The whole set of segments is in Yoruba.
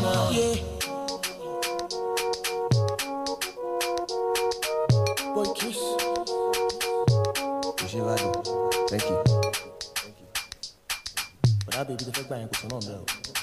more. Yeah. Boy, kiss. Kò ṣe Thank you. But bèbí tó the first yẹn kò sọ náà bẹ́ẹ̀ o.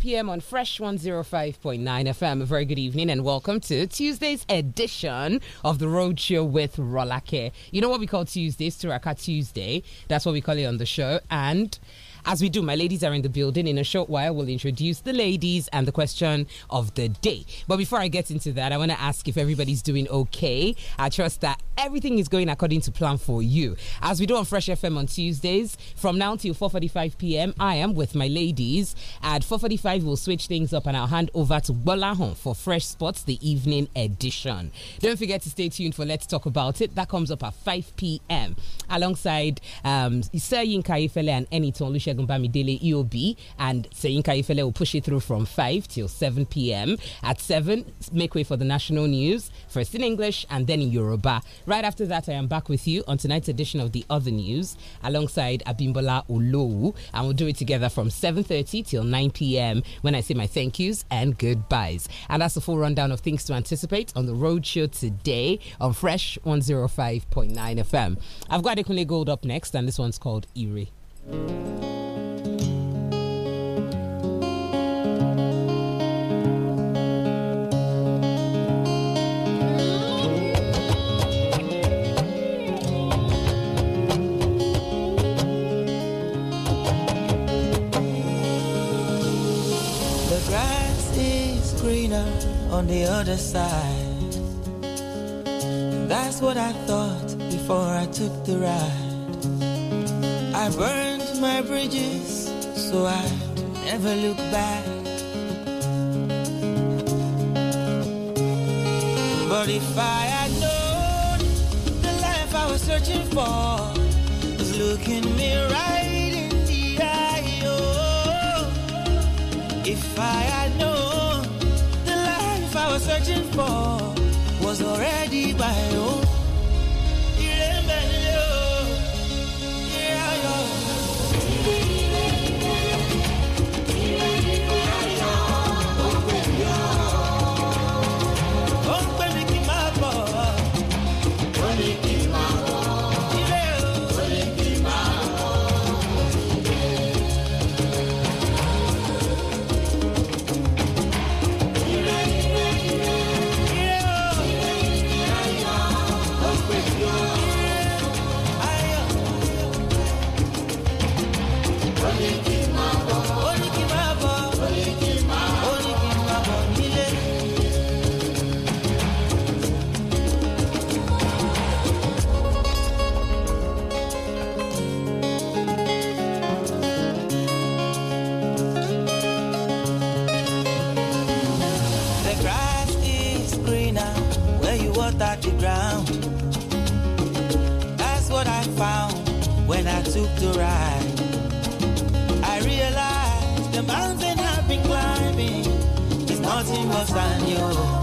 p.m. on Fresh 105.9 FM. A very good evening and welcome to Tuesday's edition of the Roadshow with Rolake. You know what we call Tuesdays? Turaka Tuesday. That's what we call it on the show. And as we do, my ladies are in the building. In a short while, we'll introduce the ladies and the question of the day. But before I get into that, I want to ask if everybody's doing okay. I trust that everything is going according to plan for you. As we do on Fresh FM on Tuesdays, from now till 4:45 p.m., I am with my ladies. At 4:45, we'll switch things up and I'll hand over to Bolahon for Fresh Sports, the evening edition. Don't forget to stay tuned for Let's Talk About It. That comes up at 5 p.m. alongside um, Sir Yinka Ifele and Eniton Lucia Olusegun Bamidele EOB and Seyinka Ifele will push it through from 5 till 7 p.m. At 7, make way for the national news, first in English and then in Yoruba. Right after that, I am back with you on tonight's edition of The Other News alongside Abimbola Olowu and we'll do it together from 7.30 till 9 p.m. when I say my thank yous and goodbyes. And that's a full rundown of things to anticipate on the roadshow today on Fresh 105.9 FM. I've got Adekunle Gold up next and this one's called Erie. on the other side. That's what I thought before I took the ride. I burned my bridges, so I'd never look back. But if I had known the life I was searching for was looking me right in the eye, oh, if I had known was searching for was already by your oh. took the ride, I realized the mountain I've been climbing is nothing but sand, yo.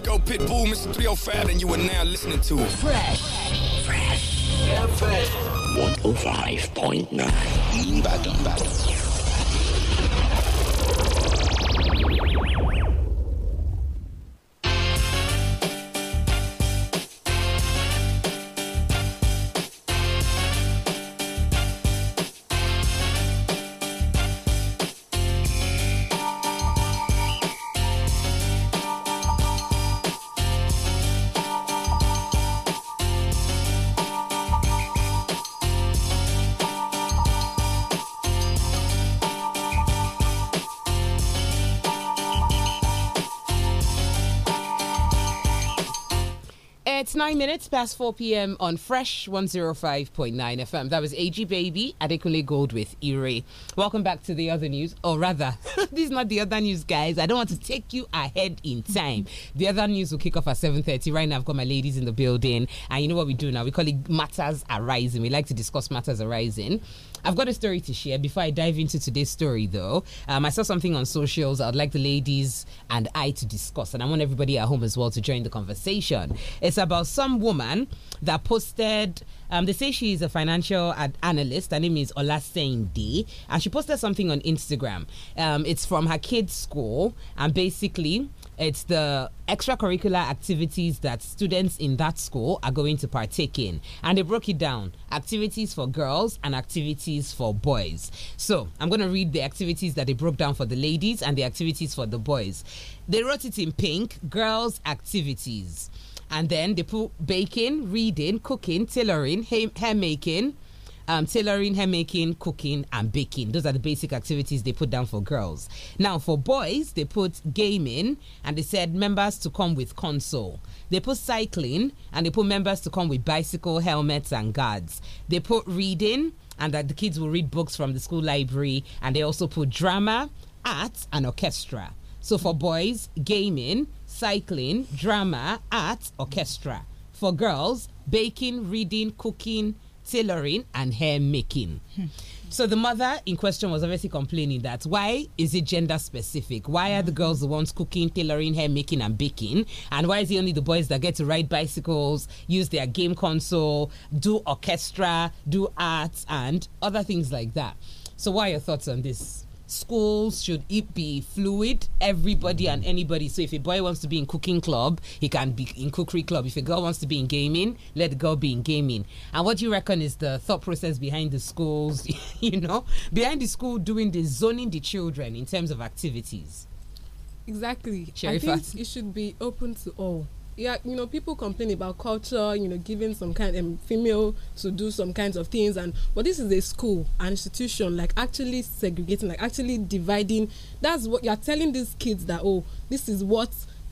Chico Pitbull, Mr. 305, and you are now listening to Fresh. Fresh. Fresh. 105.9. back, back. nine minutes past 4 p.m. on Fresh 105.9 FM. That was AG Baby Adekunle Gold with Ire. Welcome back to the other news, or rather, this is not the other news, guys. I don't want to take you ahead in time. The other news will kick off at 7:30. Right now, I've got my ladies in the building, and you know what we do now? We call it matters arising. We like to discuss matters arising. I've got a story to share. Before I dive into today's story, though, um, I saw something on socials I'd like the ladies and I to discuss, and I want everybody at home as well to join the conversation. It's about some woman that posted. Um, they say she is a financial ad analyst. Her name is Olasendi, and she posted something on Instagram. Um, it's from her kids' school, and basically it's the extracurricular activities that students in that school are going to partake in. And they broke it down activities for girls and activities for boys. So I'm going to read the activities that they broke down for the ladies and the activities for the boys. They wrote it in pink girls' activities. And then they put baking, reading, cooking, tailoring, hair making um, tailoring, making, cooking, and baking. Those are the basic activities they put down for girls. Now, for boys, they put gaming and they said members to come with console. They put cycling and they put members to come with bicycle, helmets, and guards. They put reading and that the kids will read books from the school library. And they also put drama, art, and orchestra. So for boys, gaming, cycling, drama, art, orchestra. For girls, baking, reading, cooking, tailoring and hair making. So the mother in question was obviously complaining that why is it gender specific? Why are the girls the ones cooking, tailoring, hair making, and baking? And why is it only the boys that get to ride bicycles, use their game console, do orchestra, do arts, and other things like that? So, what are your thoughts on this? schools should it be fluid everybody and anybody so if a boy wants to be in cooking club he can be in cookery club if a girl wants to be in gaming let the girl be in gaming and what do you reckon is the thought process behind the schools you know behind the school doing the zoning the children in terms of activities exactly i think it should be open to all yeah, you know, people complain about culture, you know, giving some kind of um, female to do some kinds of things, and but this is a school, an institution, like actually segregating, like actually dividing. That's what you're telling these kids that oh, this is what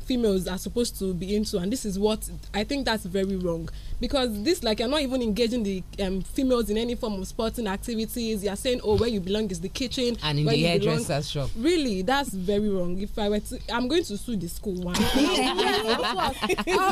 females are supposed to be into and this is what i think that's very wrong because this like you're not even engaging the um, females in any form of sporting activities you're saying oh where you belong is the kitchen and in the hairdresser's shop really that's very wrong if i were to i'm going to sue the school one of,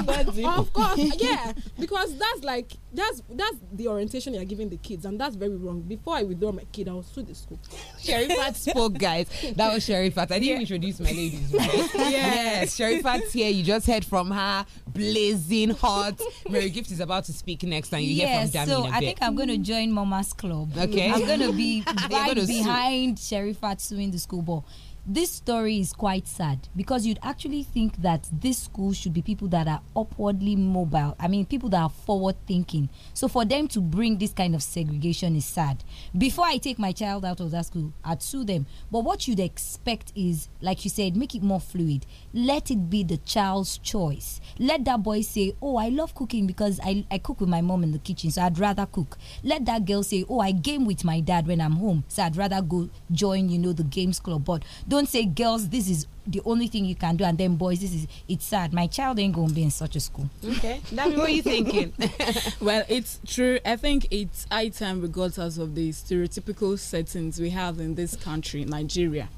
course. of course yeah because that's like that's that's the orientation you're giving the kids and that's very wrong before i withdraw my kid i'll sue the school Sherry Fat spoke guys that was Sherry Fat. i didn't yeah. introduce my ladies yes, Sherry facts here. You just heard from her, blazing hot. Mary Gift is about to speak next, and you hear from Jamie. So I bit. think I'm going to join Mama's Club. Okay. I'm going to be right behind Sherry Fatsu in the school ball this story is quite sad because you'd actually think that this school should be people that are upwardly mobile. I mean, people that are forward thinking. So for them to bring this kind of segregation is sad. Before I take my child out of that school, I'd sue them. But what you'd expect is, like you said, make it more fluid. Let it be the child's choice. Let that boy say, Oh, I love cooking because I, I cook with my mom in the kitchen, so I'd rather cook. Let that girl say, Oh, I game with my dad when I'm home, so I'd rather go join, you know, the games club. But don't say girls this is the only thing you can do and then boys this is it's sad my child ain't gonna be in such a school okay that's what you thinking well it's true i think it's high time we got out of the stereotypical settings we have in this country nigeria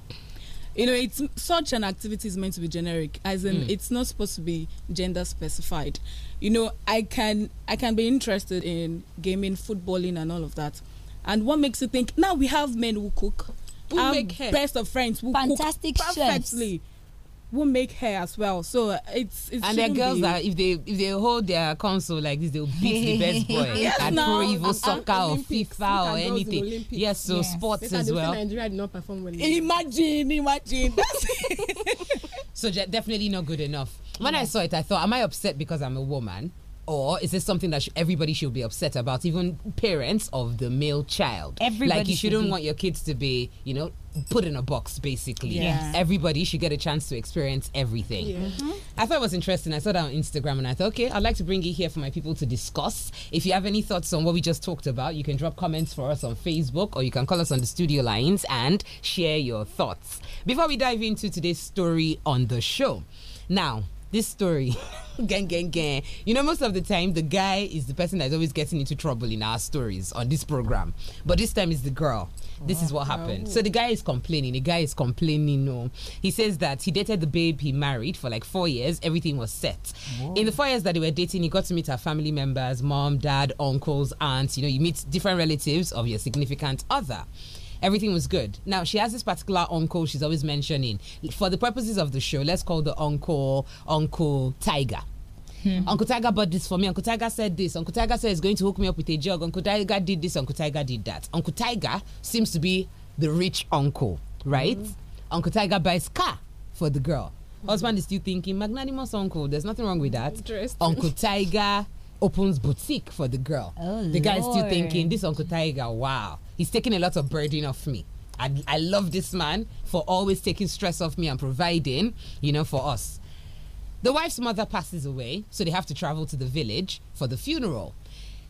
you know it's such an activity is meant to be generic as in mm. it's not supposed to be gender specified you know i can i can be interested in gaming footballing and all of that and what makes you think now we have men who cook who um, make hair? Best of friends. Who Fantastic cook perfectly. Chefs who make hair as well. So it's, it's and the girls are that if they if they hold their console like this, they'll beat the best boy yes, at no, Pro Evo Soccer or FIFA or anything. Yes, so yes. sports as well. Nigeria did not perform well. Imagine, imagine. so definitely not good enough. When yeah. I saw it, I thought, am I upset because I'm a woman? or is this something that sh everybody should be upset about, even parents of the male child? Everybody like you shouldn't should want your kids to be, you know, put in a box basically. Yes. Everybody should get a chance to experience everything. Yeah. Mm -hmm. I thought it was interesting. I saw that on Instagram and I thought, okay, I'd like to bring it here for my people to discuss. If you have any thoughts on what we just talked about, you can drop comments for us on Facebook or you can call us on the studio lines and share your thoughts. Before we dive into today's story on the show, now this story. gang, gang, gang. You know, most of the time, the guy is the person that's always getting into trouble in our stories on this program. But this time, it's the girl. This is what oh, happened. So the guy is complaining. The guy is complaining. No, he says that he dated the babe he married for like four years. Everything was set. Whoa. In the four years that they were dating, he got to meet her family members, mom, dad, uncles, aunts. You know, you meet different relatives of your significant other everything was good. Now she has this particular uncle she's always mentioning. For the purposes of the show, let's call the uncle Uncle Tiger. Hmm. Uncle Tiger bought this for me. Uncle Tiger said this. Uncle Tiger said he's going to hook me up with a jug. Uncle Tiger did this. Uncle Tiger did that. Uncle Tiger seems to be the rich uncle, right? Mm. Uncle Tiger buys car for the girl. Husband is still thinking magnanimous uncle. There's nothing wrong with that. Uncle Tiger opens boutique for the girl. Oh, the guy's still thinking, this Uncle Tiger, wow, he's taking a lot of burden off me. I, I love this man for always taking stress off me and providing, you know, for us. The wife's mother passes away, so they have to travel to the village for the funeral.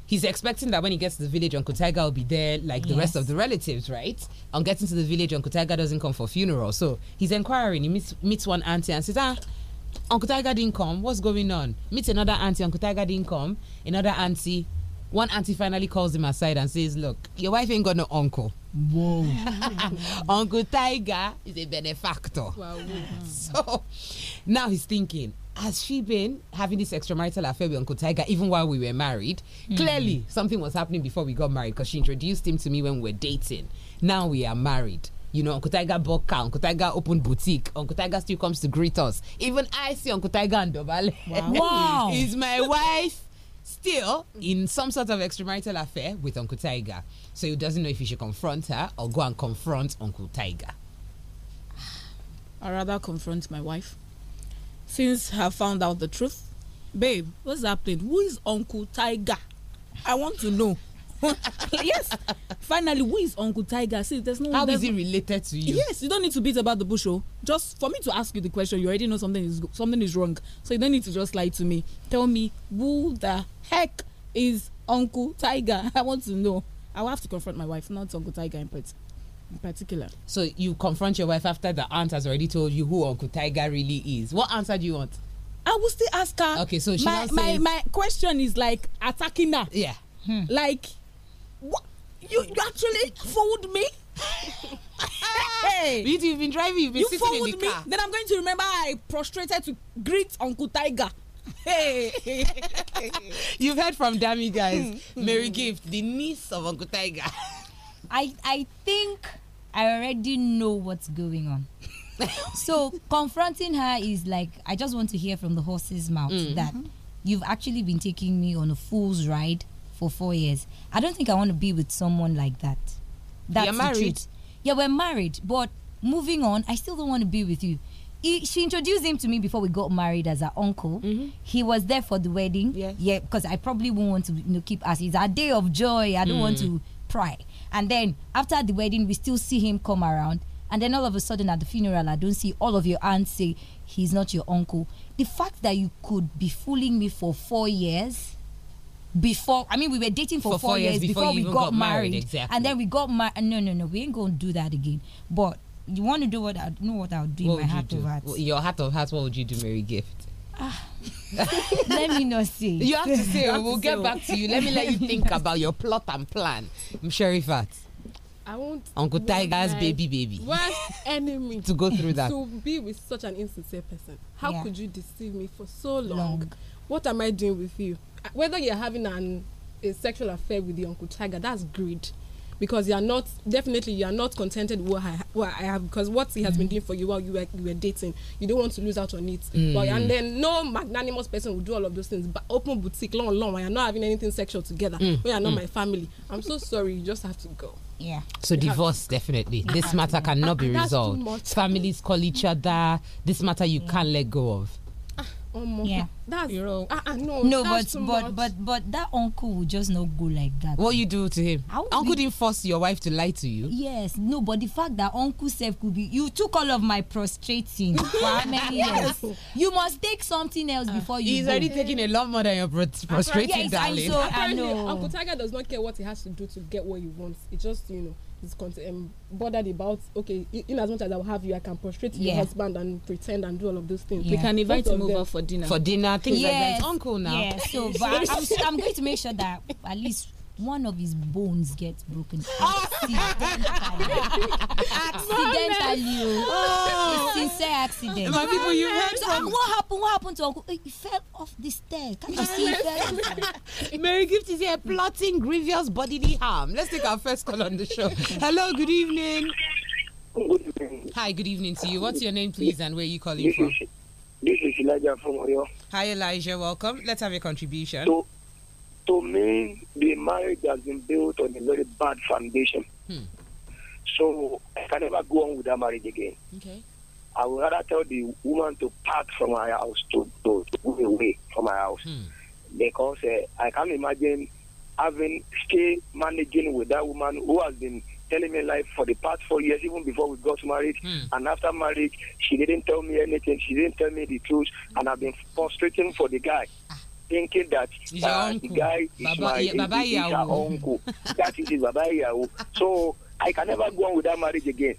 He's expecting that when he gets to the village, Uncle Tiger will be there like yes. the rest of the relatives, right? On getting to the village, Uncle Tiger doesn't come for funeral. So he's inquiring. He meets, meets one auntie and says, Ah, Uncle Tiger didn't come. What's going on? Meets another auntie. Uncle Tiger didn't come. Another auntie. One auntie finally calls him aside and says, Look, your wife ain't got no uncle. Whoa. uncle Tiger is a benefactor. So now he's thinking, has she been having this extramarital affair with Uncle Tiger even while we were married? Mm. Clearly, something was happening before we got married because she introduced him to me when we were dating. Now we are married you know, Uncle Tiger Boka, Uncle Tiger opened boutique, Uncle Tiger still comes to greet us. Even I see Uncle Tiger and Dobale. Wow. wow. Is my wife still in some sort of extramarital affair with Uncle Tiger? So he doesn't know if he should confront her or go and confront Uncle Tiger. i rather confront my wife. Since I found out the truth, babe, what's happening? Who is Uncle Tiger? I want to know. yes. Finally, who is Uncle Tiger? See, there's no. How there's, is he related to you? Yes, you don't need to beat about the bush. Oh, just for me to ask you the question, you already know something is something is wrong. So you don't need to just lie to me. Tell me who the heck is Uncle Tiger? I want to know. I will have to confront my wife, not Uncle Tiger in particular in particular. So you confront your wife after the aunt has already told you who Uncle Tiger really is. What answer do you want? I will still ask her. Okay, so my my, my question is like attacking her. Yeah. Hmm. Like you, you actually fooled me? hey. You, have been driving, you've been you sitting in the me. Then I'm going to remember I prostrated to greet Uncle Tiger. Hey. you've heard from Dami, guys. Mary hmm. Gift, the niece of Uncle Tiger. I, I think I already know what's going on. so confronting her is like I just want to hear from the horse's mouth mm -hmm. that mm-hmm. you've actually been taking me on a fool's ride for four years. I don't think I want to be with someone like that. That's You're married. Yeah, we're married, but moving on, I still don't want to be with you. He, she introduced him to me before we got married as her uncle. Mm -hmm. He was there for the wedding. Yes. Yeah, because I probably won't want to you know, keep asking. It's a day of joy. I don't mm. want to pry. And then after the wedding, we still see him come around. And then all of a sudden at the funeral, I don't see all of your aunts say he's not your uncle. The fact that you could be fooling me for four years before I mean we were dating for, for four, four, years, years before, we got, got married, married. Exactly. And then we got married. No, no, no, we ain't gonna do that again. But you want to do what I know what I'll do what in my heart do? of hearts. your heart of hearts, what would you do, Mary Gift? Ah. let me not say. You have to say. Have we'll to get say. back to you. Let me let you think about your plot and plan, that I won't. Uncle Tiger's baby, baby. Worst enemy. to go through that. To be with such an insincere person. How yeah. could you deceive me for so long? long? What am I doing with you? whether you're having an a sexual affair with the uncle tiger that's greed because you are not definitely you are not contented with what I, what I have because what he has mm. been doing for you while you were, you were dating you don't want to lose out on it mm. but, and then no magnanimous person will do all of those things but open boutique long long when you're not having anything sexual together mm. when you're not mm. my family I'm so sorry you just have to go yeah. So you divorce definitely. Uh-huh. This matter cannot be resolved. Families call each other. This matter you can't let go of yeah. That's ah, ah, no, no, but but much. but but that uncle would just not go like that. What you do to him? Uncle be, didn't force your wife to lie to you. Yes, no, but the fact that uncle self could be you took all of my prostrating for how many years? You must take something else uh, before you. He's go. already taking a lot more than your prostrating, yeah, darling. So, Apparently, Uncle Tiger does not care what he has to do to get what he wants. It just you know is um, bothered about okay in as much as i will have you i can prostrate yeah. your husband and pretend and do all of those things yeah. we can invite him over for dinner for dinner things yes. like that uncle now yeah so but I'm, I'm going to make sure that at least one of his bones gets broken accidentally. accidentally. Oh. oh. It's accident. My people, you heard so, What happened? What happened to Uncle? He fell off the stair. Can you see? He Mary Gift is here plotting grievous bodily harm. Let's take our first call on the show. Hello, good evening. Good evening. Hi, good evening to you. What's your name, please, and where are you calling this from? Is, this is Elijah from Oyo. Hi, Elijah. Welcome. Let's have a contribution. So, to me, the marriage has been built on a very bad foundation. Hmm. So I can never go on with that marriage again. Okay. I would rather tell the woman to pack from my house, to, to, to move away from my house. Hmm. Because uh, I can't imagine having stay managing with that woman who has been telling me life for the past four years, even before we got married. Hmm. And after marriage, she didn't tell me anything. She didn't tell me the truth. Hmm. And I've been frustrating for the guy. Ah thinking that uh, the guy is Baba, my Baba is, is uncle. that is his Baba Yahoo. So I can never go on with that marriage again.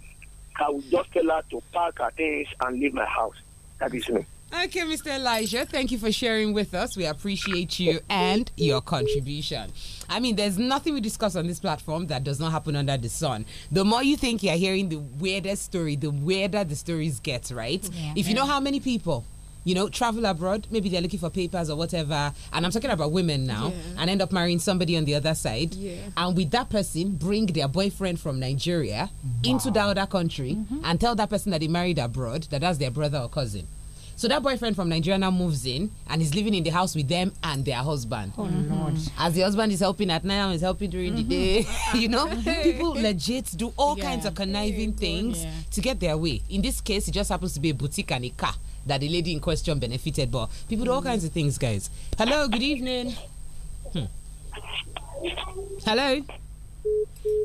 I will just tell her to pack her things and leave my house. That is me. Okay, Mr. Elijah, thank you for sharing with us. We appreciate you and your contribution. I mean, there's nothing we discuss on this platform that does not happen under the sun. The more you think you're hearing the weirdest story, the weirder the stories get, right? Yeah. If you know how many people you know, travel abroad. Maybe they're looking for papers or whatever. And I'm talking about women now, yeah. and end up marrying somebody on the other side. Yeah. And with that person, bring their boyfriend from Nigeria wow. into that other country mm -hmm. and tell that person that they married abroad that that's their brother or cousin. So that boyfriend from Nigeria now moves in and is living in the house with them and their husband. Oh mm -hmm. As the husband is helping at night and is helping during mm -hmm. the day. Mm-hmm. you know, people legit do all yeah. kinds of conniving yeah. things yeah. to get their way. In this case, it just happens to be a boutique and a car that the lady in question benefited, but people do all kinds of things, guys. Hello, good evening. Hmm. Hello.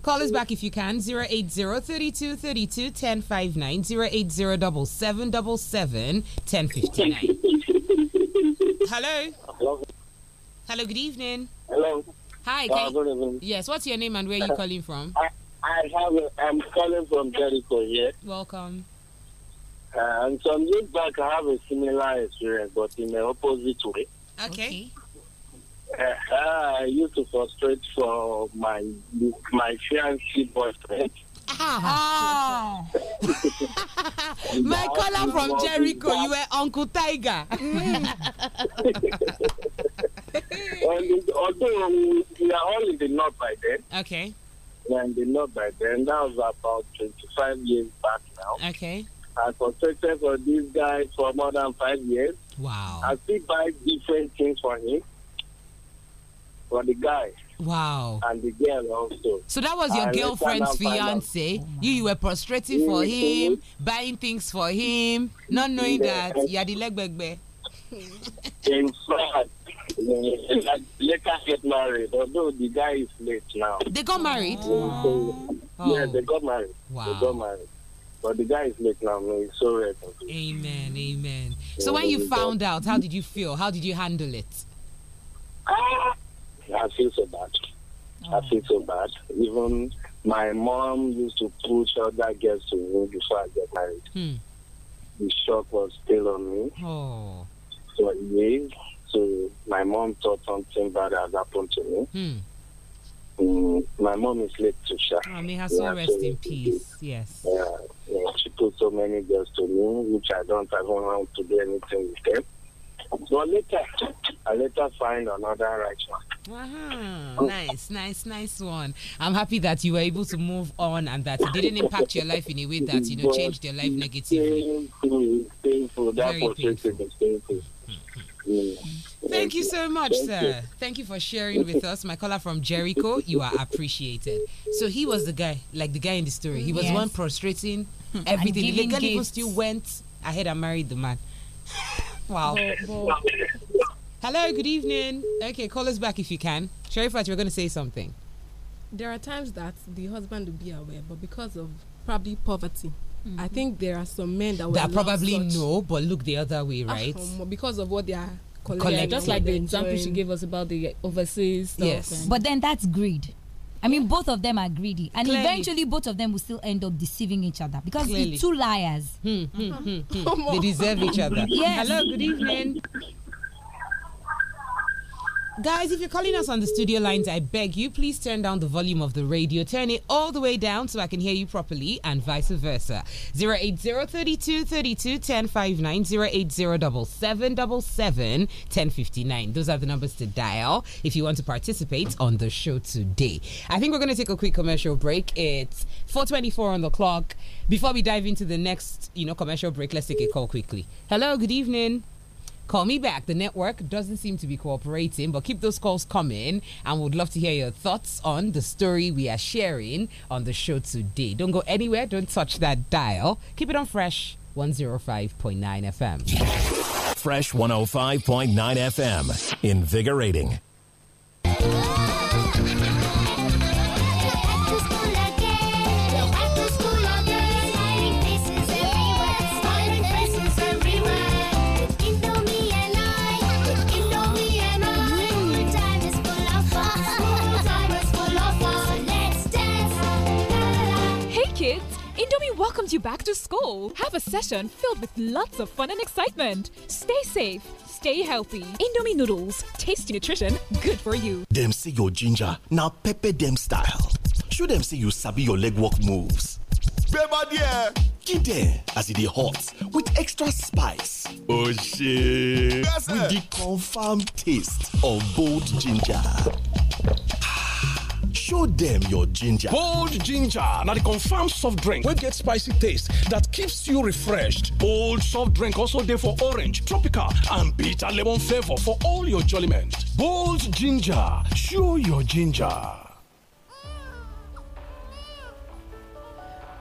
Call us back if you can. 080 32 1059 Hello. Hello. Hello, good evening. Hello. Hi. Uh, Yes, what's your name and where are you uh, calling from? I, I have a, I'm calling from Jericho here. Welcome. Uh, and some years back, I have a similar experience, but in the opposite way. Okay. Uh, uh, I used to frustrate for my my fiancé boyfriend. Oh. my caller from Jericho, you were Uncle Tiger. although we are all in the north by then. Okay. We are the north by then. That was about 25 years back now. Okay. I contracted for this guy for more than five years. Wow. I still buy different things for him. For the guy. Wow. And the girl also. So that was your I girlfriend's fiance. Oh you you were prostrating mm -hmm. for mm-hmm. him, buying things for him, not knowing that you had the leg back In fact, get married, although the guy is late now. They got married? oh. Yeah, they got married. Wow. They got married. But the guy is late now, man. He's so red. Amen, amen. So when you found out, how did you feel? How did you handle it? Ah! I feel so bad. Oh. I feel so oh. bad. Even my mom used to push other girls to me before I get married. Hmm. The shock was still on me. Oh. So yeah. So my mom thought something bad had happened to me. Hmm. Mm, my mom is late to share. Oh, may her soul yeah, rest so in peace. Yes. Yeah she put so many girls to me, which I don't I don't want to do anything with them. But later, I later find another right one. Uh-huh. nice, nice, nice one. I'm happy that you were able to move on and that it didn't impact your life in a way that you know changed your life negatively. Painful, painful. That Very painful. painful. Mm-hmm. Thank you so much, Thank sir. You. Thank you for sharing with us. My caller from Jericho, you are appreciated. So he was the guy, like the guy in the story. He was yes. one prostrating Hmm. everything. The girl even still went ahead and married the man. wow. Hello, good evening. Okay, call us back if you can. Sherifat, you are going to say something. There are times that the husband will be aware, but because of probably poverty, Mm -hmm. I mm-hmm. think there are some men that, that probably know, but look the other way, ah, right? because of what they are collecting. Just like the example she gave us about the overseas stuff. Yes. But then that's greed. I mean, both of them are greedy, and Clearly. eventually, both of them will still end up deceiving each other because Clearly. are two liars. Hmm, hmm, hmm, hmm, they deserve each other. Yes. Hello, good evening. Guys, if you're calling us on the studio lines, I beg you, please turn down the volume of the radio. Turn it all the way down so I can hear you properly and vice versa. 08032 32 1059 08077 1059. Those are the numbers to dial if you want to participate on the show today. I think we're going to take a quick commercial break. It's 424 on the clock. Before we dive into the next, you know, commercial break, let's take a call quickly. Hello, good evening. Call me back. The network doesn't seem to be cooperating, but keep those calls coming and would love to hear your thoughts on the story we are sharing on the show today. Don't go anywhere, don't touch that dial. Keep it on fresh 105.9 FM. Fresh 105.9 FM. Invigorating. welcomes you back to school. Have a session filled with lots of fun and excitement. Stay safe, stay healthy. Indomie noodles, tasty nutrition, good for you. Dem see your ginger, now pepper dem style. Show dem say you sabi your legwork moves. Beba there! Gide as it is hot with extra spice. Oshie! Oh, with the confirmed taste of bold ginger show dem your ginger. bold ginger na di confam soft drink wey get spicy taste that keeps you refreshed. bold soft drink also dey for orange tropical and bitter lemon flavour for all your jolliment. bold ginger show your ginger.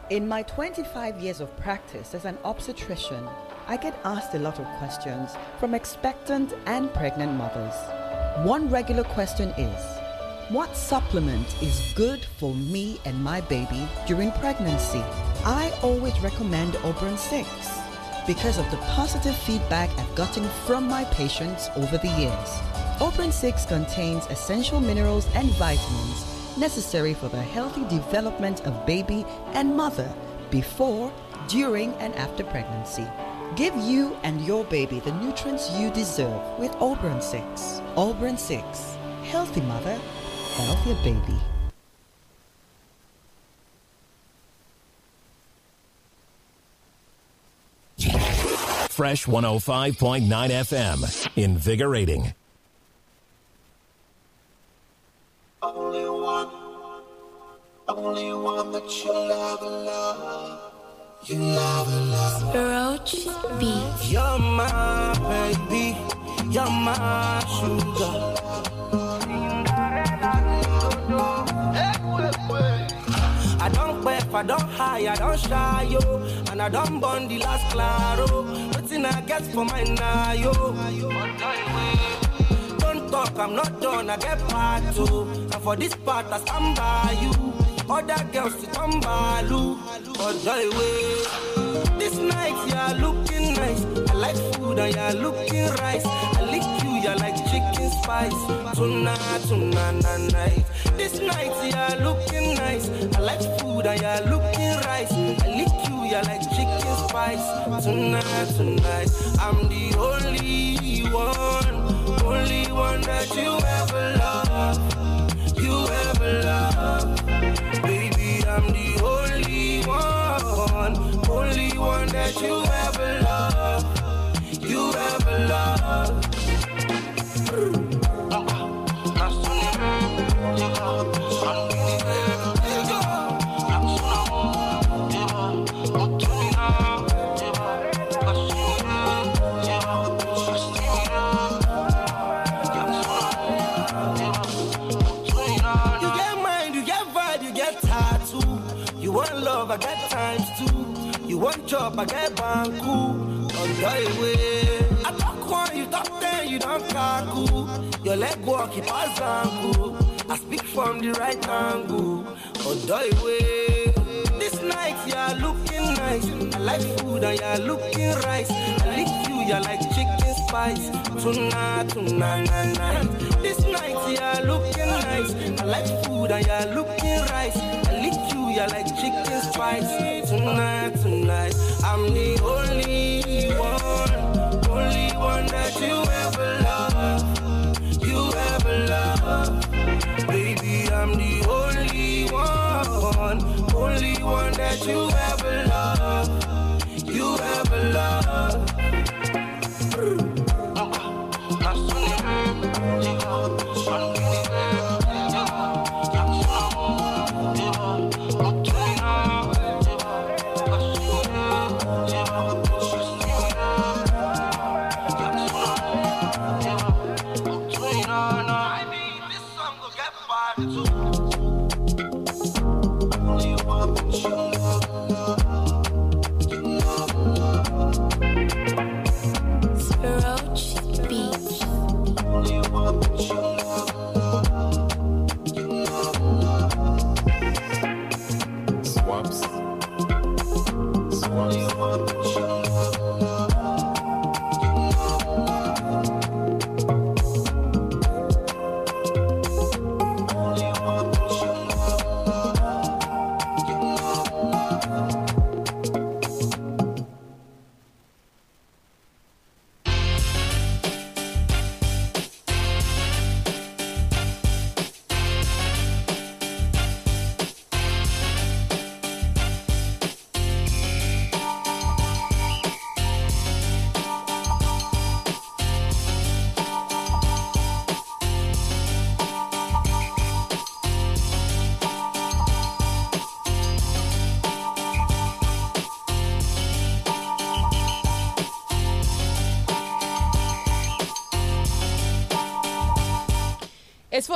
In my 25 years of practice as an obstetrician, I get asked a lot of questions from expectant and pregnant mothers. One regular question is what supplement is good for me and my baby during pregnancy? I always recommend Oberon 6 because of the positive feedback I've gotten from my patients over the years. Oberon 6 contains essential minerals and vitamins necessary for the healthy development of baby and mother before, during, and after pregnancy. Give you and your baby the nutrients you deserve with Oberon 6. Oberon 6. Healthy mother, Hell baby. Fresh 105.9 FM. Invigorating. Only one, only one that you love, love. You love, love. Roach B. You're my baby, you're my sugar. life, I don't high, I don't shy, yo. And I don't burn the last claro. Waiting I get for my nayo. Don't talk, I'm not done, I get part two. And for this part, I stand by you. Other girls to come by, loo. But This night, you're looking nice. I like food and you're looking rice. I you like chicken spice. Tonight, tonight, night, This night you're looking nice. I like food and you're looking right. I lick you, you're like chicken spice. Tonight, tonight, I'm the only one, only one that you ever love, you ever love. Baby, I'm the only one, only one that you ever love, you ever love. times two. You want job, I get banku. Don't die I talk one, you talk ten, you don't kaku. Your leg walk, you pass banku. I speak from the right angle. Don't die This night, you're looking nice. I like food and you're looking right. I lick you, you're like chicken spice. Tonight, tonight, This night, you're looking nice. I like food and you're looking right hallelujah like chicken spice. Tonight, tonight, I'm the only one, only one that you ever love, you ever love. Baby, I'm the only one, only one that you ever love, you ever love.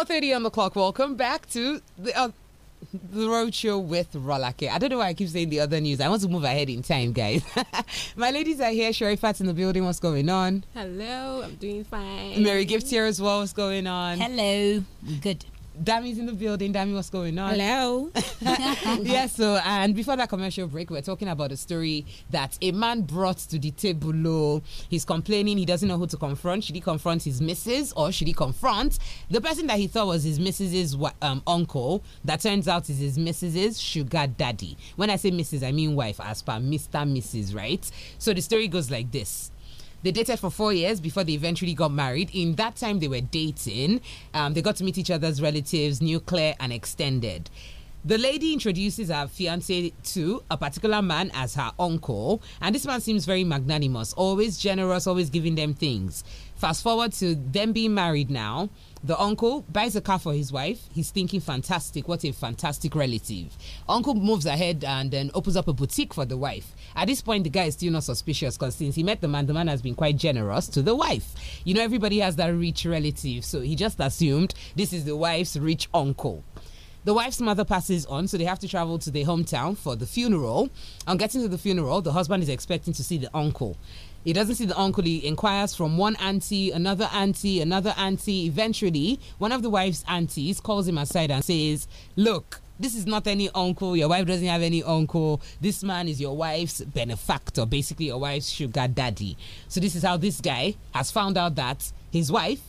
4.30 on the clock. Welcome back to the... Uh, the with Rolake. I don't know why I keep saying the other news. I want to move ahead in time, guys. My ladies are here. Sherry Fats in the building. What's going on? Hello. I'm doing fine. Mary Gift here as well. What's going on? Hello. Good. Dammy's in the building. Dammy, what's going on? Hello. yeah, so, and before that commercial break, we are talking about a story that a man brought to the table. He's complaining he doesn't know who to confront. Should he confront his missus or should he confront the person that he thought was his missus's um, uncle? That turns out is his missus's sugar daddy. When I say missus, I mean wife, as per Mr. Mrs., right? So the story goes like this they dated for four years before they eventually got married. In that time, they were dating. Um, they got to meet each other's relatives, nuclear and extended. The lady introduces her fiance to a particular man as her uncle, and this man seems very magnanimous, always generous, always giving them things. Fast forward to them being married now. The uncle buys a car for his wife. He's thinking, fantastic, what a fantastic relative. Uncle moves ahead and then opens up a boutique for the wife. At this point, the guy is still not suspicious because since he met the man, the man has been quite generous to the wife. You know, everybody has that rich relative, so he just assumed this is the wife's rich uncle. The wife's mother passes on, so they have to travel to their hometown for the funeral. On getting to the funeral, the husband is expecting to see the uncle. He doesn't see the uncle. He inquires from one auntie, another auntie, another auntie. Eventually, one of the wife's aunties calls him aside and says, Look, this is not any uncle. Your wife doesn't have any uncle. This man is your wife's benefactor, basically your wife's sugar daddy. So this is how this guy has found out that his wife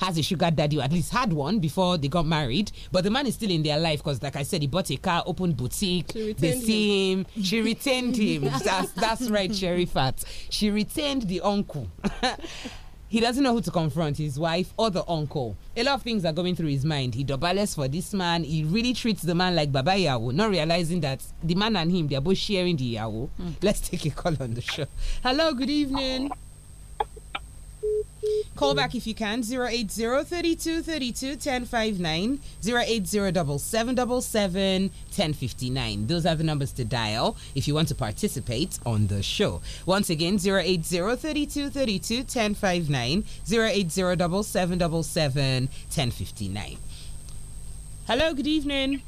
has a sugar daddy, or at least had one before they got married. But the man is still in their life because, like I said, he bought a car, opened boutique. They see him. him. She retained him. that's, that's right, Cherry Fat. She retained the uncle. he doesn't know who to confront his wife or the uncle. A lot of things are going through his mind. He dobales for this man. He really treats the man like Baba Yawo, not realizing that the man and him, they're both sharing the Yawo. Mm. Let's take a call on the show. Hello, good evening. Call back if you can 080 32 Those are the numbers to dial if you want to participate on the show. Once again 080 32 32 Hello, good evening.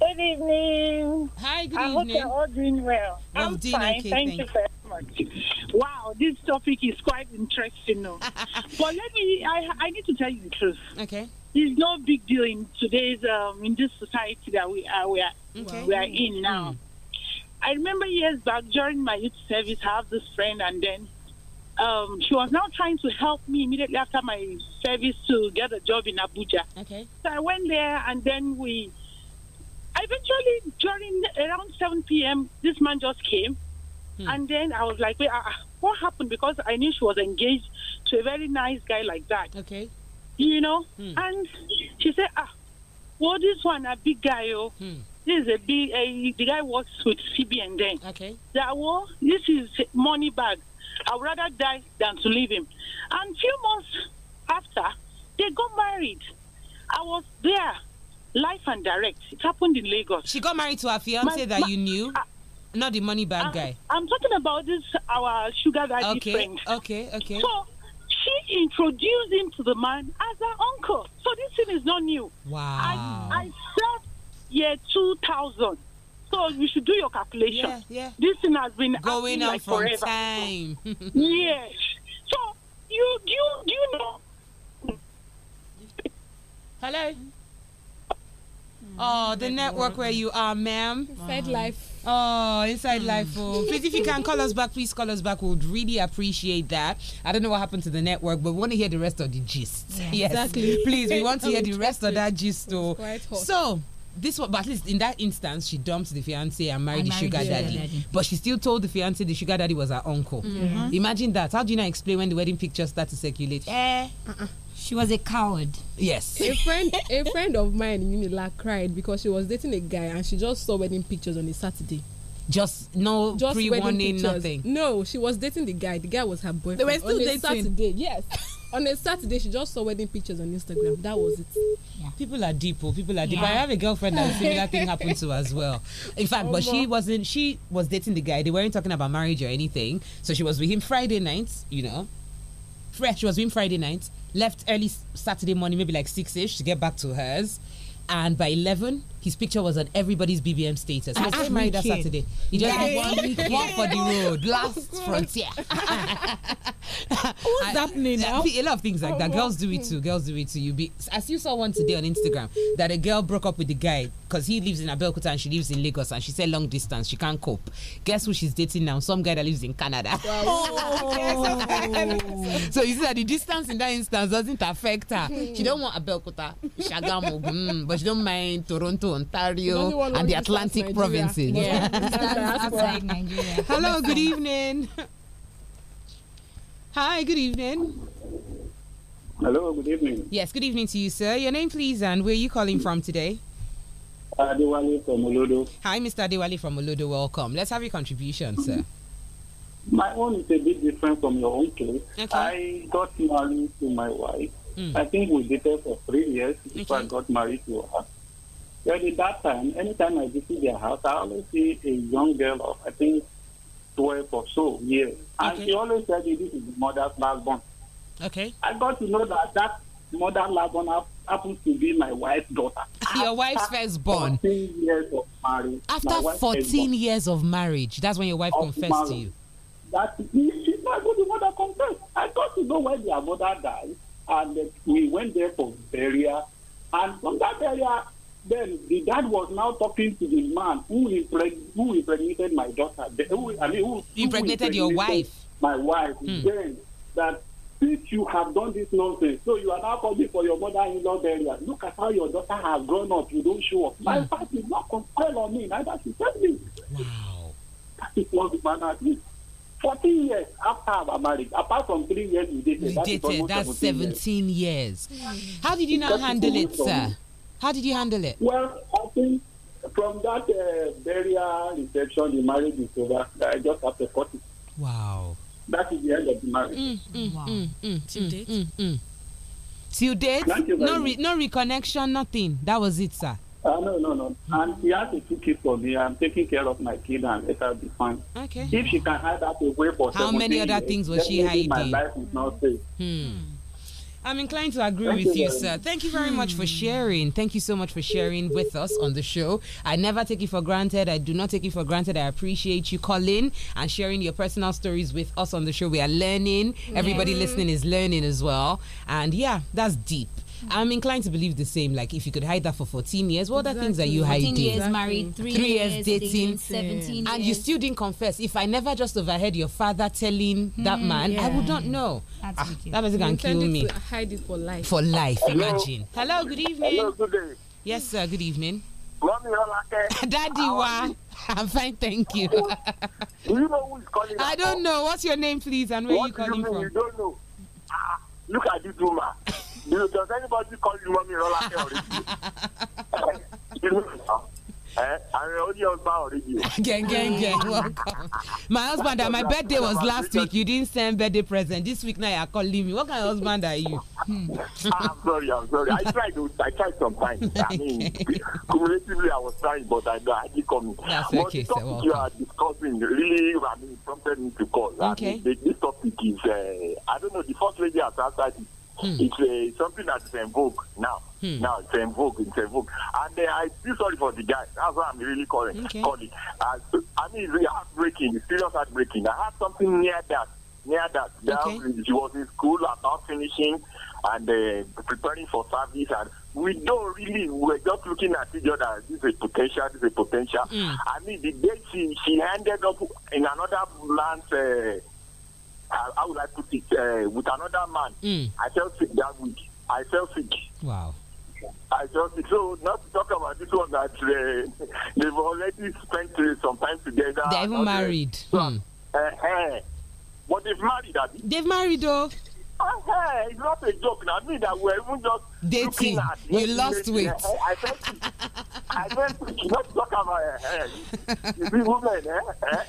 Good evening. Hi, good I evening. I hope you're all doing well. I'm, I'm doing fine. Okay, thank, thank you very much. Wow, this topic is quite interesting. No? but let me, I, I need to tell you the truth. Okay. It's no big deal in today's, um, in this society that we are, uh, we are, okay. we are in now. Mm. I remember years back during my youth service, I have this friend, and then um, she was now trying to help me immediately after my service to get a job in Abuja. Okay. So I went there, and then we eventually during around 7 p.m. this man just came, hmm. and then I was like, wait, uh, what happened? Because I knew she was engaged to a very nice guy like that. Okay. You know? Hmm. And she said, ah, well, this one, a big guy, oh. Hmm. This is a big, a, the guy works with CBN then. Okay. That, well, this is money bag. I would rather die than to leave him. And few months after, they got married. I was there, live and direct. It happened in Lagos. She got married to her fiance my, that my, you knew? I, not the money bag i guy. I'm talking about this our sugar daddy okay, friend. Okay, okay. So she introduced him to the man as her uncle. So this thing is not new. Wow. I, I said year 2000. So you should do your calculation. Yeah, yeah. This thing has been going on like for forever. time. yes. So you you you know. Hello. Oh, the network where you are, ma'am. Fed life. Oh, inside mm. life. Oh. Please, if you can call us back, please call us back. We'd really appreciate that. I don't know what happened to the network, but we want to hear the rest of the gist. Yeah, yes, exactly. Please, we want to hear the rest of that gist. Oh, so this one, but at least in that instance, she dumped the fiance and married, the sugar, daddy. daddy. But she still told the fiance the sugar daddy was her uncle. Mm -hmm. Imagine that. How do you now explain when the wedding pictures start to circulate? Eh. Uh -uh. She was a coward. Yes. a friend, a friend of mine in Unila cried because she was dating a guy and she just saw wedding pictures on a Saturday. Just no just pre-warning, nothing. No, she was dating the guy. The guy was her boyfriend. They were still on dating. A Saturday, yes. on a Saturday, she just saw wedding pictures on Instagram. That was it. Yeah. People are deep. Oh, people are deep. Yeah. I have a girlfriend that a similar thing happened to as well. In fact, oh, but she wasn't. She was dating the guy. They weren't talking about marriage or anything. So she was with him Friday nights. You know, fresh. She was with him Friday nights left early Saturday morning, maybe like six ish, to get back to hers. And by 11, his picture was on everybody's BBM status. I was married that Saturday. He just yeah. one week, one for the road, last frontier. What's happening now? A lot of things like that. Oh, girls do it too. Girls do it too. You be as you saw one today on Instagram that a girl broke up with the guy because he lives in Abeokuta and she lives in Lagos and she said long distance she can't cope. Guess who she's dating now? Some guy that lives in Canada. Oh. so you see that the distance in that instance doesn't affect her. She don't want Abeokuta, Shagamu, mm, but she don't mind Toronto to Ontario and the Atlantic Nigeria. provinces. Yeah, Nigeria. Hello, good evening. Hi, good evening. Hello, good evening. Yes, good evening to you, sir. Your name, please, and where are you calling from today? Adewale from Olodo. Hi, Mr. Adewale from Olodo. Welcome. Let's have your contribution, mm -hmm. sir. My own is a bit different from your own case. Okay. I got married to my wife. Mm. I think we dated for three years before okay. I got married to her. Well, in that time, anytime I visit their house, I always see a young girl of, I think, 12 or so years. Okay. And she always me This is the mother's last born. Okay. I got to know that that mother's last born happens to be my wife's daughter. Your wife's firstborn. 14 years of marriage. After 14 years of marriage, that's when your wife confessed to you. That she's not going to mother confess. I got to know where their mother died, and uh, we went there for burial. And from that burial. Then the dad was now talking to the man who, impreg- who impregnated my daughter. The, who, I mean, who, impregnated, who impregnated your wife. My wife. Hmm. Then that since you have done this nonsense, so you are now coming for your mother-in-law burial. Look at how your daughter has grown up. You don't show up. My wife hmm. is not compel on me. Neither she tell me. Wow. That is what the man at least. 14 years after our marriage, apart from three years we dated. You dated, that's, that's 17 years. years. How did you now handle it, sir? How did you handle it? Well, I think from that uh, burial reception, the marriage is over. I just have to cut it. Wow. That is the end of the marriage. Mm, mm, wow. Mm, mm, mm, mm Till date? Till date? No, re no reconnection, nothing. That was it, sir. Uh, no, no, no. And she has to two kids for me. I'm taking care of my kid and let her be fine. Okay. If she can hide that away for How many other years, things was she hiding? My life is not safe. Hmm. I'm inclined to agree Thank with you, you sir. Thank you very hmm. much for sharing. Thank you so much for sharing with us on the show. I never take it for granted. I do not take it for granted. I appreciate you calling and sharing your personal stories with us on the show. We are learning. Everybody yeah. listening is learning as well. And yeah, that's deep. I'm inclined to believe the same. Like if you could hide that for 14 years, what exactly. other things are you hiding? 14 years exactly. married, three, three years, years, dating, 17 and you still didn't confess. If I never just overheard your father telling that hmm, man, yeah. I would not know. That's ah, that gonna kill me. hide it for life. For life, Hello. imagine. Hello, good evening. Hello, good day. Yes, sir. Good evening. Mommy, Daddy, I'm fine, thank you. do you know who is calling? I don't know. What's your name, please, and where what are you calling you from? You don't know. Ah, look at this woman. You does anybody call you mommy Rolake already? you know, eh? I only husband already. Gang, gang, gang. Welcome. My husband, uh, my birthday was last week. You didn't send birthday present. This week now you're calling me. What kind of husband are you? Hmm. I'm sorry, I'm sorry. I tried, to, I tried sometimes. I mean, cumulatively I was trying, but I, I didn't come. That's but okay, the topic so you are discussing really, I prompted me to call. Okay. I mean, this topic is, uh, I don't know, the first lady has asked. it Hmm. It's, a, uh, it's something that's in vogue now. Hmm. Now it's in vogue. It's in vogue. And uh, I feel sorry for the guy. That's why I'm really calling. Okay. calling. Uh, I mean, it's really heartbreaking. It's serious heartbreaking. I had something near that. Near that. Okay. That she was in school about finishing and uh, preparing for service. And we don't really, we're just looking at each other. This is a potential. This is a potential. Hmm. I mean, the day she, she ended up in another man's. Uh, uh, how would I put it uh, with another man. Mm. I felt sick that week. I felt sick. Wow. I felt sick. So not to talk about this one that uh, they've already spent uh, some time together. They're even married. So, hmm. Uh, uh, but they've married, Abby. They've married, though. Hey, uh, uh, it's not a joke. Now, I mean that we're even just dating. At, you lost weight. I, said, I said, talk about you be woman, eh? eh?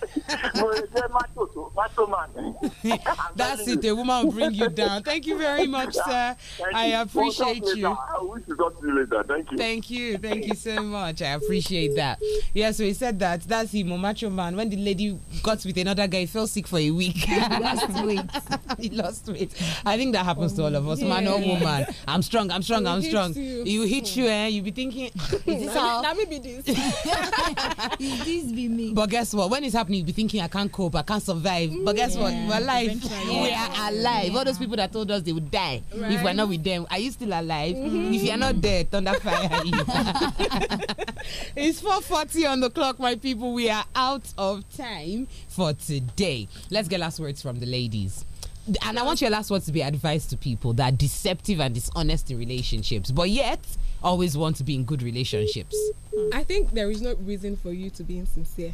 eh? That's it. A woman bring you down. Thank you very much, sir. I appreciate you. I wish you got you later. Thank you. Thank you. Thank you so much. I appreciate that. Yeah, so he said that. That's him, a macho man. When the lady got with another guy, he fell sick for a week. he lost weight. he lost weight. I think that happens to all of us, yeah. man or woman. I'm strong. I'm I'm strong. I'm strong. You. you hit you, eh? You be thinking, is this Let me be this. is this be me? But guess what? When it's happening, you be thinking, I can't cope. I can't survive. But guess yeah. what? We're alive. Yeah. We are alive. Yeah. All those people that told us they would die right. if we're not with them. Are you still alive? Mm -hmm. If you're not dead, thunder fire. it's 4:40 on the clock, my people. We are out of time for today. Let's get last words from the ladies and I want your last words to be advice to people that are deceptive and dishonest in relationships, but yet always want to be in good relationships. Hmm. I think there is no reason for you to be insincere.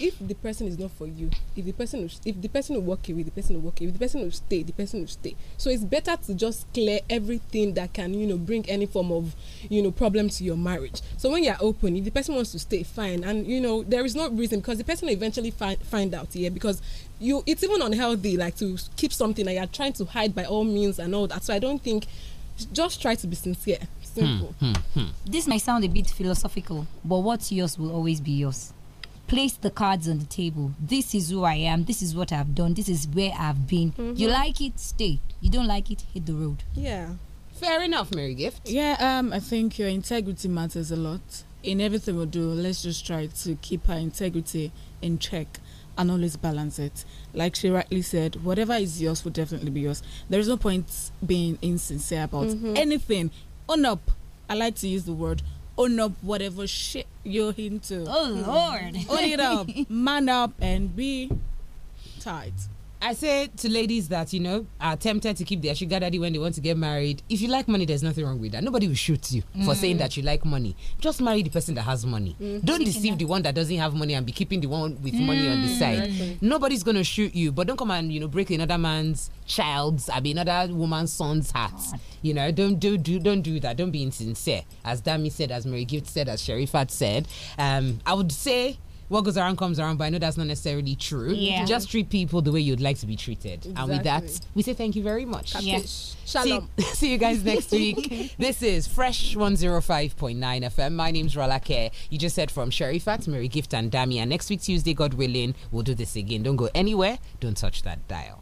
If the person is not for you, if the person will, if the person will walk away, the person will walk away. If the person will stay, the person will stay. So it's better to just clear everything that can you know bring any form of you know problem to your marriage. So when you're open, if the person wants to stay, fine. And you know there is no reason because the person will eventually find find out here yeah, because you it's even unhealthy like to keep something that you're trying to hide by all means and all that so i don't think just try to be sincere simple hmm, hmm, hmm. this might sound a bit philosophical but what's yours will always be yours place the cards on the table this is who i am this is what i've done this is where i've been mm -hmm. you like it stay you don't like it hit the road yeah fair enough mary gift yeah um i think your integrity matters a lot in everything we do let's just try to keep our integrity in check and always balance it. Like she rightly said, whatever is yours will definitely be yours. There is no point being insincere about mm -hmm. anything. Own up. I like to use the word own up whatever shit you're into. Oh Lord. own it up. Man up and be tight. I say to ladies that you know are tempted to keep their sugar daddy when they want to get married. If you like money, there's nothing wrong with that. Nobody will shoot you mm. for saying that you like money. Just marry the person that has money. Mm. Don't deceive the one that doesn't have money and be keeping the one with mm. money on the mm, side. Nobody's gonna shoot you, but don't come and you know break another man's child's, I mean another woman's son's heart. God. You know, don't do do don't do that. Don't be insincere, as Dami said, as Mary Gift said, as Sherifat said. Um, I would say what goes around comes around, but I know that's not necessarily true. Yeah. Just treat people the way you'd like to be treated. Exactly. And with that, we say thank you very much. Yes, Shalom. See, see, you guys next week. this is Fresh 105.9 FM. My name's K. You just said from Sherry Fat, Mary Gift, and Damia. And next week, Tuesday, God willing, we'll do this again. Don't go anywhere. Don't touch that dial.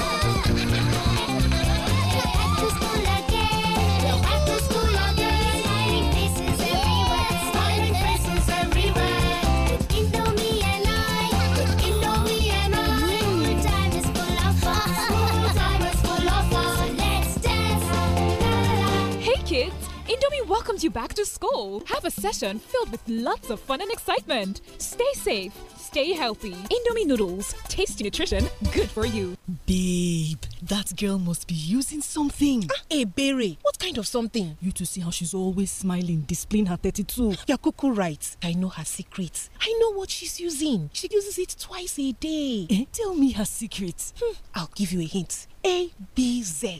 Indomie welcomes you back to school. Have a session filled with lots of fun and excitement. Stay safe, stay healthy. Indomie noodles, tasty nutrition, good for you. Babe, that girl must be using something. Ah, hey, eh, Berry, what kind of something? You to see how she's always smiling, displaying her 32. you writes, right. I know her secrets. I know what she's using. She uses it twice a day. Eh? Tell me her secrets. Hmm, I'll give you a hint. A B Z.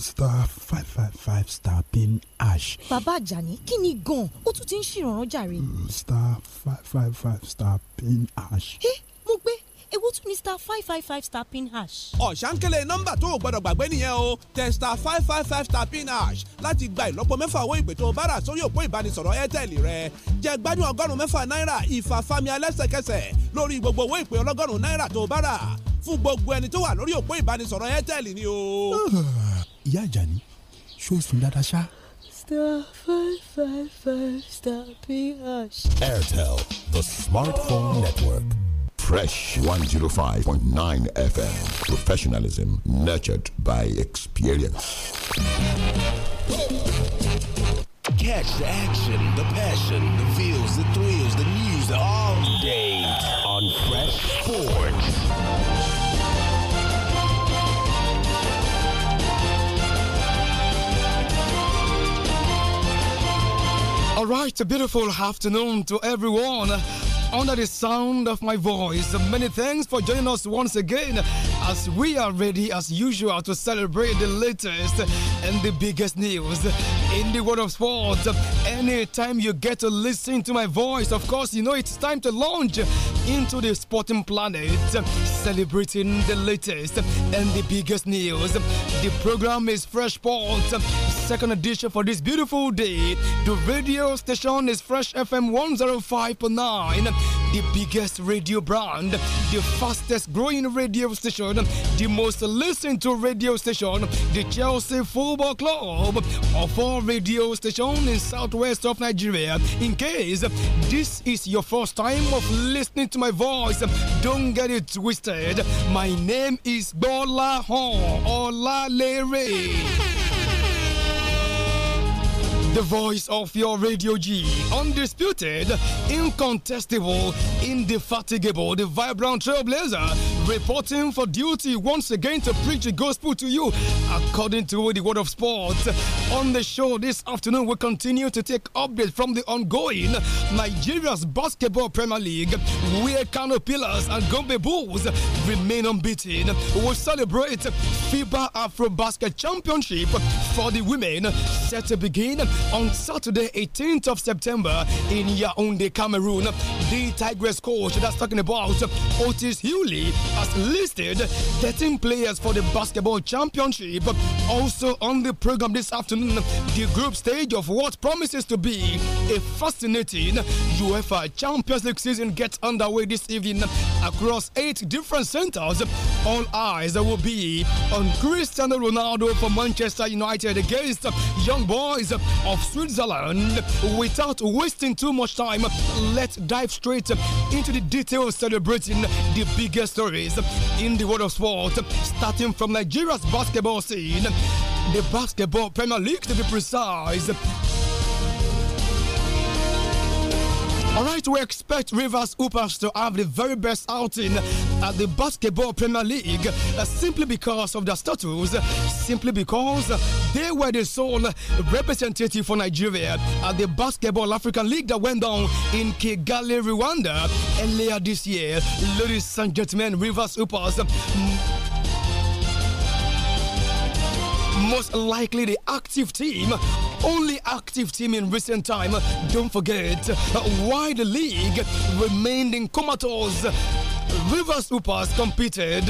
star five five five star pin hash. bàbá àjàní kí ni gan-an ó tún ti ń ṣèrànràn jàre. Mm, star five five five star pin hash. ẹ mo gbé ewu tún ni star five five five star pin hash. ọ̀sánkélé nọ́mbà tó o gbọ́dọ̀ gbàgbé nìyẹn o tẹ star five five five star pin hash láti gba ìlọ́po mẹ́fà owó ìpè tó o bá rà sórí òpó ìbánisọ̀rọ̀ airtel rẹ jẹ gbádùn ọgọ́rùn-ún mẹ́fà náírà ìfàfàmì alẹ́sẹ̀kẹsẹ̀ lórí gbogbo owó ìpè ọlọ́gọ́rùn-ún náírà tó o bá rà fún gbogbo ẹni tó wà lórí òpó ìbánisọ̀rọ̀ airtel ni o. ìyá àjàní ṣó sùn dáadáa ṣá. star five five five star ph. airtel the smartphone network. Fresh 105.9 FM. Professionalism nurtured by experience. Catch the action, the passion, the feels, the thrills, the news all day on Fresh Sports. All right, a beautiful afternoon to everyone. Under the sound of my voice, many thanks for joining us once again as we are ready, as usual, to celebrate the latest and the biggest news in the world of sports, anytime you get to listen to my voice, of course, you know it's time to launch into the sporting planet, celebrating the latest and the biggest news. The program is Fresh Sports, second edition for this beautiful day. The radio station is Fresh FM 105.9 the biggest radio brand, the fastest growing radio station, the most listened to radio station, the Chelsea Football Club of all radio station in southwest of Nigeria. In case this is your first time of listening to my voice, don't get it twisted. My name is Bola Hon Olalere. The voice of your Radio G. Undisputed, incontestable, indefatigable, the vibrant trailblazer, reporting for duty once again to preach the gospel to you according to the word of sport. On the show this afternoon, we continue to take updates from the ongoing Nigeria's Basketball Premier League, where Kano Pillars and Gombe Bulls remain unbeaten. We'll celebrate FIBA Afro Basket Championship for the women set to begin on Saturday, 18th of September, in Yaounde, Cameroon. The Tigress coach that's talking about Otis Hewley has listed 13 players for the basketball championship. Also on the program this afternoon, the group stage of what promises to be a fascinating UEFA Champions League season gets underway this evening across eight different centers. All eyes will be on Cristiano Ronaldo for Manchester United against Young Boys of Switzerland. Without wasting too much time, let's dive straight into the details celebrating the biggest stories in the world of sport, starting from Nigeria's basketball scene. The Basketball Premier League, to be precise All right, we expect Rivers Hoopers to have the very best outing at the Basketball Premier League uh, simply because of their status, simply because they were the sole representative for Nigeria at the Basketball African League that went down in Kigali, Rwanda earlier this year. Ladies and gentlemen, Rivers Hoopers um, most likely the active team only active team in recent time. Don't forget uh, why the league remained in comatose. Rivers Upas competed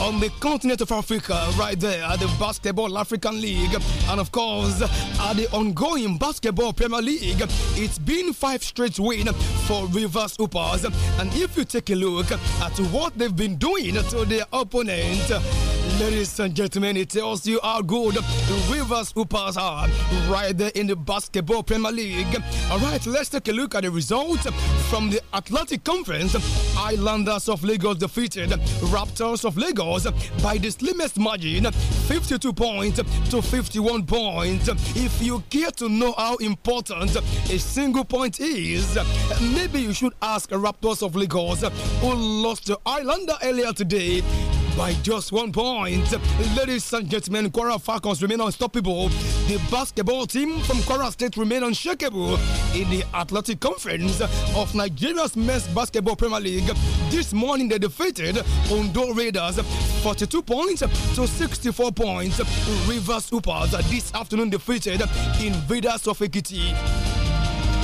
on the continent of Africa right there at the Basketball African League and of course at the ongoing Basketball Premier League. It's been five straight win for Rivers Upas and if you take a look at what they've been doing to their opponent Ladies and gentlemen, it tells you how good the Rivers Hoopers are right there in the Basketball Premier League. All right, let's take a look at the results from the Atlantic Conference. Islanders of Lagos defeated Raptors of Lagos by the slimmest margin, 52 points to 51 points. If you care to know how important a single point is, maybe you should ask Raptors of Lagos who lost to Islander earlier today by just one point. Ladies and gentlemen, Quora Falcons remain unstoppable. The basketball team from Quora State remain unshakable in the Athletic Conference of Nigeria's Men's Basketball Premier League. This morning they defeated Ondo Raiders 42 points to 64 points. Rivers Hoopers this afternoon defeated Invaders of Ekiti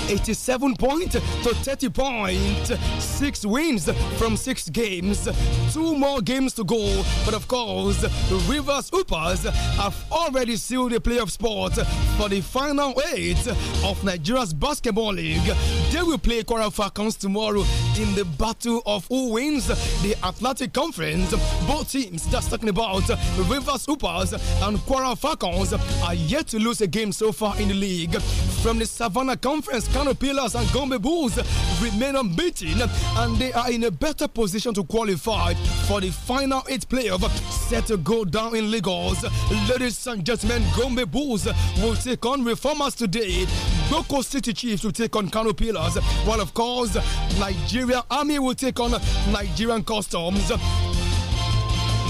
87 points to 30 points. Six wins from six games. Two more games to go. But of course, Rivers Hoopers have already sealed the playoff spot for the final eight of Nigeria's Basketball League. They will play Kwara Falcons tomorrow in the battle of who wins the Atlantic Conference. Both teams, just talking about Rivers Hoopers and Kwara Falcons, are yet to lose a game so far in the league. From the Savannah Conference Canopilas and Gombe Bulls remain unbeaten and they are in a better position to qualify for the final eight playoff set to go down in Lagos. Ladies and gentlemen, Gombe Bulls will take on Reformers today. Boko City Chiefs will take on Canopilas, while of course Nigeria Army will take on Nigerian Customs.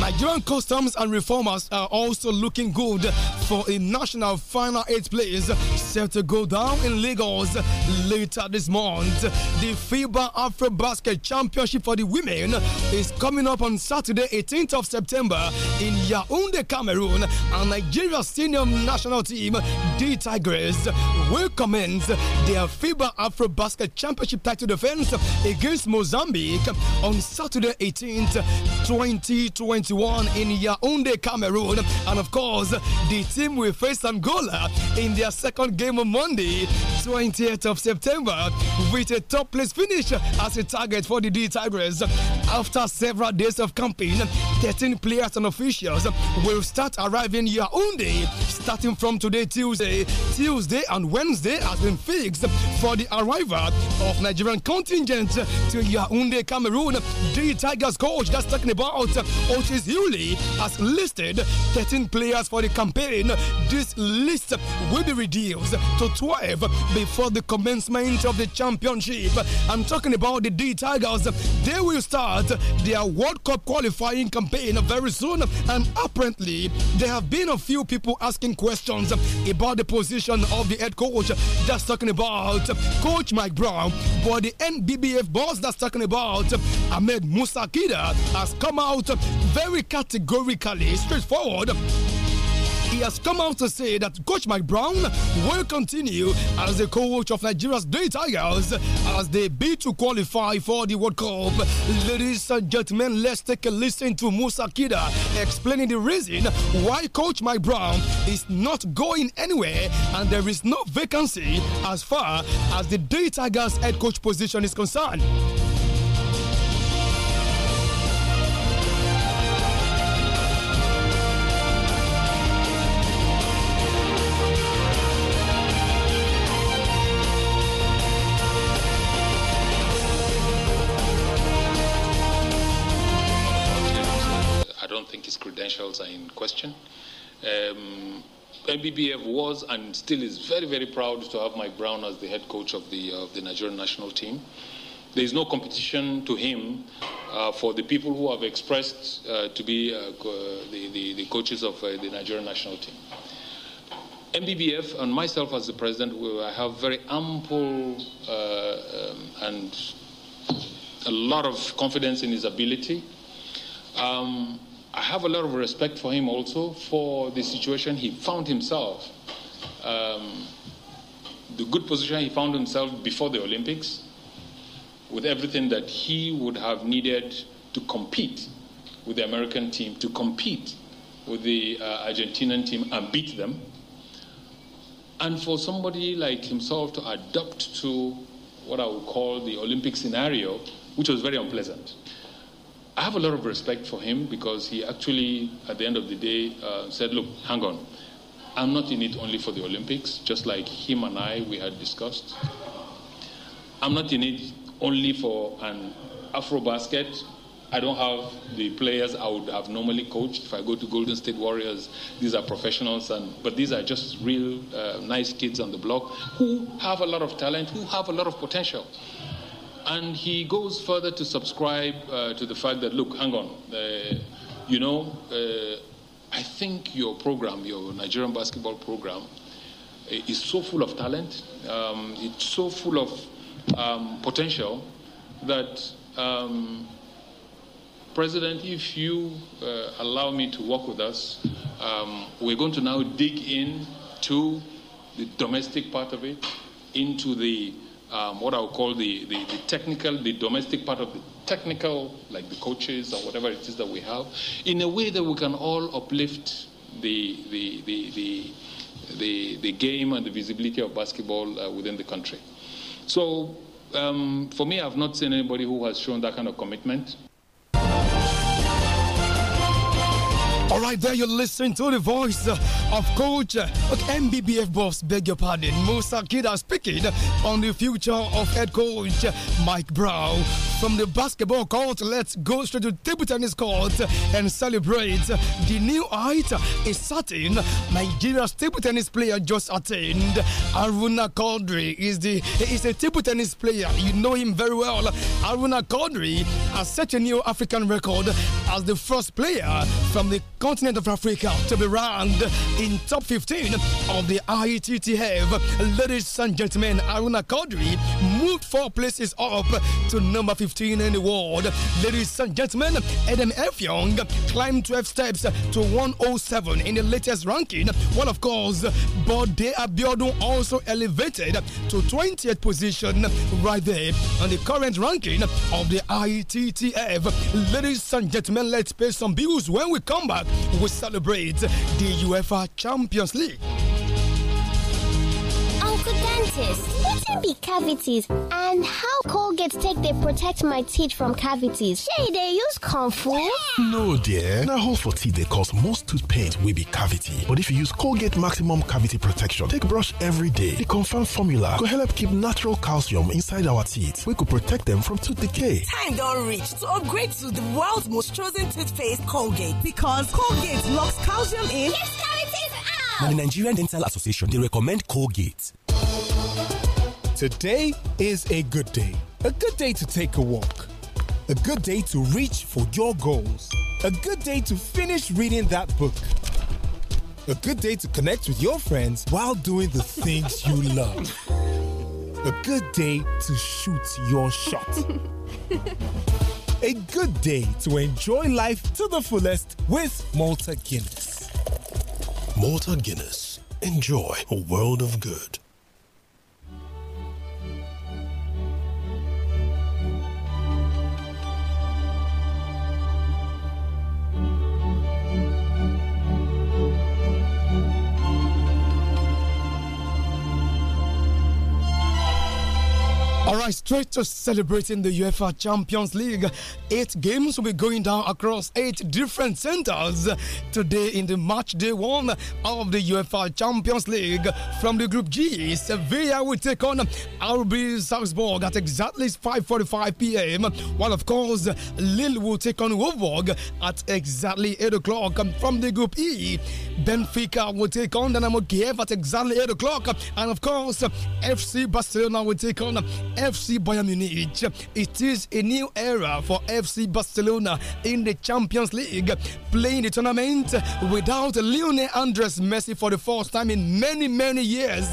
Nigerian customs and reformers are also looking good for a national final eight place set to go down in Lagos later this month. The FIBA Afro Basket Championship for the women is coming up on Saturday, 18th of September in Yaounde, Cameroon, and Nigeria's senior national team, the Tigers, will commence their FIBA Afro Basket Championship title defense against Mozambique on Saturday, 18th, 2020. 2021 in Yaounde, Cameroon. And of course, the team will face Angola in their second game on Monday, 20th of September, with a top place finish as a target for the D Tigers. After several days of camping, 13 players and officials will start arriving Yaounde starting from today, Tuesday. Tuesday and Wednesday has been fixed for the arrival of Nigerian contingent to Yaounde, Cameroon. The Tigers coach that's talking about Mrs. Hewley has listed 13 players for the campaign. This list will be reduced to 12 before the commencement of the championship. I'm talking about the D Tigers. They will start their World Cup qualifying campaign very soon, and apparently, there have been a few people asking questions about the position of the head coach. That's talking about Coach Mike Brown, but the NBBF boss that's talking about Ahmed Musakida has come out very very categorically straightforward he has come out to say that Coach Mike Brown will continue as the coach of Nigeria's Day Tigers as they bid to qualify for the World Cup. Ladies and gentlemen, let's take a listen to Musa Kida explaining the reason why Coach Mike Brown is not going anywhere and there is no vacancy as far as the Day Tigers head coach position is concerned. question. Um, MBBF was and still is very, very proud to have Mike Brown as the head coach of the, of the Nigerian national team. There is no competition to him uh, for the people who have expressed uh, to be uh, the, the, the, coaches of uh, the Nigerian national team. MBBF and myself as the president, I have very ample uh, um, and a lot of confidence in his ability. Um, I have a lot of respect for him also for the situation he found himself, um, the good position he found himself before the Olympics, with everything that he would have needed to compete with the American team, to compete with the uh, Argentinian team and beat them. And for somebody like himself to adapt to what I would call the Olympic scenario, which was very unpleasant. I have a lot of respect for him because he actually, at the end of the day, uh, said, Look, hang on. I'm not in it only for the Olympics, just like him and I, we had discussed. I'm not in it only for an Afro basket. I don't have the players I would have normally coached. If I go to Golden State Warriors, these are professionals, and but these are just real uh, nice kids on the block who have a lot of talent, who have a lot of potential and he goes further to subscribe uh, to the fact that, look, hang on, uh, you know, uh, I think your program, your Nigerian basketball program, uh, is so full of talent, um, it's so full of um, potential that, um, President, if you uh, allow me to work with us, um, we're going to now dig in to the domestic part of it, into the um, what I would call the, the, the, technical, the domestic part of the technical, like the coaches or whatever it is that we have, in a way that we can all uplift the, the, the, the, the, the game and the visibility of basketball uh, within the country. So um, for me, I've not seen anybody who has shown that kind of commitment. All right, there you're listening to the voice of coach okay, MBBF boss, beg your pardon, Musa Kida speaking on the future of head coach Mike Brown. From the basketball court, let's go straight to table tennis court and celebrate the new height a certain Nigeria's table tennis player just attained. Aruna Kaudry is the is a table tennis player. You know him very well. Aruna Kaudry has set a new African record as the first player from the continent of Africa to be ranked in top 15 of the IETTF. Ladies and gentlemen, Aruna Kodri moved four places up to number 15 in the world. Ladies and gentlemen, Adam Effiong climbed 12 steps to 107 in the latest ranking. Well, of course, Bode Abiodun also elevated to 20th position right there on the current ranking of the IETTF. Ladies and gentlemen, let's pay some bills when we come back we celebrate the UEFA Champions League. Uncle Dentist wetin be cavities and how colgate take dey protect my teeth from cavities shey they dey use comfort? no dear na hole for teeth dey cause most tooth pain wey be cavity but if you use colgate maximum cavity protection take brush every day the confirmed formula go help keep natural calcium inside our teeth wey go protect them from tooth decay time don reach to upgrade to the world's most chosen toothpaste colgate because colgate locks calcium in yes cavities out! na the nigerian dental association dey recommend colgate Today is a good day. A good day to take a walk. A good day to reach for your goals. A good day to finish reading that book. A good day to connect with your friends while doing the things you love. A good day to shoot your shot. a good day to enjoy life to the fullest with Malta Guinness. Malta Guinness. Enjoy a world of good. All right, straight to celebrating the UEFA Champions League. Eight games will be going down across eight different centers today in the match day one of the UEFA Champions League. From the Group G, Sevilla will take on RB Salzburg at exactly 5:45 p.m. While of course Lille will take on Wolfsburg at exactly 8 o'clock. From the Group E, Benfica will take on Dynamo Kiev at exactly 8 o'clock, and of course FC Barcelona will take on FC Bayern Munich. It is a new era for FC Barcelona in the Champions League, playing the tournament without Lionel Andres Messi for the first time in many, many years.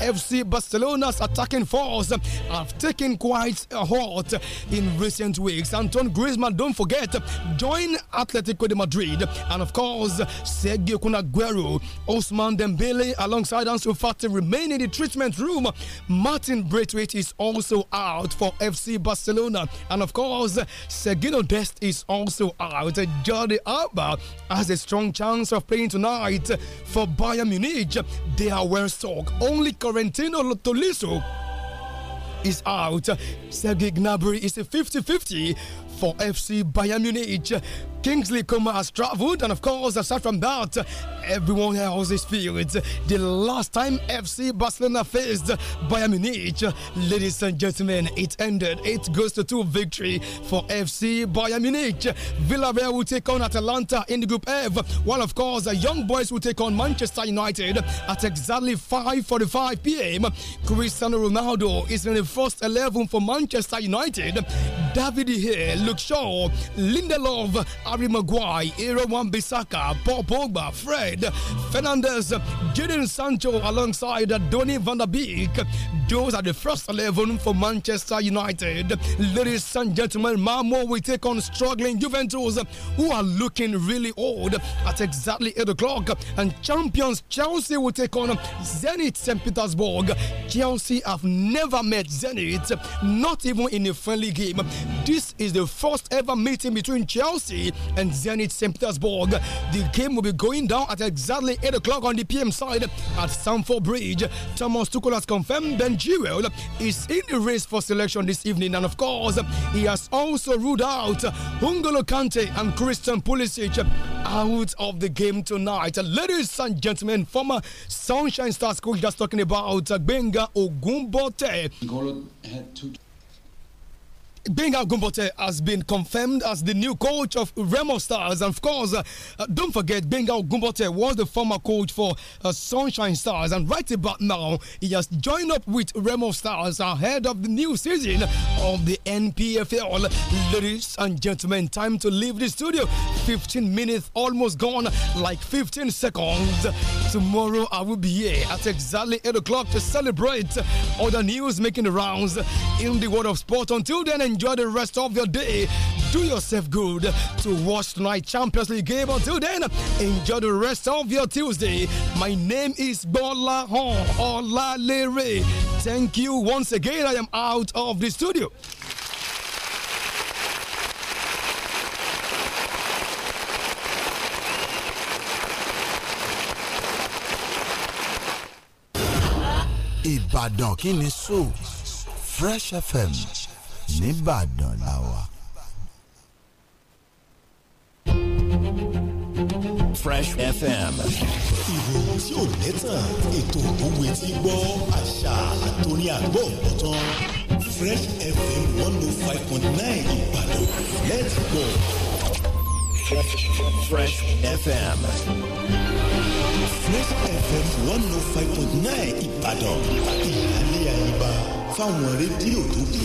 FC Barcelona's attacking force have taken quite a halt in recent weeks. Anton Griezmann, don't forget, joined Atletico de Madrid, and of course, Sergio Cunaguero, Osman Dembele, alongside Ansu Fati remain in the treatment room. Martin Braithwaite is also also out for FC Barcelona. And of course, Segino Dest is also out. Jordi Alba has a strong chance of playing tonight for Bayern Munich. They are well stocked. Only Correntino Tolisso is out. Sergei Gnabry is a 50 50 for FC Bayern Munich. Kingsley Coma has travelled, and of course, aside from that, everyone else is filled. The last time FC Barcelona faced Bayern Munich, ladies and gentlemen, it ended 8 goes to 2 victory for FC Bayern Munich. Villarreal will take on Atalanta in the Group F, while of course, the Young Boys will take on Manchester United at exactly 5:45 p.m. Cristiano Ronaldo is in the first 11 for Manchester United. David Hill Luke Shaw, Lindelof, Harry Maguire, Aaron Wan Bisaka, Paul Pogba, Fred, Fernandez, Jadon Sancho, alongside Donny van der Beek. Those are the first 11 for Manchester United. Ladies and gentlemen, Marmo will take on struggling Juventus, who are looking really old at exactly 8 o'clock. And champions Chelsea will take on Zenit St. Petersburg. Chelsea have never met Zenit, not even in a friendly game. This is the first ever meeting between Chelsea and Zenit St. Petersburg. The game will be going down at exactly 8 o'clock on the PM side at Stamford Bridge. Thomas Tuchel has confirmed Ben Girel is in the race for selection this evening, and of course, he has also ruled out Ungolo Kante and Christian Pulisic out of the game tonight. Ladies and gentlemen, former Sunshine Stars coach just talking about Benga Ogunbote. Te. had two Benga Gumbote has been confirmed as the new coach of Remo Stars. And of course, uh, don't forget, Benga Gumbote was the former coach for uh, Sunshine Stars. And right about now, he has joined up with Remo Stars ahead of the new season of the NPFL. Ladies and gentlemen, time to leave the studio. 15 minutes almost gone, like 15 seconds. Tomorrow, I will be here at exactly 8 o'clock to celebrate all the news making the rounds in the world of sport. Until then, enjoy the rest of your day. Do yourself good to watch tonight Champions League game. Until then, enjoy the rest of your Tuesday. My name is Bola Hon Olalere. Thank you once again. I am out of the studio. Ìbàdàn Fresh FM nìbàdàn la wà. Fresh FM. ìròyìn tí ò lẹ́tàn ètò òwe tí gbọ́ àṣà àtòrí àgbọ̀ ọ̀tán Fresh FM one oh five point nine Ìbàdàn let's go. Fresh FM. Fresh FM one oh five point nine Ìbàdàn ìyáálé àyíbá fáwọn rédíò tó kù.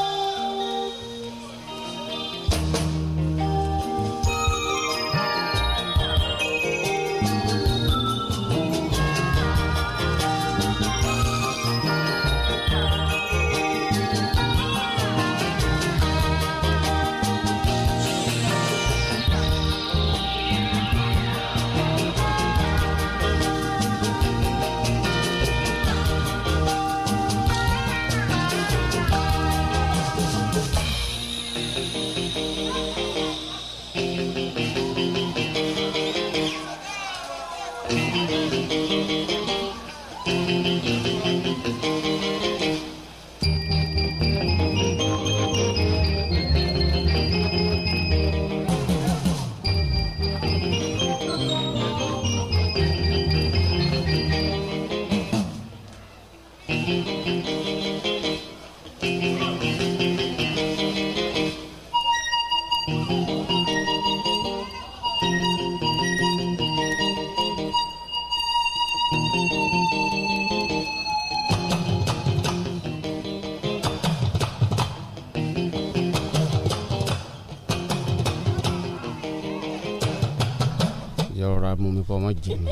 wọ́n jí mi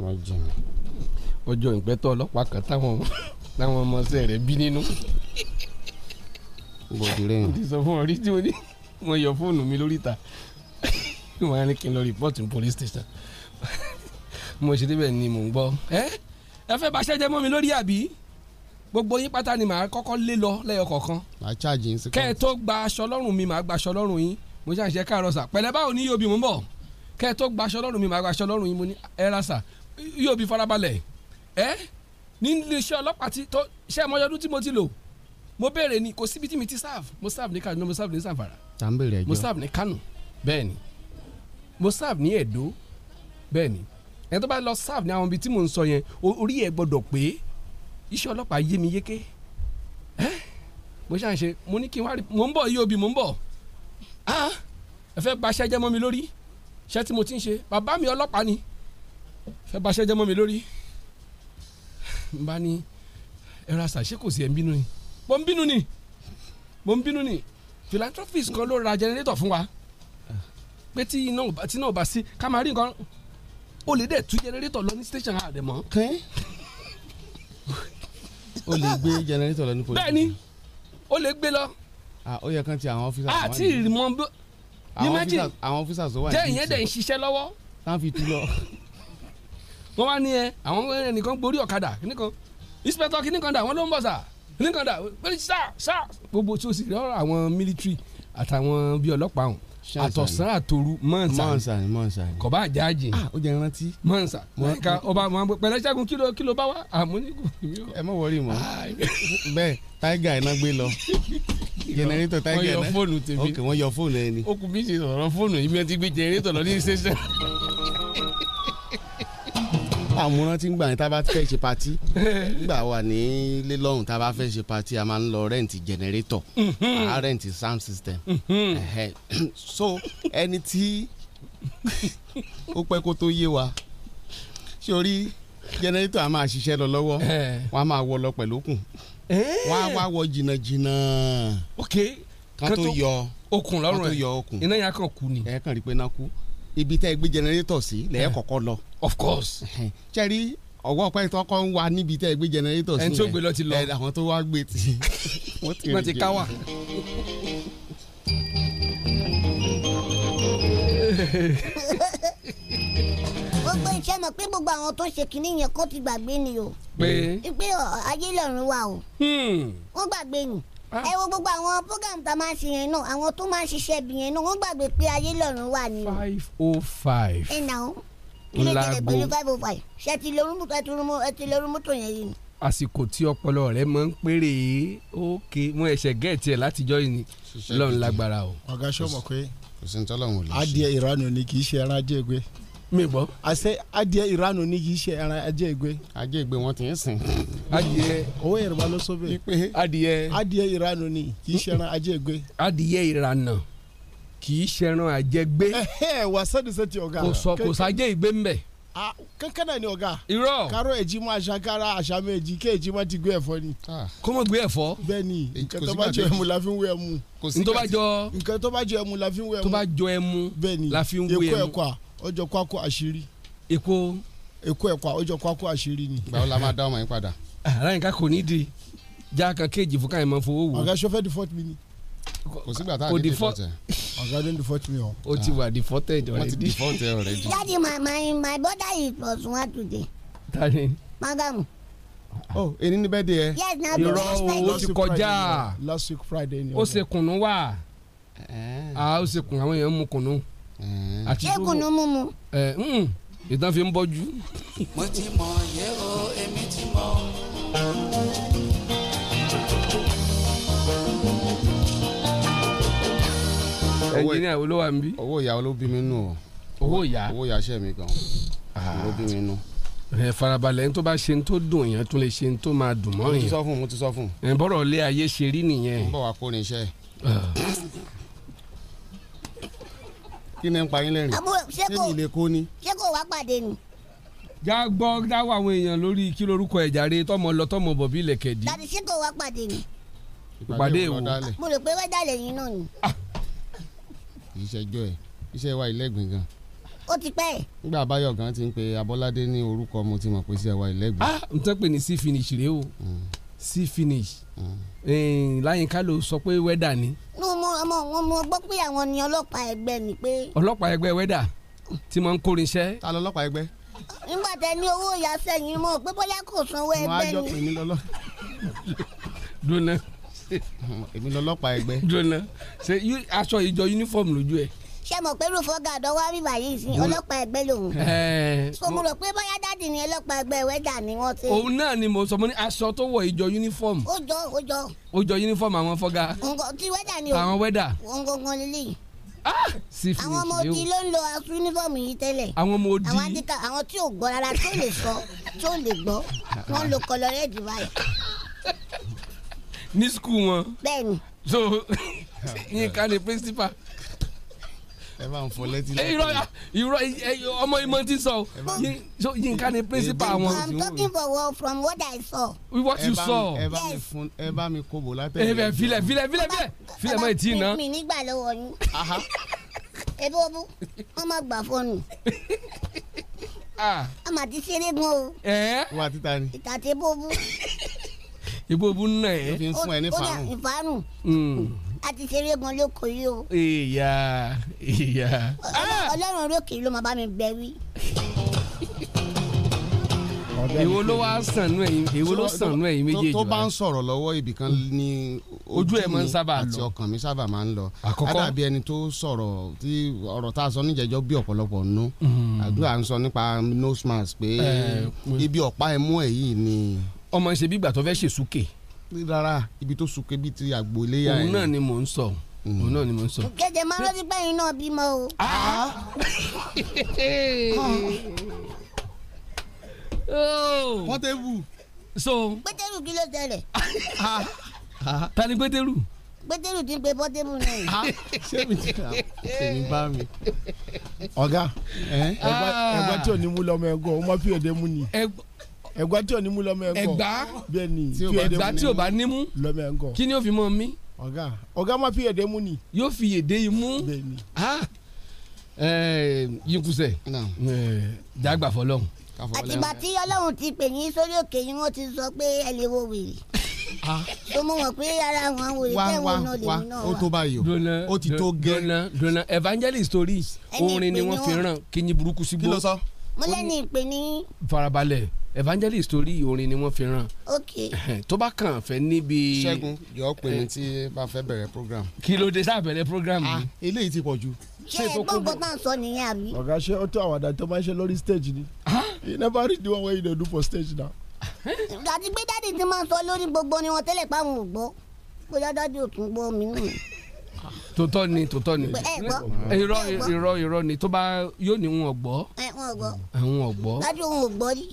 wọ́n jí mi. ọjọ́ ìpẹ́tọ́ ọlọ́pàá kan táwọn táwọn ọmọọṣẹ́ rẹ̀ bí nínú. bòdì lẹ́yìn. mo ti sọ fún ọ rí tí mo ní mo yọ fóònù mi lórí ìta wọ́n á ní kí n lọ rìpọ́ọ̀tù police station mo ṣe débẹ̀ ni mò ń gbọ́ ẹ ẹ fẹ́ bá ṣẹ́jẹ́ mọ́ mi lórí àbí gbogbo yín pátá ni màá kọ́kọ́ lé lọ lẹ́yọ kọ̀ọ̀kan kẹ́ ẹ tó gba aṣọ lọ́rùn mi màá gba aṣọ lọ́rùn yín mo ṣàṣẹ káàárọ̀ sà pẹ̀lẹ́ báwo ni yóò bí mo ń bọ̀ kẹ́ ẹ tó gbaṣọ lọ́rùn mi màá gbaṣọ lọ́rùn yín mo ní ẹ ra sà yóò bí farabalẹ̀ ẹ ní iléeṣẹ́ ọlọ́pàá tí ṣe é mọ́jọ́dún tí mo ti lò mo béèrè ni kò síbi tí mi ti serve mo serve ní Kaduna mo serve ní Zamfara mo serve ní Kano bẹ́ẹ̀ ni mo serve ní Edo bẹ́ẹ̀ ni ẹni tó bá lọ serve ní àwọn ibi tí mo ń sọ yẹn orí ẹ̀ gbọ́dọ̀ pé iṣẹ́ ọlọ́pàá yé mi yéké ẹ́ mo ṣàǹṣe mo ní kí n wá rí mo ń bọ̀ yóò bí mo ń bọ̀ ẹ fẹ́ baṣẹ́ jẹ́ mọ́ mi lórí ṣé tí mo ti ń ṣe bàbá mi ọlọ́pàá ni fẹ́ bá ṣẹ́jẹ́ mọ́ mi lórí n bá ní ẹ̀rọ àṣà ṣé kò sí ẹ̀ ń bínú ni mo ń bínú ni mo ń bínú ni philanthropist kan ló ra generator fún wa pé tí iná ò bá tí iná ò bá sí ká máa rí nǹkan o lè dẹ̀ tú generator lọ ní station àdè mọ́. o lè gbé generator lọ ní police. bẹ́ẹ̀ni o lè gbé lọ. ó yẹ kán ti àwọn ọ́fíìsì. àti ìrìmọ̀ bó imagine àwọn officers tó wà ní ìṣẹ́ jẹ́ ìyẹn dẹ̀ ń ṣiṣẹ́ lọ́wọ́. táwọn fi tú lọ. wọ́n wá ní ẹ àwọn ẹnìkan gborí ọ̀kadà kìnìkan inspector kìnìkan dà wọ́n ló ń bọ̀ sà kìnìkan dà wọ́n sà sà gbogbo tó sì rọ àwọn military àtàwọn bíi ọlọ́pàá ọ̀hún àtọ̀sán àtòru mọ̀nsán mọ̀nsán kò bá jẹ́ àjẹ́ ah, ó jẹ́ rántí mọ̀nsán nǹkan ọba àwọn pẹ̀lẹ́ ṣẹ́gun kilo kilo kí ló bá wa àmúnigun. ẹ má wọrí mọ́ bẹ́ẹ̀ tiger iná gbé lọ jẹnẹrétọ̀ tá jẹ náà wọ́n yọ fóònù tèmi ok wọ́n yọ fóònù ẹni. ó kù mí ṣe sọ̀rọ̀ fóònù yìí mi ti gbé jẹnẹrétọ̀ lọ ní ṣẹṣẹ. àmúràn tí ń gbà yín tá a bá fẹ́ ṣe patí nígbà wà ní lílọ́hùn tá a bá fẹ́ ṣe patí a máa ń lọ rẹ́ǹtì jẹnẹrétọ̀ mhm. a rẹ́ǹtì sound system mhm. so ẹni tí ó pẹ́ kó tó yé wa ṣorí jẹnẹrétọ̀ a máa ṣiṣẹ́ lọ lọ́wọ́ wọ́n a máa wọ lọ pẹ̀lú kùn Eh. wọ́n á wá wọ jìnnàjìnnà. ok kan tó yọ okùn lọ́rùn ẹ̀ iná yà kàn kú ni. ẹ kàn rí pé iná kú ibi tẹ́ gbé jẹnẹrétọ̀ sí lẹ́yìn eh. kọ̀ọ̀kan lọ. of course. ṣẹ́rí ọwọ́ ọ̀pẹ́ tó kọ́ ń wa níbi tẹ́ gbé jẹnẹrétọ̀ sí ẹni tó gbé lọ ti lọ. ẹ àwọn tó wá gbé ti. wọ́n ti ká wà. pé ṣe mọ̀ pé gbogbo àwọn tó ṣe kinní yẹn kó ti gbàgbé ni o. pé pé ayé lọ́run wa o. Hmm. wọ́n gbàgbé ni ah. ẹ wo gbogbo àwọn program tá a máa ń ṣe yẹn náà àwọn tó máa ń ṣiṣẹ́ ibi yẹn náà wọ́n gbàgbé pé ayé lọ́run wà ni o. five oh five. ẹ nà ó ilé ìjẹ̀lẹ̀ pẹ̀lú five oh five ṣe ti lorun mọ́tò yẹn yìí ni àsìkò tí ọpọlọ rẹ máa ń péré ókè mú ẹsẹ gẹẹti ẹ látijọ́ yìí ni lọ́run lágbára o. ọ̀gá sọ́mọ̀ pé adìẹ ìranu ni kì í ṣe ẹran ajé gbé mi bọ. àṣẹ adìẹ ìranù ni kì í ṣe ẹran ajẹ ìgbé. ajẹ ìgbé wọn ti ń sìn. adìẹ. owó yorùbá ló sọ bẹ́ẹ̀. ipe adìẹ. adìẹ ìranù ni kì í ṣe ẹran ajẹ ìgbé. adìẹ ìranù kì í ṣe ẹran ajẹ ìgbé. ẹhẹ wà ọ̀gá. kò sọ kò sájẹ́ ìgbé ń bẹ̀. kankan náà ni ọ̀gá. irọ́. káró èjìmọ́ aṣakara àṣàmì èjì ké èjìmọ́ ti gbé ẹ̀fọ́ ni. kọ́mọ gbé ẹ̀fọ́. bẹ́ẹ̀ni nǹkan tó bá jọ ẹmu la fi ń wé ẹmu. nǹkan tó bá jọ ẹmu la fi ń wé ẹmu. tó bá jọ ẹmu la fi ń wé ẹmu. èkó ẹ̀kọ́ à ọjọ́ kó akó àṣírí. èkó. èkó ẹ̀kọ́ ọjọ́ kó akó àṣírí ni. báwo la máa dá ọmọ yín padà. aláìní ah, ká kò ní di já kan kéèjì fún káyọ̀ máa fowó wò. ọ̀gá sọfẹ́ di fọ́ọ̀tì mi ni. kò sígbà tá a di fọ́ọ̀tì. ọ̀gá ló di fọ́ọ̀tì o. o ti wà di fọ́ọ̀tì already. wọ́n ti di fọ́ọ̀tì already. Daddy, my my my brother is plus one today. tani. madam oh èyí ni bẹ́ẹ̀ di ẹ. yes na bí last ṣe ìrọ̀ o ti kọjá last week Friday ni. ó ṣe kùnú wá eh. a ah, ó ṣe kùn àwọn èèyàn mú kùnú ṣéèkùnú mm-hmm. mímu. Mm, ìtàn fi ń bọ́jú. mo ti mọ yẹ o èmi ti mọ. ẹnjìnìà wo ló wà níbí. owó ìyá ló bí mi nù o. owó ìyá owó ìyá ṣe mi gan. Ah. ló bí mi nù ẹ farabalẹ̀ ń tó bá ṣe ń tó dùn yẹn tún lè ṣe ń tó máa dùn mọ́ yẹn. mo ti sọ fún mo ti sọ fún. ẹ bọ́rọ̀ ilé ayé ṣe rí nìyẹn. n bọ̀ wá kó ní iṣẹ́. Ah kí ni ẹ ń pa yín lẹ́rìn kí ni ilé kó ni. ṣé kò wá pàdé ni. já gbọ́ dáwọ́ àwọn èèyàn lórí kí lorúkọ ẹ̀já re tọmọ lọ tọmọ bọ̀ bí ilẹ̀kẹ̀ dí. tàbí ṣé kò wá pàdé ni. ìpàdé wo mo rò pé wọ́n dálẹ̀ yín náà ni. Ah! kì í ṣẹjọ́ ẹ̀ iṣẹ́ wa ìlẹ́gbìn gan. ó ti pẹ́. nígbà Báyọ̀ gan ti ń pe Abọ́ládé ní orúkọ mo ti mọ̀ pé iṣẹ́ wa ìlẹ́gbìn. ah n tẹ́ pè ní sí finish o. Hmm sí finish láyínká ló sọ pé wẹ́dà ni. mo mọ ọmọ wọn mo gbọ́ pé àwọn ni ọlọ́pàá ẹgbẹ́ ni pé. ọlọ́pàá ẹgbẹ́ wẹ́dà tí mo ń kórin iṣẹ́. ta ló ọlọ́pàá ẹgbẹ́. nígbà tẹ ní owó ìyàsẹ́ yìí mo pé bóyá kò sanwó ẹgbẹ́ ni. mo á jọ pè mí lọ́lọ́. dùnà. èmi lọ́lọ́pàá ẹgbẹ́. dùnà ṣe aṣọ ìjọ uniform lójú ẹ̀ ṣé mo pé rúfọ́ gàdọ̀ wá bíbà yìí sí ọlọ́pàá ẹgbẹ́ lòun. so mo rò pé bóyá dáàdì ni ọlọ́pàá ẹgbẹ́ wẹ́dà ni wọ́n ti. òun náà ni mo sọ mo ní aṣọ tó wọ ìjọ uniform. ó jọ ó jọ. ó jọ uniform àwọn fọ́gà. nǹkan wẹ́dà ni o. Ah! àwọn wẹ́dà. nǹkan lílì àwọn ọmọ odi ló ń lo yunifọ́ọ̀mù yìí tẹ́lẹ̀ àwọn ọmọ odi àwọn tí ò gbọ́ rárá tó lè sọ tó lè gbọ́ wọ́n lo kọlọ́rẹ́ẹ̀dì báyìí. ní skul wọn. bẹ́ẹ̀ni. so yín ká ní principal ẹ máa ń fọ létí láti. irọ́ irọ́ ọmọ ìmọ̀ ti sọ so yínká ni principal wọn. I'm talking for what from what I saw. what you saw. ẹ bá mi fún ẹ bá mi kóbò látẹ̀lẹ́. ẹ bẹ filẹ filẹ filẹ filẹ filẹ mọ ètí iná. mi nígbà lọ́wọ́ yín. ebi o bu wọn máa gbà fọnù. ọmọ àti ṣeré gan o. wà á ti ta ni. ìtàtẹ́ bó bu. ibo bu nù náà yẹn. o fi ń fún ẹ ní fàánù. o ní ìfàánù a ti ṣeré gan lóko yìí o. ìyá ìyá. ọlọ́run orí òkè ló máa bá mi bẹ wí. èwo ló wá sànú ẹ̀yin èwo ló sànú ẹ̀yin méjèèjì báyìí. tó bá ń sọ̀rọ̀ lọ́wọ́ ibìkan ni ojú ẹ̀ máa ń sábà lọ àti ọkàn mi sábà máa ń lọ. àkọ́kọ́ àdàbí ẹni tó sọ̀rọ̀ tí ọ̀rọ̀ tá a sọ níjẹ̀jọ́ bí ọ̀pọ̀lọpọ̀ nú. Hmm. àdúrà ń sọ nípa nose mask pé eh, ibi ọ̀pá ẹ̀mú ẹ̀ ni. ọmọ ṣe bí ìgbà tó fẹ́ ṣèṣúkè rárá ibi tó sunké bíi ti àgbo iléyà yẹn. Mm. òun náà ni mò ń sọ òun náà ni mò ń sọ. jẹjẹ máa rántí pẹ́yìn náà bímọ o. Ah! pọ́tẹ́bù. so. pẹ́tẹ́rù kí ló tẹ̀lé. ta ni pẹ́tẹ́rù. pẹ́tẹ́rù ti ń pe pọ́tẹ́bù náà. Ah! ṣé mi ti ra ṣèmi bá mi. ọ̀gá ah! ẹ̀gbọ́n tí ò ní mú lọ́mọ ẹ̀gbọ́n ó má fi èdè mú ni. ẹ̀gbọ́n ẹ̀gbá tí ò ní mú lọ́mọ ẹ̀ ń kọ́ ẹ̀gbá ẹ̀gbá tí ò bá ní mú lọ́mọ ẹ̀ ń kọ́ kí ni ó fi mọ́ mi. ọ̀gá ọ̀gá máa fi èdè mú ni. yóò fi èdè imú yínkùsẹ̀ dàgbà fọlọ́hún. àtìgbà tí ọlọ́run ti pè ní sórí òkè yìí wọ́n ti sọ pé ẹ lè wo wèrè tó mú wọn pé ara wọn wò lè tẹ̀wọ̀n náà lèmi náà wà. ó tó báyìí o ó ti tó gẹ́. dona dona evangelist stories orin ni wọ́n fi ràn kí ni burúkú sí gbó. mo lẹ́ni ìpè ní. farabalẹ̀ evangelist torí orin ni wọ́n fi ràn. ok tó bá kàn fẹ́ níbi. ṣẹ́gun yọ pé mi tí bá fẹ́ bẹ̀rẹ̀ program. kí ló dé sáà bẹ̀rẹ̀ program yìí. Ah, eléyìí ti pọ̀ jù. ṣé gbọ́ngàn náà sọ nìyẹn àbí. ọ̀gá ṣé ó tó àwàdà tó máa ń ṣe lórí stage ni. he never read the one wey you dey do for stage now. àti pé dáàdi ti máa ń sọ lórí gbogbo ni wọn tẹ́lẹ̀ pàwọn ò gbọ́ bóyá dáàdi ò tún gbọ́ mi náà tòótọ́ ni tòótọ́ ni irọ́ irọ́ irọ́ ni tó bá yóò ní wọn gbọ́ wọn gbọ́ lájú wọn gbọ́ ni.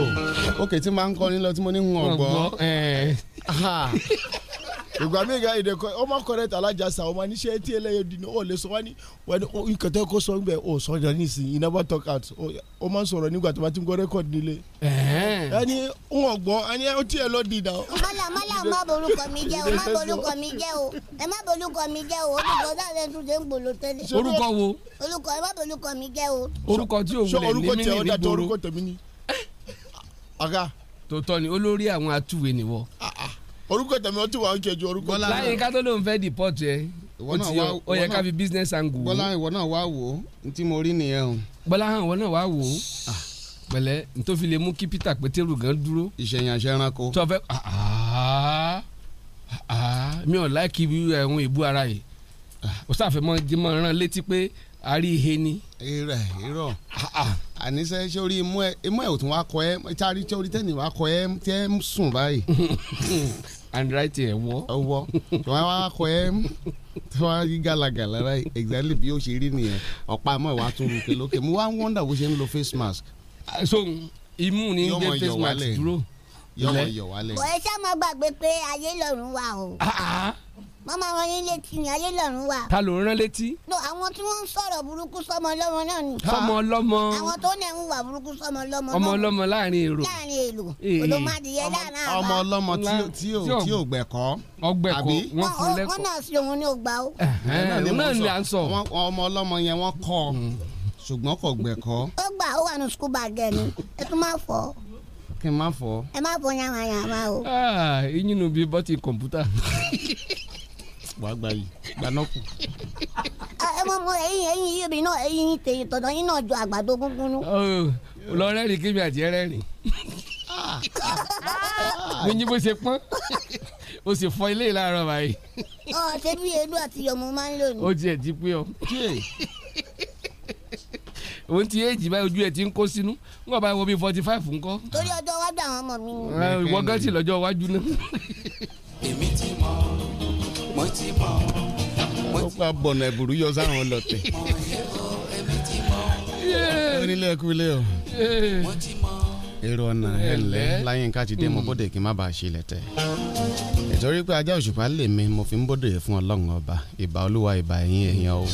Oh, ok tí máa ń kọrin lọ tí mo ní wọn gbọ́ ìgbà mi ga èdè kan ọmọ correct alájàsà ọmọ níṣẹ́ tí ẹlẹ́yẹ di ní ọ̀lẹ́ sọ wá ní ìkẹtẹ́ kó sọ níbẹ̀ ọ̀ sọ̀rọ̀ nísìnyí you never talk out ó máa ń sọ̀rọ̀ nígbà tó bá ti ń gbọ́ record nílé. ẹni ń wọ̀ gbọ́ ẹni ó tiẹ̀ lọ di ìdáwọ́. mọ́là mọ́là ò má borúkọ mi jẹ́ o má borúkọ mi jẹ́ o ẹ má borúkọ mi jẹ́ o orúkọ dáadé tún ṣe ń gbòòlò tẹ́lẹ̀. orúkọ wo. orúkọ ẹ má borúkọ mi jẹ́ o. orúkọ tí òun lè ní mí ní ìgboro. ọ̀gá. tòótọ́ ni olórí àwọn atúwe orúkọ tẹ̀mí ọtí wa orúkọ tẹ̀mí. láyé ká tó fẹ́ ẹ yẹ ká fi business angle. bọ́lá ìwọ náà wá wò ó n tí mo rí nìyẹn o. bọ́lá ìwọ náà wá wò ó ah. pẹ̀lẹ́ n tó fi lè mú kí Peter Pétérù gan dúró. ìṣẹ̀yìn tó fẹ́ ah, ah, mi ò eh, ara yìí sàfẹ́ pé a rí ihe ni. àníṣe ṣé orí imú ẹ imú ẹ ò tún wá kọ ẹ orí handwriting ẹ̀ wọ́. ẹ wọ́ tí wọ́n á kọ ẹ́ tí wọ́n á yí gàlagàlà rẹ̀ exactly bí ó ṣe rí nìyẹn ọ̀pá àmọ́ ìwà tún rúkè lókè mo wá ń wọ́ndà bó ṣe ń lo face mask. so imú ni ń jẹ́ face mask dúró. yọmọ yọ wálẹ̀. kò ẹ ṣá máa gbàgbé pé ayé lọ́run wà o. Ah, ah, ah wọ́n máa rán yín létí ní ayé lọ́run wa. ta ló rán létí. no àwọn tí wọ́n ń sọ̀rọ̀ burúkú sọmọ ọlọ́mọ náà ni. sọmọ ọlọ́mọ. àwọn tó ní ẹ̀hún wà burúkú sọmọ ọlọ́mọ náà. ọmọ ọlọ́mọ láàrin èrò. láàrin èrò olùmọdìyẹ láàrin àbá. ọmọ ọlọ́mọ tí ò gbẹ̀kọ́. ọgbẹ̀kọ́ wọn fún lẹ́kọ̀ọ́. wọn náà sí òun ní ògbà o. náà ni à ń sọ. ọmọ ọlọ́mọ yẹn wọ́n kọ́ hmm. ṣùgbọ́n kò gbẹ̀kọ́. ó gbà ó wà ní sukùl bàgẹ́ ni ẹ tún máa fọ́ kí n má fọ. ẹ má fọ yàrá yàrá o. iyín ah, nu bíi bọ́tì kọ̀ǹpútà. wàá gba yìí gbaná kù. Ah, ẹ mọ mọ ẹyin ẹyin ibi náà ẹyin tèyí tọ̀dọ̀ yín náà jọ àgbàdo gúngúnú. Oh, lọ rẹ́rìn kí mi àti ẹ rẹ́rìn mo ní bó ṣe pọ́n o sì fọ ilé láàárọ̀ báyìí. ọ ah, ṣé bí èlò àti yọmọ máa ń lò ní. ó tiẹ̀ ti pé ọ. òun ti éèjì báyìí ojú ẹ̀ ti ń kó sínú ń gbọ́ báyìí wo bíi forty five ńkọ́. torí ọjọ́ iwájú àwọn ọmọ mi. Ah, ìwọ gán sì lọ́jọ́ iwájú náà. èmi ti mọ̀ ó pa bọ̀nà ẹ̀bùrú yọ sáwọn ọlọ́tẹ̀ onílé ẹkúlé o èrò ọ̀nà ẹ̀lẹ́ láyínká ti dé mo hmm. bóde kí n má bàa ṣe ilẹ̀ tẹ̀ ìtorí pé ajá òṣùpá lè mi mo fi ń bóde fún ọlọ́run ọba ìbà olúwa ìbà ẹ̀yìn èèyàn o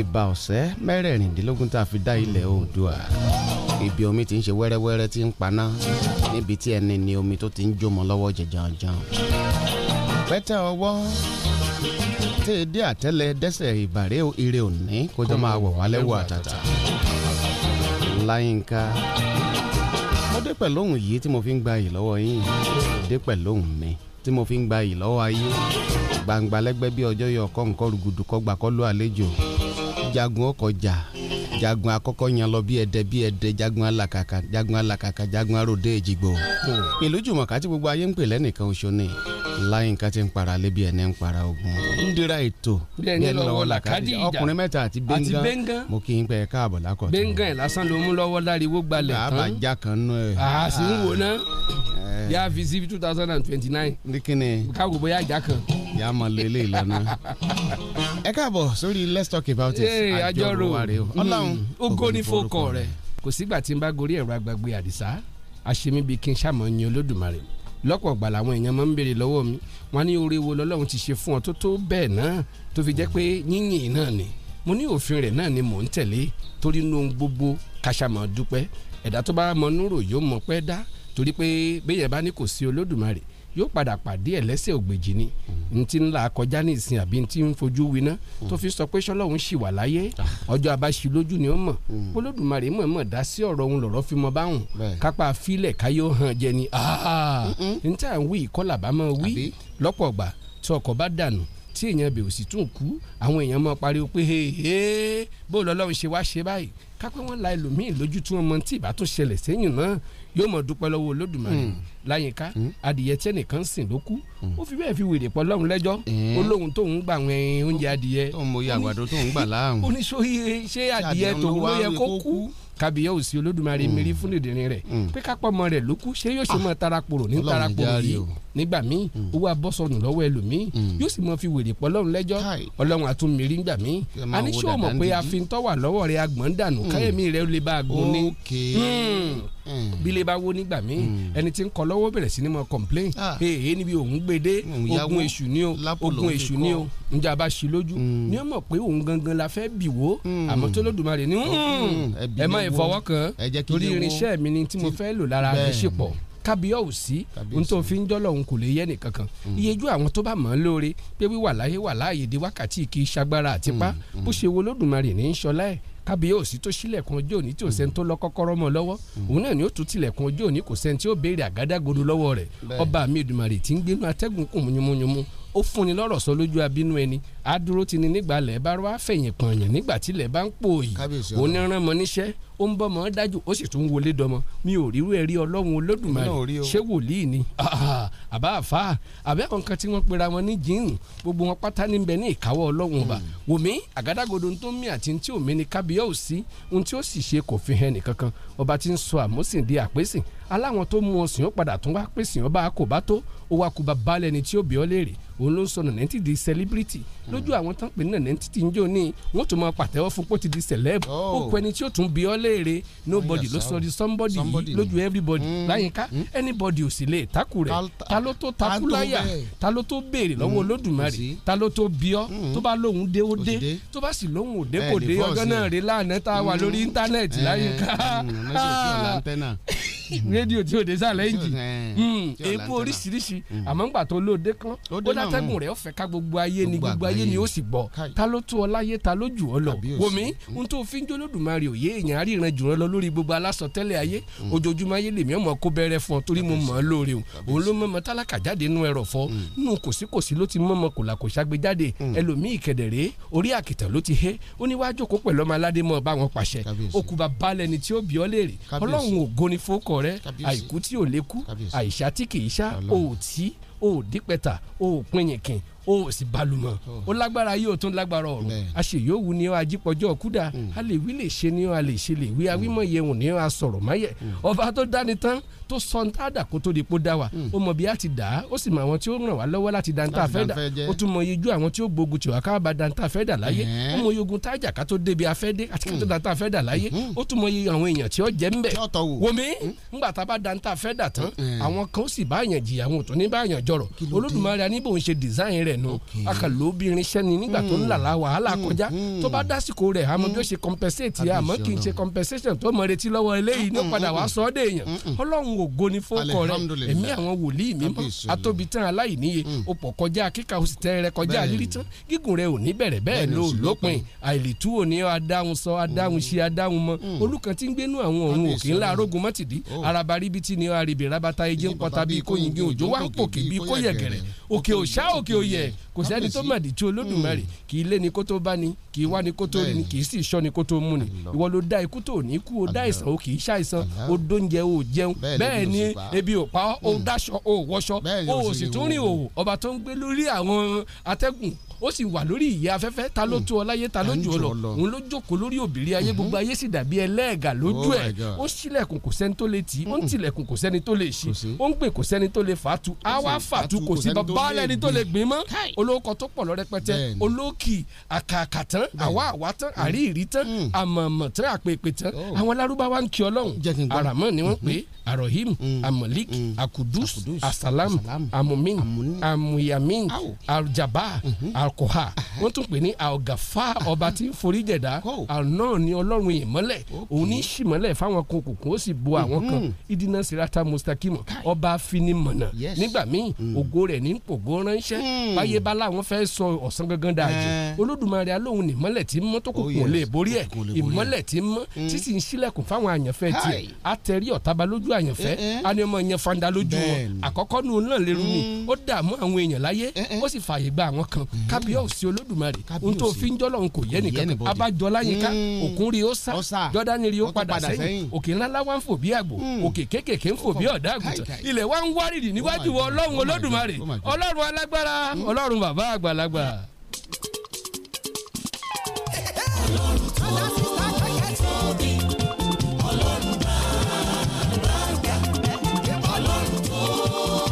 ìbà ọ̀sẹ́ mẹ́rẹ̀ẹ̀rìndínlógún tá a fi dá ilẹ̀ oòdùà ibi omi ti ń ṣe wẹ́rẹ́wẹ́rẹ́ ti ń paná níbi tí ẹni ni omi tó ti ń jó lọ́wọ́ jẹjànjàn pẹ́tẹ́ ọwọ́ tèèdé àtẹ́lẹ̀ dẹ́sẹ̀ ìbàrẹ́ ire òní kójọ́ máa wọ̀ wálẹ̀ wọ àtàtà láyínká mo dé pẹ̀lú ohùn yìí tí mo fi ń gba yìí lọ́wọ́ yín dé pẹ̀lú ohùn mi tí mo fi ń gba yìí lọ́wọ́ ayé gbangba lẹ́gbẹ́ bí ọjọ́ yọ ọkọ nǹkan rúgudu kọgbà kọ́ ló àlejò jagun ọkọ̀ jagun akọ́kọ́ yan lọ bí ẹdẹ bí ẹdẹ jagun alakaka jagun alakaka jagun aróde èjìgbò ìlú jùmọ̀ká tí gbogbo ayé ń pè lẹ́nìkan oṣù ni láyínká ti ń para lébi ẹni ń para ogun ń dira ètò bí ẹni lọ́wọ́ làkàdì ìjà ọkùnrin mẹ́ta àti bẹ́ngàn mo kì í pẹ́ káàbọ̀ lákọ̀tún. bẹ́ngàn ẹ̀ lásán ló mú lọ́wọ́ láriwo gbalẹ̀ tán àbájá kan nù àá sì ń wò náà yà á fi sí two thousand and twenty nine. ní kíni. káwọ bóyá ìjà kan. yà á mọ lélẹ̀ ìlànà. ẹ káàbọ̀ sórí let's talk about it. ee àjọrò hmm. ọlọ́run ògo ni rẹ kò sígbà tí n bá gorí ẹ̀rọ agbagbe àdìsá àṣemíbi kí n ṣàmọ̀ yan olódùmarè lọ́pọ̀ ọ̀gbà làwọn èèyàn máa ń béèrè lọ́wọ́ mi wọ́n ní oore wo lọ́lọ́run ti ṣe fún ọ tó tó bẹ́ẹ̀ náà tó fi jẹ́ pé yínyìn náà ni mo ní òfin rẹ̀ náà ni mò ń tẹ̀lé torí inú gbogbo kàṣàmọ̀ dúpẹ́ ẹ̀dá tó bá mọ núrò yóò mọ pẹ́ dá torí pé béèyàn bá ní kò sí olódùmarè yóò padà pàdé ẹ̀ lẹ́sẹ̀ ògbèjì ni mm. n ti ń là kọjá ní ìsìn àbí n ti ń fojú winá mm. tó fi sọ pé sọlọ́run ṣì wà láyé ah. ọjọ́ abáṣi lójú ni ó mọ̀ mm. olódùmarè mọ̀ mọ̀ dá sí ọ̀rọ̀ òun lọ̀rọ̀ fi mọ báwọn kápá filẹ̀ káyọ̀ hàn jẹ ni ah. n tí à ń wí kọ́là bá máa wí lọ́pọ̀ gbà tí ọkọ̀ bá dànù tí èèyàn bẹ̀ ò sì tún kú àwọn èèyàn máa pariwo pé bó lọ́lọ́run ṣe wá ṣe báyìí kápẹ́ wọn la ẹlòmíì lójú tí wọ́n mọ tí ìbá ṣẹlẹ̀ sẹ́yìn náà yóò mọ̀ dúpẹ́ lọ́wọ́ olódùmarè hmm. láyínká hmm. adìyẹ tí ẹnìkan sìn ló kú hmm. ó fi bẹ́ẹ̀ fi wèrè pọ̀ lọ́hùn lẹ́jọ́ eh. ó lóhun tóun gbà wọn oúnjẹ adìyẹ. tóun mọ iye àgbàdo tóun gbà láàrún. oníṣòyí ṣé adìyẹ tòun ló yẹ kó kú kábíyá òsì olódùmarè mèrí mm. fún dìndín rẹ̀ mm. pé kápọ̀ ọmọ rẹ̀ ló kú ṣé yóò ṣe máa tarapòrò ní tarapòrò yìí nígbà míì mm. owó abọ́sọ̀nù lọ́wọ́ ẹlòmíì yóò sì máa fi wèrè pọ̀ lọ́run lẹ́jọ́ ọlọ́run àtún mèrí ńgbà míì a ní ṣé o mọ̀ pé àfintọ́ wà lọ́wọ́ rẹ̀ agbọ̀n dànù káyẹ̀mí rẹ̀ lè bá a gùn ní hmm. bí lè bá wo nígbà míì ẹni tí ń kọ lọ́wọ́ bẹ̀rẹ̀ sí ni mo complain èyí ah. níbi òun gbede ogun èṣù ni o ogun èṣù ni o njẹ́ a bá ṣí lójú ni ó mọ̀ pé òun gangan la fẹ́ bìwó àmọ́ tó lódùmarè ni hmm, ẹ má máa fọwọ́ kan torí irinṣẹ́ mi ni tí mo fẹ́ lò lára rẹ̀ ṣe pọ̀ kábíyọ̀ ò sí ohun tó fi ń jọ́ lọ́hùn kò lè yẹ nìkankan hmm. iyejú àwọn tó bá mọ̀ ọ́n lóore pé wíwà láyé wà láàyè dé wákàtí kì í ṣagbára àtipá hmm, hmm. bó ṣe wo lódùmarè ní í ṣọlá ẹ̀ kábíyèsí tó sílẹ̀kùn ọjọ́ òní tí ò sẹ́ni tó lọ kọ́kọ́rọ́ mọ́ lọ́wọ́ òun náà ni ó tún tilẹ̀kùn ọjọ́ òní kò sẹ́ni tí ó béèrè àgádágodo lọ́wọ́ rẹ̀ ọba mi Èdùmàrè tí ń gbénu atẹ́gùn kùn múnyúmúnyúmú ó fúnni lọ́rọ̀ sọ lójú abínú ẹni á ti ni nígbà lẹ̀ bá wá fẹ̀yìn pọ̀nyàn nígbà tí lẹ̀ bá ń pò yìí onírànmọ níṣẹ́ ó ń bọ́mọ dájú ó sì tún wọlé dọmọ mi ò ríru ẹ̀rí ọlọ́run olódùmarè ṣé wòlíì ni àbá àfa àbí àwọn kan tí wọ́n pera wọn ní jíìnì gbogbo wọn pátá níbẹ̀ ní ìkáwọ́ ọlọ́run ọba hmm. wòmí àgádágodo tó ń mí àti tí ò mí ni kábíyà ò sí ohun tí ó sì ṣe kò fi hàn nìkankan ọba tí ń sọ àmúsìn di àpèsìn aláwọn tó mú ọsìn ó padà tún wá pèsè ọba kò tó ó wá kú bá balẹ̀ ni tí ó bí ọ léèrè òun ló ń sọ nànẹ́ntì di celebrity hmm. lójú àwọn tán pé nànẹ́ntì ti ń jò ní wọ́n tún máa pàtẹ́wọ́ fún pé ó ti di celeb oh. ó pẹ́ ni tí ó tún bí ọ léèrè nobody oh, ló sọ di somebody yìí lójú everybody hmm. láyínká hmm. anybody ò sì lè takù rẹ̀ ta ló tó takú láyà ta ló tó béèrè lọ́wọ́ olódùmarè ta ló tó bí ọ tó bá lóhùn dé ó dé tó bá sì lóhùn òde kò dé ọjọ́ náà rí láàánú tá a wà lórí íńtánẹ́ẹ̀tì láyínká rédíò tí ò dé sálẹ̀ ń jì èèpo oríṣiríṣi àmọ́ ńgbà tó lóde kan ó dá atẹ́gùn rẹ̀ ọ̀fẹ́ ká gbogbo ayé ni gbogbo ayé ni ó sì gbọ́ ta ló tó ọ láyé ta ló jù ọ lọ wòmí n tó fi ń jólódùmarè òye èèyàn àríran jù rán lọ lórí gbogbo aláṣọ tẹ́lẹ̀ ayé mm. ojoojúmọ́ ayé lèmi ọmọ kó bẹ̀rẹ̀ fún ọ torí mo mọ̀ ọ́ lóore o òun ló mọ̀ mọ́ tálákà jáde nú ẹrọ̀ fọ́ mm. nù kòsíkòsí ló ti mọ̀ mọ́ kòlàkòsá gbé jáde mm. ẹlòmíì kẹ̀dẹ̀rẹ́ orí àkìtàn ló ti hé o ò dípẹ́ta o ò pinyìnkìn o ò sì balùmọ̀ hmm. o lágbára yóò tún lágbára ọ̀run a ṣe yóò wù ní ọ ajípọ̀jọ́ kúdà hmm. a lè wí lè ṣe ní ọ a lè ṣe lè wí awímọ̀ hmm. yẹun ní ọ a sọ̀rọ̀ máyẹ̀ ọba tó dáni tán tó sọ ń tàdà kó tó di pó dá wa hmm. ó mọ bí a ti dà á ó sì mọ àwọn tí ó ràn wá lọ́wọ́ láti dantá fẹ́ dà ó tún mọ ijú àwọn tí ó gbógun tiwa ká bá dantá fẹ́ dà láyé ó mọ iyogun tájà ká tó débi afẹ́ dé àti ká tó hmm. dantá fẹ́ dà láyé hmm. ó tún mọ iye àwọn èèyàn tí ó jẹ́ ńbẹ̀ wòmí ńgbà tá a bá dantá fẹ́ dà tán àwọn kan ó sì bá àyàn jìyà àwọn òtún ní bá àyàn jọrọ̀ olódùmarè aníbò ń design rẹ̀ nù akàlóbìnrin sẹ́ni nígbà tó ń làlá wàhálà kọjá tó bá dásìkò rẹ̀ àmọ́ bí ó compensation tó mọ̀ retí lọ́wọ́ eléyìí ní padà wàá sọ ọ́ ọlọ́run ògo ni fókọ rẹ ẹ̀mí àwọn wòlíì mímọ́ atóbi tán aláìníye ó mm. pọ̀ kọjá kíkà ó sì tẹ́ rẹ kọjá rírí tán gígùn rẹ ò ní bẹ̀rẹ̀ bẹ́ẹ̀ ló lópin àìlètú ò ní adáhùn sọ adáhùn mm. ṣe adáhùn mọ́ mm. olùkàn tí ń gbénú àwọn ọ̀run òkè ńlá arógun mọ́tìdí oh. araba ríbi tí ni arìbì rabata ejé ń pọta bíi kóyìngì òjò wá ń pòkè bíi kóyẹ̀gẹ̀rẹ̀ òkè òṣà òkè òyẹ kò sẹ́ni tó mọ̀dí tí olódùmarè kì í lé ni kó tó bá ni kì í wá ni kó tó rí ni kì í sì ṣọ́ ni kó tó mú ni ìwọ ló dá ikú tó ní kú o dá ìsàn o kì í ṣàìsàn o dóúnjẹ o jẹun b bẹ́ẹ̀ ni ebi ò pa ó hmm. dáṣọ ó wọṣọ ó sì tún rìn òwò ọba tó ń gbé lórí àwọn atẹ́gùn ó sì wà lórí ìyẹ́ afẹ́fẹ́ ta ló hmm. tú ọ láyé ta ló jù ọ lọ òun ló jókòó lórí òbírí ayé hmm. gbogbo ayé sì dàbí ẹlẹ́ẹ̀gà lójú oh ẹ̀ ó ṣílẹ̀kùn kò sẹ́ni tó lè tì í ó ń tilẹ̀kùn kò sẹ́ni tó lè ṣí ó ń pè kò sẹ́ni tó lè fàtú àwa fàtú kò sí bàbá lẹ́ni tó lè gbìn mọ́ olóko tó pọ̀ lọ rẹpẹtẹ olókì àkàkà àwa àwa tán àríyìrí tán àmọ̀mọ̀ tán àpèpè tán oh. àwọn lárúbáwá ń kí ọlọ́run àràmọ́ ni wọ́n pè é arohim mm. amalik mm. akudus, asalam amumin amuyamin aljaba mm-hmm. alkoha wọ́n tún pè ní algafa ọba tí foríjẹ̀dá alnọ́ ni ọlọ́run ìmọ́lẹ̀ òun ní ṣìmọ́lẹ̀ fáwọn kan kòkó ó sì bo mm-hmm. àwọn kan idina sirata mustakima ọba afinimọ̀nà nígbà míì mm. ògo rẹ̀ ní pògó ránṣẹ́ hmm. báyé bá láwọn fẹ́ sọ ọ̀sán gangan dájú eh. olódùmarè alóhùn ìmọ́lẹ̀ tí mọ́ tó kò oh, kùn lè borí ẹ̀ ìmọ́lẹ̀ tí mọ́ hmm. títí ń ṣílẹ̀kùn fáwọn àyànfẹ́ tiẹ̀ àtẹ̀rí ọ̀taba àyànfẹ́ àníọmọ yẹn fanda lójú wọn àkọ́kọ́ nù náà lérú ni mm. ó dààmú àwọn èèyàn láyé ó sì fààyè gba àwọn kan mm. kábíyèsí olódùmarè ohun tó fi ń jọ́ lọ́hùn kò yẹ nìkan abájọ láyínká mm. òkun rí ó sá jọ́dánì rí ó padà sẹ́yìn òkè ńláńlá wa ń fò bí àgbò òkè kéékèèké ń fò bí ọ̀dà àgùntàn ilẹ̀ wa ń wárìrì níwájú oh ọlọ́run oh olódùmarè oh ọlọ́run alágbára ọlọ́run bàbá àgbàlagbà. ọlọ́run tó Oh.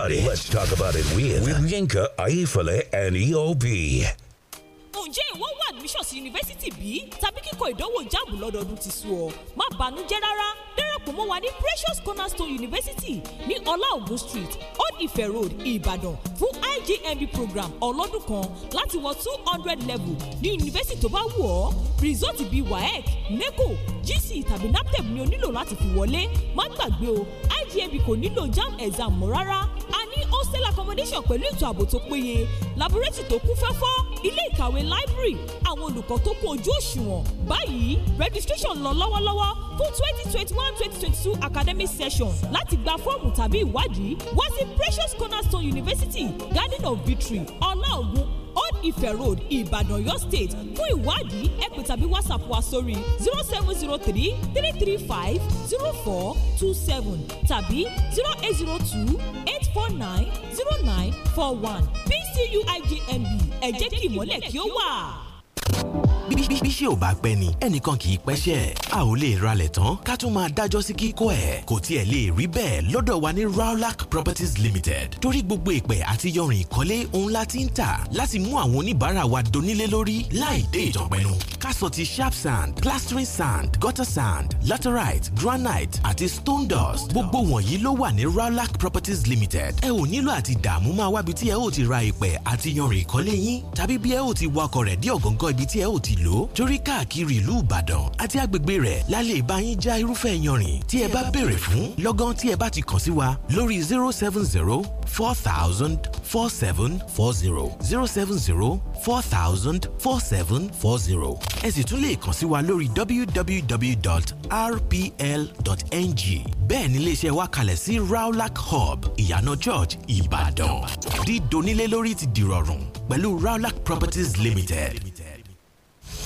about it. Let's talk about it with, with Yinka Aifale, and EOB. ǹjẹ́ ìwọ wà admission sí yunifásitì bí? tàbí kíkọ ìdánwò jáàmù lọ́dọọdún ti sú ọ? má bànújẹ́ rárá darapọ̀ mọ́ wa ní precious cornerstone university ní ọlá ògùn street old ife road ìbàdàn fún IGMB program ọlọ́dún kan láti wọ two hundred level ní yunifásitì tó bá wù ọ́ result bíi waec neco gc tàbí naptep ni o nílò láti fi wọlé má gbàgbé o ijmb kò nílò jam exam mọ́ rárá tẹsán pẹ̀lú ètò ààbò tó péye laboratory tó kún fẹ́fọ́ ilé ìkàwé library àwọn olùkọ́ tó kún ojú òṣùwọ̀n báyìí registration lọ lọ́wọ́lọ́wọ́ fún twenty twenty one twenty twenty two academic session láti gba fọ́ọ̀mù tàbí ìwádìí wá sí Precious Cornerstone University Garden of Victory ọláògùn Old Ife Road Ibadan, Ọ̀yọ́ State fún ìwádìí ẹ pè tàbí WhatsApp wa sórí zero seven zero three three three five zero four two seven tàbí zero eight zero two eight four nine nine four one PCUIGMB ẹ jẹ́ kí ìmọ̀lẹ̀ kí ó wà bíṣẹ́ ò bá pẹ́ ni ẹnìkan kì í pẹ́ṣẹ́ a ò lè ralẹ̀ tán ká tún máa dájọ́ sí kíkọ́ ẹ̀ kò tiẹ̀ lè rí bẹ́ẹ̀ lọ́dọ̀ wa ní Rawlac Properties Limited torí gbogbo ìpẹ́ àti yọrin ìkọ́lé òun la ti ń tà láti mú àwọn oníbàárà wa donílé lórí láì dé ìtọ̀pẹ́nu ká ti sharp sand plastering sand gutter sand laterite granite àti stone dust gbogbo wọ̀nyí ló wà ní Rawlac Properties Limited ẹ ò nílò àti dààmú máa wábi tí ẹ ò ti ra ìpẹ́ àti yọrin ìkọ́lé yín tàbí bí ẹ ò ti wakọ̀ rẹ̀ dé ọ̀gọ̀ngọ̀ ibi tí ẹ ò ti ìlú torí káàkiri ìlú Ìbàdàn àti agbègbè rẹ̀ lálẹ́ ìbáyín já irúfẹ́ yanrìn tí ẹ bá béèrè fún lọ́gán tí ẹ bá ti kàn sí wa lórí zero seven zero four thousand four seven four zero zero seven zero four thousand four seven four zero ẹ sì tún lè kàn sí wa lórí www.rpl.ng bẹ́ẹ̀ ni iléeṣẹ́ wa kalẹ̀ sí Rawlac Hub ìyànà Church Ìbàdàn dídonílé lórí ti dìrọ̀rùn pẹ̀lú Rawlac Properties Limited.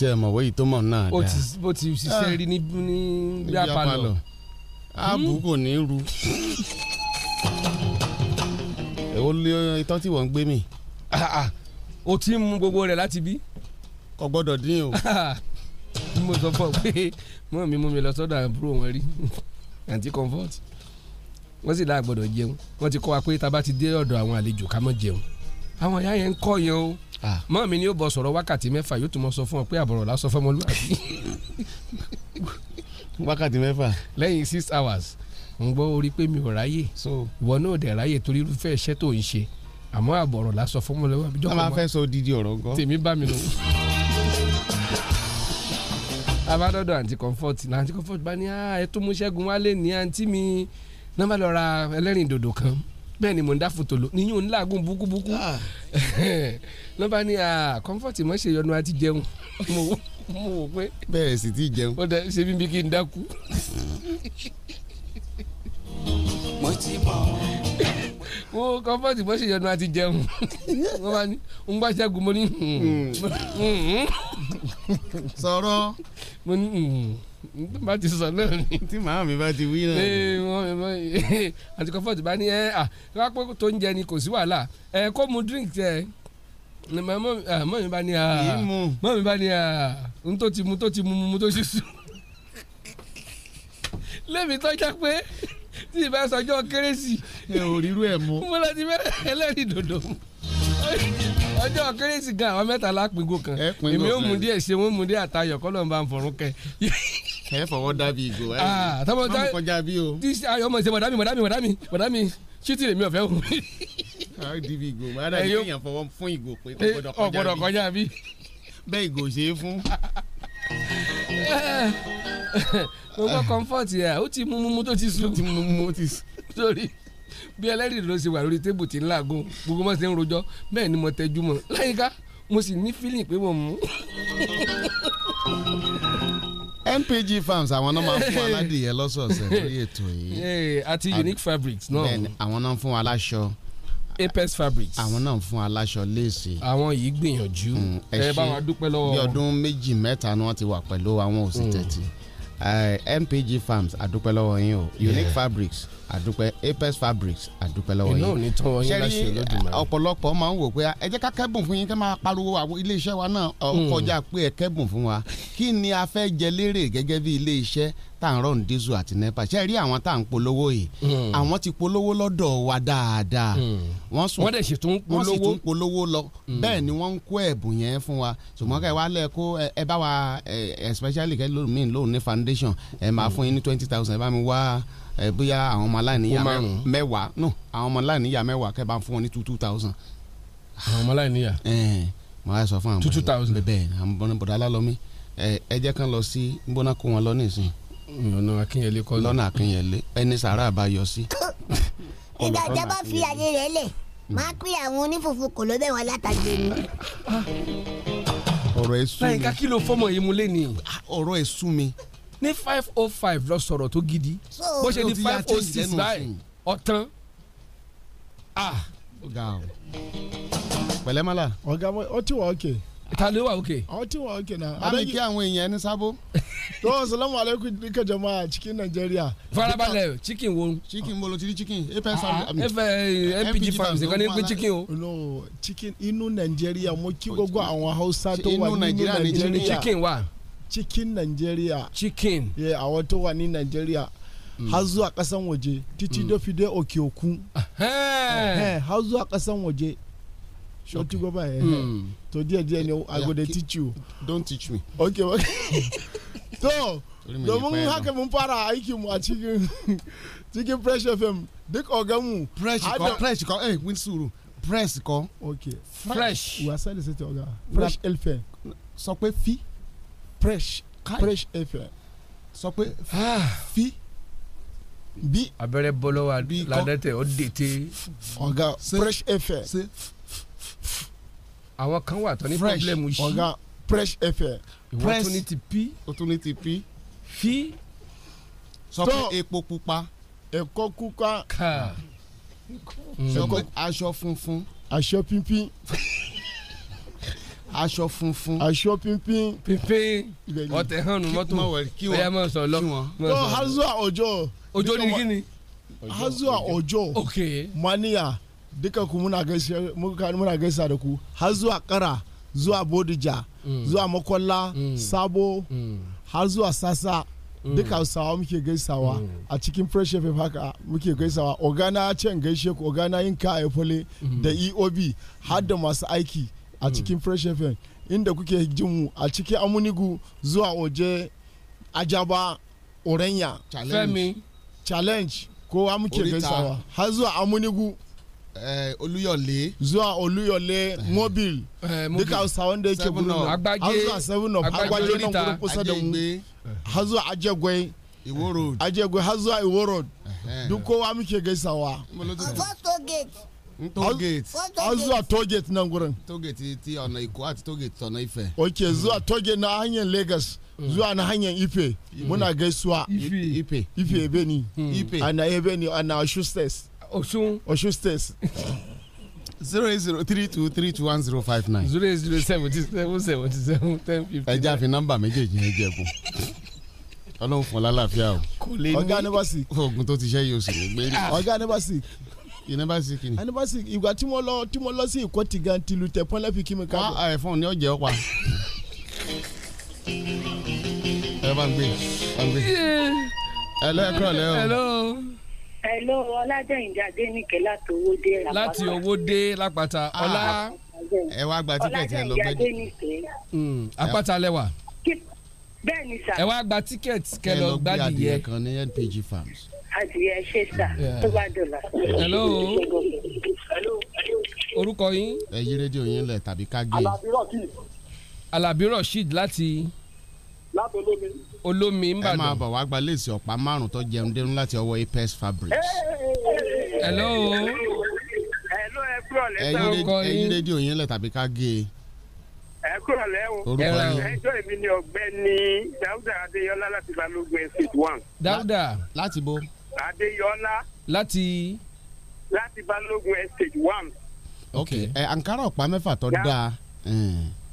tí ẹ mọ̀ wéyìí tó mọ̀ náà dáa. ó ti ṣiṣẹ́ rí ní bíi apalọ̀. ààbò kò ní ru. èwo lé itán tí wọ́n ń gbé mi. Ah, ah. o ti mú gbogbo rẹ̀ láti bí. kò gbọ́dọ̀ dín o. mo sọ fún ọ pé mọ́ mi mú mi lọ sọ́dọ̀ àbúrò wọn rí àǹtí comfort wọ́n sì láà gbọ́dọ̀ jẹun wọ́n ti kọ́ wa pé tá a bá ti dé ọ̀dọ̀ àwọn àlejò ká má jẹun àwọn ìyá yẹn ń kọ́ yẹn o Ah. mọ́ mi ni ó bọ̀ sọ̀rọ̀ wákàtí mẹ́fà yóò tún mọ sọ fún ọ pé àbọ̀rọ̀ la fọmọlúwàbí. wákàtí mẹ́fà. lẹ́yìn six hours ń gbọ́ orí pé mi ò ráyè ìwọ náà dẹ̀ ráyè torí irúfẹ́ iṣẹ́ tó ń ṣe àmọ́ àbọ̀rọ̀ la fọmọlúwàbí. a máa fẹ́ sọ dídí ọ̀rọ̀ gan. tèmi bá mi lò abádọ́dọ̀ àǹtí comfort àǹtí comfort bá ní ah, ẹ tó mú ṣẹ́gun wálé ní àǹtí mi náà bá ẹlẹ́rìndòdò kan bẹ́ẹ̀ ni mò ń dá fòtò lò níyìn òun làágùn búkúbúkú ah. ló bá ní kọ́ńfọ̀tì mọ́ ṣe yọnu àti jẹun mo wò pé. bẹ́ẹ̀ sì ti jẹun. ó ṣe bíbí kí n dákú. mo ti mọ̀ wo kọ́ńfọ̀tì mọ́ ṣe yọnu àti jẹun wọ́n bá ní ń gbà ṣẹ́gun mo ní. Hmm. Hmm. Hmm. sọ̀rọ̀. mo ní bá ti sọ náà ni. tí màá mi bá ti wí náà. ee wọn mi máa àti comfort bá ní ẹ à rápẹ́ tó ń jẹ ni kò sí wàhálà ẹ kó mu drink tẹ mọ mi bá ní à mọ mi bá ní à n tó ti mu tó ti mu mu tó ti sùn. lẹ́mi tọ́já pé tí ìbá sọjọ́ kérésì. ẹ ò rírú ẹ̀ mú. mo lọ ti bẹ̀rẹ̀ ẹlẹ́rìí dòdò mu ọjọ́ kérésì gan àwọn mẹ́ta lápégo kan èmi ò mú díẹ̀ ṣe wọ́n mú díẹ̀ àtayọ̀ kọ́lọ́ bá ń fọ̀rún kẹ. ẹ fọwọ́ dábì ìgò ẹ ah, tọmọ tá kọjá bí o. tí ayọ̀ mọ̀ ṣe mọ̀dámi mọ̀dámi mọ̀dámi mọ̀dámi ṣítì lèmi ọ̀fẹ́ wò. db ìgò màdà ìyẹn fọwọ́ fún ìgò pé kò gbọ́dọ̀ kọjá bí. bẹ́ẹ̀ ìgò ṣe é fún mo gbọ́ comfort yẹ ó ti mú mú tó ti sùn. ó ti mú mú tó ti sùn. sorry bí ẹlẹ́rìí ló ṣe wà lórí tébù tí ń làágùn gbogbo mọ́ ṣe ń rojọ́ bẹ́ẹ̀ ni mo tẹjú mọ́ láyìíká mo sì ní feeling pé mo mú. MPG farms àwọn náà máa ń fún aládìyẹ lọ́sọ̀ọ̀sẹ̀ lórí ètò yìí. àti unique fabrics náà. bẹ́ẹ̀ni àwọn náà ń fún wa láṣọ apex fabrics. àwọn náà fún aláṣọ léèsì. àwọn yìí gbìyànjú hmm, ẹ bá wa dúpẹ́ lọ́wọ́. bí ọdún méjì mẹ́ta ni wọ́n ti wà pẹ̀lú àwọn òsì hmm. tẹ̀tì. MPG farms àdúpẹ́ lọ́wọ́ yín o unique yeah. fabrics àdúpẹ́ Apex Fabrics àdúpẹ́ lọ́wọ́ yìí. iná ò ní tán wọ́n yín láṣẹ Olódùmarè. ọ̀pọ̀lọpọ̀ máa ń wò pé ẹ jẹ́ ká kẹ́bùn fún yín kẹ́ máa pariwo àwọn iléeṣẹ́ wa náà hmm. kọjá pé ẹ kẹ́bùn fún wa kí ni a fẹ́ jẹ lérè gẹ́gẹ́ bí iléeṣẹ́ tá à ń rọrùn dísù àti nepa ṣe rí àwọn tá à ń polówó yìí hmm. àwọn ti polówó lọ́dọ̀ wa dáadáa hmm. wọ́n sùn wọ́n sì tún polówó lọ bẹ́ẹ̀ ni wọ́n ń kó ẹ̀bùn yẹn fún wa ṣùgbọ́n kẹ́ ẹ wá lẹ́ kó ẹ bá wa especially kẹ́ lómi lóun ní foundation ẹ máa fún yín ní twenty thousand ẹ bá mi wá bóyá àwọn ọmọ aláìníyà mẹ́wàá no àwọn ọmọ aláìníyà mẹ́wàá kẹ́ bá fún wọn ní two two thousand. àwọn ọmọ aláìníyà. mo á sọ fún àwọn two two thousand. bẹ́ẹ̀ àwọn bọ̀dá alálọ́mí ẹ jẹ́ kán lọ sí gbóná kó wọn lọ nísìnyí. lọ́nà akínyẹlé kọ́ lọ́nà akínyẹlé ẹni sàrà àbáyọ sí. ìgbà ìjọba fi àyè rẹ̀ lẹ̀ máa pín àwọn onífòfò kò ló bẹ̀ wọn látàgbé ni. ọ̀rọ̀ ẹ̀ sú mi. láyìnká kí ló fọ́mọ yìí mú lé ni. ọ̀rọ̀ ẹ̀ sú mi ní five oh five lọ sọ̀rọ̀ tó gidi bó ṣe ní five oh six báyìí ọ̀tán ah. pẹ̀lẹ́ mọ́lá. ọ̀gá ọtí wà ókè. ta ló wà ókè. ọtí wà ókè náà. a lè kí àwọn èèyàn ní sábò. tó salamu alaikum dika jama'a chicken Nigeria. farabalẹ̀ chicken wo. chicken bolo ti di chicken apex ah, farm. Eh, MPG farms nìkan ní pé chicken o. no chicken inú Nigeria mo kí gbogbo àwọn Hausa tó wà nínú Nigeria. chicken wa cikin Najeriya cikin eh a wata Nigeria. Najeriya mm. har zuwa kasan waje titi da fide okeoku har zuwa kasan waje shoti goma eh to díẹ̀ díẹ̀ ni i go dey teach you don't teach me okay okay to domin haka mun fara aikin mu a cikin cikin fresh fm duk oganmu fresh ko fresh ko eh win suru fresh ko okay fresh wasa da sai ta oga fresh elfe sọ pé fi fresh fresh fm sọ pé ah. fi bí. abẹ́rẹ́ bọ́ lọ́wọ́ ládẹ́tẹ̀ ó dètè. ọ̀gá fresh fm. àwọn kan wà tó ní pọ́blẹ́mù yìí. ọ̀gá fresh fm. ìwọ tún ní ti p. o tún ní ti p. fi. sọ pé epo pupa. ẹ̀kọ́ kúkà. ẹ̀kọ́ aṣọ funfun. aṣọ pínpín aṣọ funfun. aṣọ pinpin. pinpin ọtẹ hàn nù mọ́tò bẹ́ẹ̀ mọ̀ sọ lọ. tó hazua ọjọ́. ọjọ́ ni kí ni. hazua ọjọ́. ok Mania. duka ku muna gaishe muna gaisa da ku har zuwa kara zuwa bodija mm. zuwa mokola. Mm. sabo mm. har zuwa sasa duka hausawa muke gaisawa a cikin fresh fm haka muke gaisawa ogana cen gaishe ku ogana yin ka fole da eob har da masu aiki a cikin fresh fm inda kuke jin mu a cikin amunigu zuwa oje ajaba orenya challenge, challenge. ko muke gaisawa har zuwa amunigu Eh, oluyọle. zuwa oluyọle eh. eh. mobile. duka hausawan da yake bulu na agbaje har seven up agbaje nan kudu kusa da mu har zuwa ajegwe iwo road ajegwe har zuwa iwo duk kowa muke gaisawa tollgate Azua zuwa na nan gurin tollgate ti ọ̀nà Èkó àti tollgate ọ̀nà Ifẹ̀ ok zuwa tollgate na hanyar Lagos mm. Zua na hanyar Ife muna gaisuwa Ife Ife ebe ni mm. ana ebe ni ana Osun State Osun Osun State zero eight zero three two three two one zero five nine. zero eight zero seventy seven seventy seven ten fifty. ẹ jẹ́ àfi nọ́mbà méjèèjì yẹn jẹ́ bọ́ ọlọ́run fún ọ lálàáfíà o. kò lè ní ọgá anibasi. oògùn tó ti ṣe yìí sì gbé. ọgá anibasi yunifásitì kìíní. yunifásitì ìgbà tí mo lọ tí mo lọ sí ìkọ́tì gan tìlù tẹ̀ pọ́nlẹ́ fi kí mi káàbọ̀. wá ẹ̀fọn ni ó jẹ́ ọ pa. ẹ bá ń gbé bá ń gbé. ẹ lẹ́ẹ̀kọ́ lẹ́ o. hello. hello ọlájẹyìndé adéníkẹ láti owódé lápáta. láti owódé lápáta ọlá. ẹ wá gba tíkẹ́ẹ̀tì ẹ lọ gbẹ́dẹ̀. ọlájẹyìndé adéníkẹ. Hmm, àpáta ni sà. ẹ wá gba tíkẹ́ẹ̀tì kẹ lọ ẹ lọ gbé adìyẹ kan ní npg farms adìyẹ ṣe sà tó bá dọ̀là. hello orúkọ yín. ẹ yí rédíò yín lẹ tàbí ká gé. Alabi Rasheed. Alabi Rasheed láti. láti olómi. olómi nbàdàn. ẹ máa bọ̀ wá gba léèsì ọ̀pá márùn tó jẹun dẹnu láti ọwọ́ Apex Fabrics. hello. hello ẹ kúrò lẹ́sà. ẹ yí rédíò yín lẹ tàbí ká gé e ẹ kúrò lẹ́wọ̀n ẹjọ́ èmi ni ọ̀gbẹ́ni Dáúdà Adéyọlá láti Balógun estate one. Dáúdà láti bo. Adéyọlá. láti. láti Balógun estate one. ok ẹ Ankara ọ̀pá mẹ́fà tó dáa.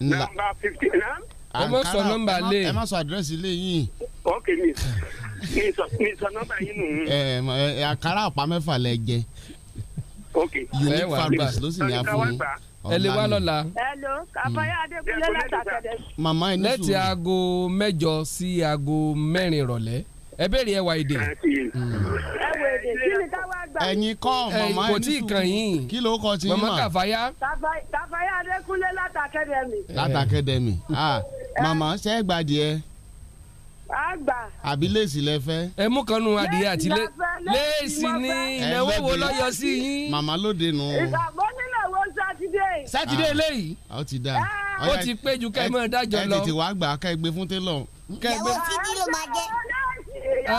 nọ́mbà fifty nine. ẹ má sọ nọ́mbà lé. ẹ má sọ àdírẹ́sì lé yín. ok mi mi sọ nọ́mbà yín nù. ẹ ẹ Ankara ọ̀pá mẹ́fà lẹ jẹ. ok unique fabrics ló sì ní àfún yín ẹ lè wá lọ́la. hello àbáyá hmm. adékúnlé látàkẹ́dẹ́. màmá ẹ ní sùúrù. lẹ́tì aago mẹ́jọ sí aago mẹ́rin ìrọ̀lẹ́ ẹ béèrè ẹwà èdè. Hmm. ẹwà èdè kí ni káwá gbà. ẹ̀yin kọ́ eh, màmá ẹni sùn kí ló kọ ti yín mà. màmá kàfáyà. kàfáyà adékúnlé látàkẹ́dẹ̀mì. Eh. látàkẹ́dẹ̀mì ah, eh. màmá ṣe é gbà díẹ̀. a gbà. àbí léèsì lẹ fẹ́. ẹ mú kan nu adìyẹ àti léèsì ni ìnáwó wo lọ́yọ̀ sí yín. màmá lóde nù. ìgbàgbọ́ nílẹ̀ wo sátidé. sátidé ah, eléyìí. ó ti dáa. ó ti péjú kẹ́ mọ́ ẹ dájọ́ lọ. ẹ tètè wá gbà kẹ́ gbé fún télọ̀. kẹ́ gbé fún télọ̀ Ah.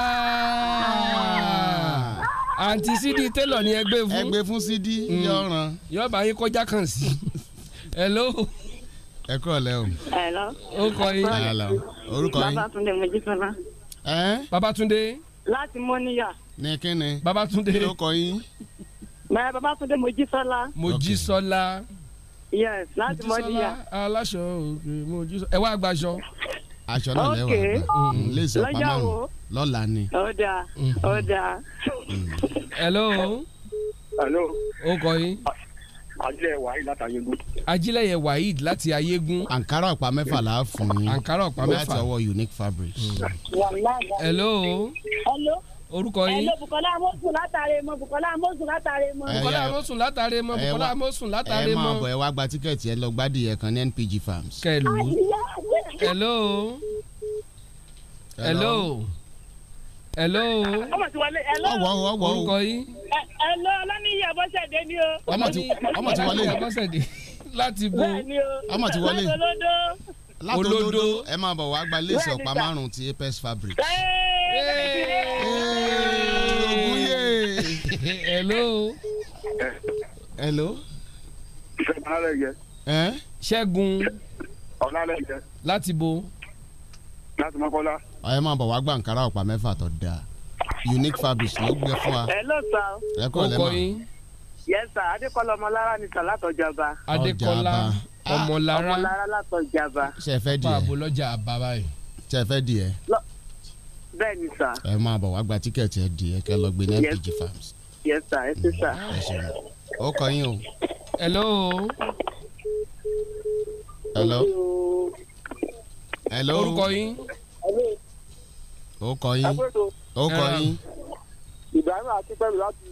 Ah. àǹtí sídi télọ̀ ni ẹgbẹ́ fún ẹgbẹ́ fún sídi hmm. yọ̀ràn yọ̀bá yín kọjá kan sí hello. ẹ kúrò lẹ́ o. hello. ó kọ yín. orúkọ yín. Babátúndé Mojísọ́lá. ẹ. Babátúndé. láti mọ́níyà. ní kíni. Babátúndé. kí ló kọ yín. mẹ Babátúndé Mojísọ́lá. Mojísọ́lá. yes láti mọ́níyà. Mojísọ́lá aláṣọ òkè Mojísọ́lá ẹ wá gbaṣọ aṣọ náà lẹ́wà lè sọ pamọ́ lọ́la ni. ọ̀dà mm. ọ̀dà. Mm. hello. hello. ó kọ yín. ajílẹ̀ wahid láti ayégún. ajílẹ̀ yẹ wahid láti ayégún. ankara ọ̀pá mẹ́fà la fún yín. ankara ọ̀pá mẹ́fà. láti ọwọ́ unique fabrics. Mm. hello. hello orúkọ yín. ẹ̀lọ́ Bùkọ́lá látàrí mọ́ Bùkọ́lá amósùn látàrí mọ́. Bùkọ́lá amósùn látàrí mọ́ Bùkọ́lá amósùn látàrí mọ́. ẹ máa bọ̀ ẹ wá gba tíkẹ́ẹ̀tì ẹ lọ gbádìí ẹ kan ní NPG Farms. kẹlò kẹlò kẹlò hello. ọmọ ti wọlé orúkọ yín. hello ọlọ́niyí abọ́sẹ̀dé ni o. ọmọ ti wọlé. láti bo ọmọ ti wọlé olódó ẹ máa bọ̀ wá gba léèsì ọ̀pá márùn-ún ti Apex fabric. hello. ṣẹ́gun láti bo. láti mọ́kọ́lá. ẹ máa bọ̀ wá gba nkàrà ọ̀pá mẹ́fà tó dáa unique fabric ló gbé fún wa. hello sir. ẹ kọ́ ọ lẹ́mọ̀. adékọ́lá ọmọlára ni sàlátọ̀ jaba. adékọ́lá. Ah, ọmọlára ọmọlára jaba. sẹfẹ di ẹ pààbò lọ́jà àbábá yìí. sẹfẹ di ẹ. bẹ́ẹ̀ ni ẹ máa bọ̀ wá gba tíkẹ́ẹ̀tì ẹ di ẹ kẹ́ lọ gbé ní MPG farms. yes sà ẹ ti sà. ó kọ yín o. hello. hello. hello. orúkọ yín. ó kọ yín. ó kọ yín. Ibrahim akípẹ́lú láti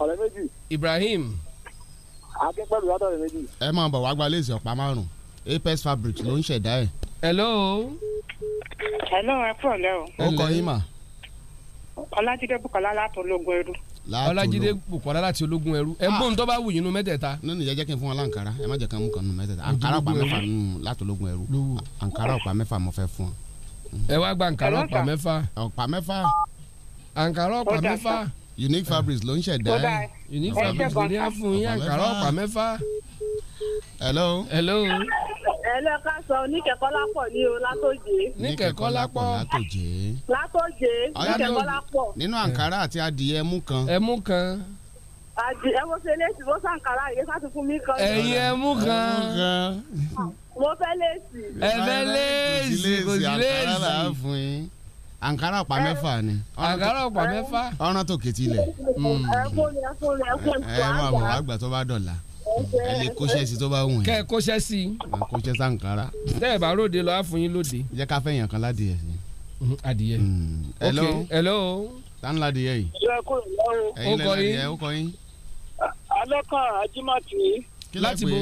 ọ̀rẹ́ méjì. Ibrahim akẹ́kọ̀ọ́ ìwádọ̀ rẹ̀ méjì. ẹ máa bọ̀ wá gba léèsì ọ̀pá márùn-ún apex fabric ló ń ṣẹ̀dá ẹ̀. hello. hello ẹ kúrọ̀ lẹ́ o. ó kọ yín mà. ọlájídé bukola láti ológun ẹrú. ọlájídé bukola láti ológun ẹrú ẹ gbóhùn tó bá wù yín nu mẹ́tẹ̀ẹ̀ta. nínú ìjẹ́jẹ́ kí n fún wọn láǹkárá ẹ má jẹ́ kí n mú kan nu mẹ́tẹ̀ẹ̀ta àǹkárá ọ̀pá mẹ́fà láti ológun ẹrú àǹkárá ọ̀pá mẹ́fà mo fẹ́ fún ọ. ẹ wá gba àǹkárá ọ̀pá mẹ́fà. ọ̀pá mẹ́fà. àǹkárá ọ̀pá mẹ́fà unique ah. fabrics ló ń ṣẹ̀dá ẹ̀ unique fabrics ló ní á fún yín àǹkárá ọ̀pá mẹ́fà. hello. hello. hello ká sọ níkẹ̀kọ́ lápọ̀ ní o látòjé. níkẹ̀kọ́ lápọ̀ látòjé. látòjé níkẹ̀kọ́ lápọ̀. nínú àǹkárá àti adìyẹ ẹmú kan. ẹmú kan. adìyẹ mo ṣe léèsì mo ṣàǹkárá yìí sá ti fún mi kan. ẹyin ẹmú kan. mo fẹ́ léèsì. ẹ fẹ́ léèsì kò sí léèsì àǹkárá ọ̀pá mẹ́fà ni. àǹkárá ọ̀pá mẹ́fà. ọ̀ràn tó kétí lẹ̀. Hmm. ẹ máa bọ̀ wá gbà tó bá dọ̀la ẹ lè kóṣẹ́ sí tó bá wù yín. kẹ́ ẹ kóṣẹ́ sí. kóṣẹ́ sàǹkárá. tẹ́ ẹ bá ròde lọ á fún yín lóde. jẹ́ ká fẹ́yàn kan ládìyẹ hmm, adìyẹ. Hmm. hello. hello. tán ládìyẹ yìí. ó kọ yín. ó kọ yín. alọ́kà ajímọ̀tì. láti bo.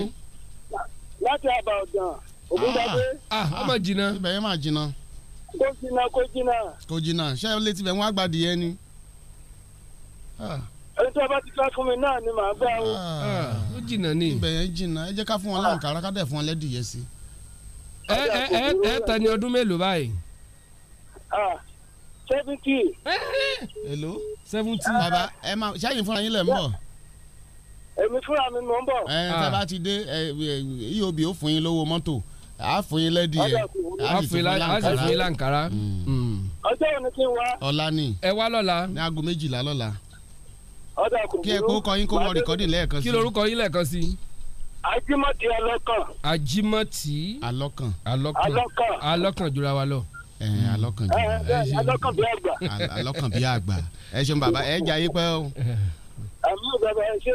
láti àbà ọ̀gàn. ògúndàdé. Ah, ah ọmọ jìnnà. ibẹ̀ yẹn máa jìnnà kó jìnnà kó jìnnà. kó jìnnà ṣé ẹ létí bẹ̀ wọ́n á gbàdí yẹn ni. Ah. ẹni tí wọ́n bá ti ká fún mi náà ni màá gbà o. Ah. Ah, ó jìnnà ni. ibẹ̀ yẹn jìnnà ẹ jẹ́ ká fún wọn láǹkàrà ká dẹ̀ fún wọn lẹ́dìí yẹn sí. ẹ ẹ ẹ ẹ ta ni ọdún mélòó báyìí. seventy. hello seventy. bàbá ẹ máa ṣáà yín fúnra yín lẹ̀ ń bọ̀ èmi fúnra mi mò ń bọ̀. ẹ tẹ́ bá ti dé iob e ó fún yín lówó mọ́tò àfòyín lẹ́dí yẹn àfòyín lankara. ọjọ́ òní mm. mm. kí n wá. ọ̀la ni. ẹ wá lọ́la. ní aago méjìlá lọ́la. ọjọ́ kòkòrò. kí ẹ kó kọ yín kó wọ rìkọ́dì lẹ́ẹ̀kan sí. kí lorúkọ yín lẹ́ẹ̀kan sí. ajimoti alọkan. ajimoti. alọkan. alọkan alọkan alọkan jura wa lọ mm. alọkàn bí àgbà alọkàn bí àgbà ẹ ṣeun bàbá ẹ jayé pẹ́ o. àmì ìgbà bá ẹ ṣe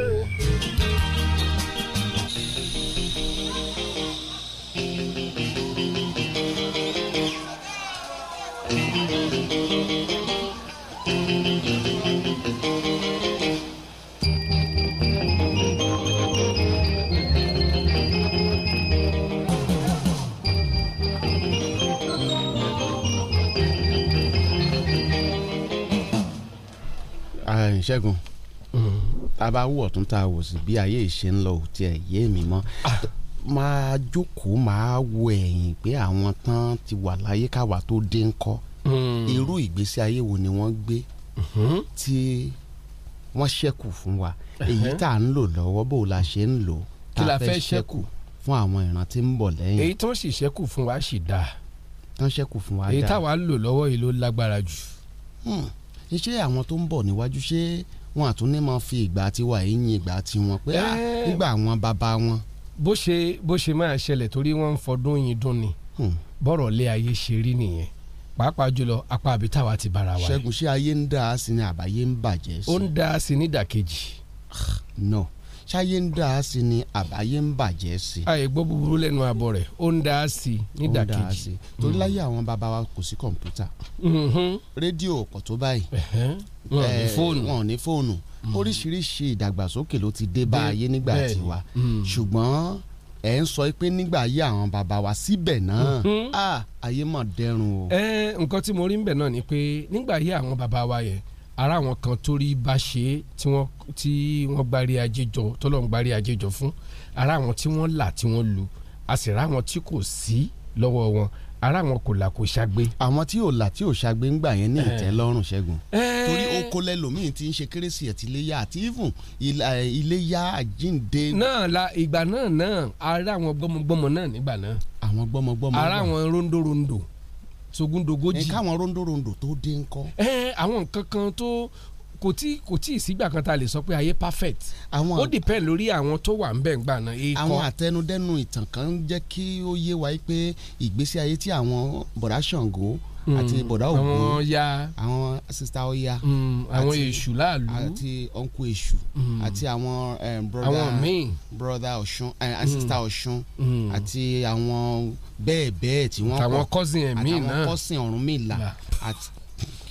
Ah, ṣẹ́gun mm. tá a bá wọ̀ tún tá a wò sí bí ayé ìṣe ń lọ ò tiẹ̀ yé mi mọ́ ah máa jókòó máa wo ẹ̀yìn pé àwọn tán ti wà láyé káwa tó dé ń kọ́ hmm. irú ìgbésí ayé wo ni wọ́n gbé mm-hmm. tí wọ́n ṣẹ́kù fún wa èyí tá à ń lò lọ́wọ́ bó la ṣe ń lò tá a fẹ́ ṣẹ́kù fún àwọn ìran tí ń bọ̀ lẹ́yìn. èyí tó ń sì ṣẹ́kù fún wa sì dáa. tó ṣẹ́kù fún wa dáa. èyí táwa ń lò lọ́wọ́ yìí ló lágbára jù. Hmm. ṣé àwọn tó ń bọ̀ níwájú ṣé wọn àtún fi ìgbà tiwa yìí yin ìgbà tiwọn pé ah, nígbà àwọn bàbá wọn bó ṣe bó ṣe máa ṣẹlẹ̀ torí wọ́n ń fọdún yín dún ni hmm. bọ́rọ̀ lé ayé ṣe rí nìyẹn pàápàá jùlọ apá àbí táwa ti bára wa. ṣẹ́gun ṣé ayé ń dá a sí ni àbáyé ń bàjẹ́ ó ń dá a sí ní ìdàkejì. Ah, no ṣáyé ń dà á sí ni àbáyé ń bàjẹ́ sí. àyè gbọ́ búburú lẹ́nu àbọ̀ rẹ̀ ó ń dà á sí nídàkejì. torí hmm. láyé àwọn bàbá wa kò sí kọ̀ǹpútà mm-hmm. rédíò kò tó báyìí wọn eh, ò ní fóònù hmm. oríṣiríṣi ìdàgbàsókè ló ti dé bá ayé nígbà tiwa hmm. ṣùgbọ́n ẹ ń sọ pé nígbà ayé àwọn bàbá wa síbẹ̀ náà ayé mà dẹrùn o. ẹ nǹkan tí mo rí ń bẹ̀ náà ni pé nígbà ayé àwọn bàbá wa yẹn ara àwọn kan torí bá ṣe é tí wọ́n tí gbárí ajé jọ tọ́lọ́ ń gbárí ajé jọ fún ara àwọn tí wọ́n là tí wọ́n lu a sì ra àwọn tí kò sí lọ́wọ́ wọn ara àwọn kò là kò ṣàgbé. àwọn tí ò là tí ò ṣàgbé ń gbà yẹn ní ìtẹ́lọ́rùn ṣẹ́gun. torí oko lẹ́lòmíì ti ń ṣe kérésì ẹ̀ ti iléyà àti even iléyà àjínde. náà la ìgbà náà náà ara àwọn gbọmọgbọmọ náà nígbà náà. àwọn gbọmọgbọmọ. ara àwọn rondórondó sogúndogójì. ẹ káwọn rondorondo tó dé ń kọ. ẹ àwọn nǹkan kan tó kò tí kò tí ì sígbà kan ta lè sọ pé ayé perfect àwọn ó depend lórí àwọn tó wà ń bẹ̀ ń gbà náà ikọ́. àwọn àtẹnudẹ́nu ìtàn kan jẹ́ kí ó yé wa pé ìgbésí ayé tí àwọn bọ̀dá ṣàngó Hmm. àti bọ̀dá ògún àwọn ya àwọn sista ọya hmm, àwọn èṣù láàlú àti ọ̀nkú èṣù hmm. àti àwọn eh, broda ọ̀ṣun eh, sista ọ̀ṣun àti àwọn bẹ́ẹ̀ bẹ́ẹ̀ tí wọ́n kọ́ àtàwọn kọ́sìn ẹ̀mí náà àtàwọn kọ́sìn ọ̀rúnmìlà àti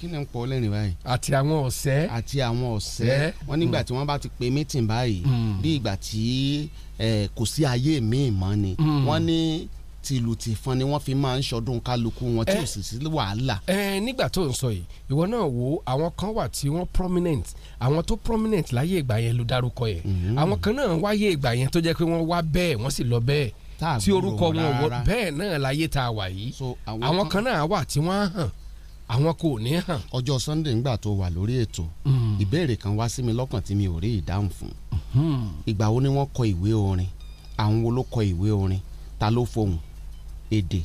kí ni n pọ̀ lẹ́rìn báyìí. àti àwọn ọ̀sẹ́. àti àwọn ọ̀sẹ́ wọ́n nígbà tí wọ́n bá ti pe mítìn báyìí bí ìgbà tí eh, kò sí ayé míì mọ́ ni wọ́n ní tìlù tìfọn ni wọ́n fi máa ń ṣọdún kálukú wọn tí eh, ò sì sí wàhálà. ẹ eh, nígbà tó ń sọ yìí ìwọ náà wo àwọn kan wà tí wọ́n prominent àwọn tó prominent láyé ìgbà yẹn ló dárúkọ yẹn mhm. àwọn kan náà wáyé ìgbà yẹn tó jẹ́ pé wọ́n wá bẹ́ẹ̀ wọ́n sì lọ bẹ́ẹ̀ tí orúkọ wọn wọ bẹ́ẹ̀ náà láyé tá a wà yìí àwọn kan náà wà tí wọ́n hàn àwọn kò ní hàn. ọjọ́ sunday ńgbà tó wà lórí ètò hmm. ìbéèrè kan wá sí mi lọ́kàn tí mi ò rí ìdáhùn fún. Hmm. ìgbà wo ni wọ́n kọ ìwé orin àwọn wo ló kọ ìwé orin ta ló fohùn èdè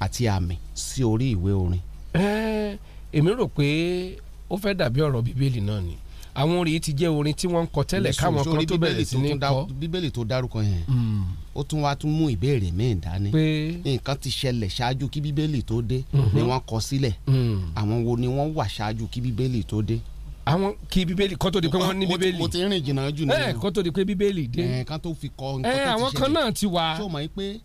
àti àmì sí orí ìwé orin. èmi rò pé ó fẹ́ dàbí ọ̀rọ̀ bíbélì náà ni àwọn orin ti jẹ́ orin tí wọ́n ń kọ tẹ́lẹ̀ káwọn kan tó bẹ̀rẹ̀ sí ní kọ. bíbélì tó dárúkọ yẹn hmm. ó tún wá tún mú ìbéèrè míì dání nǹkan ti ṣẹlẹ̀ ṣáájú kí bíbélì tó dé ni hmm. wọ́n kọ sílẹ̀ hmm. àwọn wo ni wọ́n wà ṣáájú kí bíbélì tó dé àwọn kí bíbélì kó tó di pé wọ́n ní bíbélì mo ti rìn jìnnà jù nínú kó tó di pé bíbélì dé ẹ kan tó fi kọ nǹkan tó ti ṣẹlẹ̀ ẹ àwọn kan náà ti wà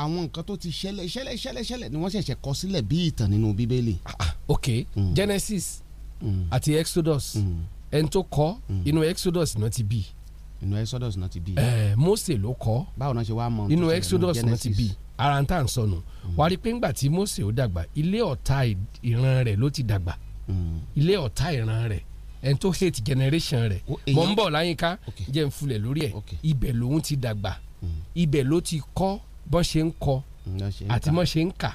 àwọn nǹkan tó ti ṣẹlẹ̀ ṣẹlẹ̀ ṣẹlẹ̀ ṣẹlẹ̀ ni wọ́n ṣẹ̀ṣẹ̀ kọ sílẹ̀ bí ìtàn nínú bíbélì. Ah, ah, ok mm. Genesis mm. àti Exodus mm. ẹni tó kọ inú Exodus náà ti bí. inú Exodus náà ti bí. ẹẹ eh, Mose ló kọ. báwo náà ṣe wá mọ inú Exodus náà ti bí ara ń tà ń sọnù wà á rí i pé ńgbà tí Mose ó dàgbà ilé ọ̀tá ìran rẹ̀ ló ti dàgbà ilé ọ̀tá ìran rẹ̀ ẹni tó hate generation rẹ̀ mọ̀ ń bọ̀ láyínká jẹ́ ń fulẹ̀ lórí ẹ̀ ibẹ̀ lòun ti dàgbà ibẹ̀ ló ti kọ́ bọ́n ṣe ń kọ mm, àti mọ́ ṣe ń kà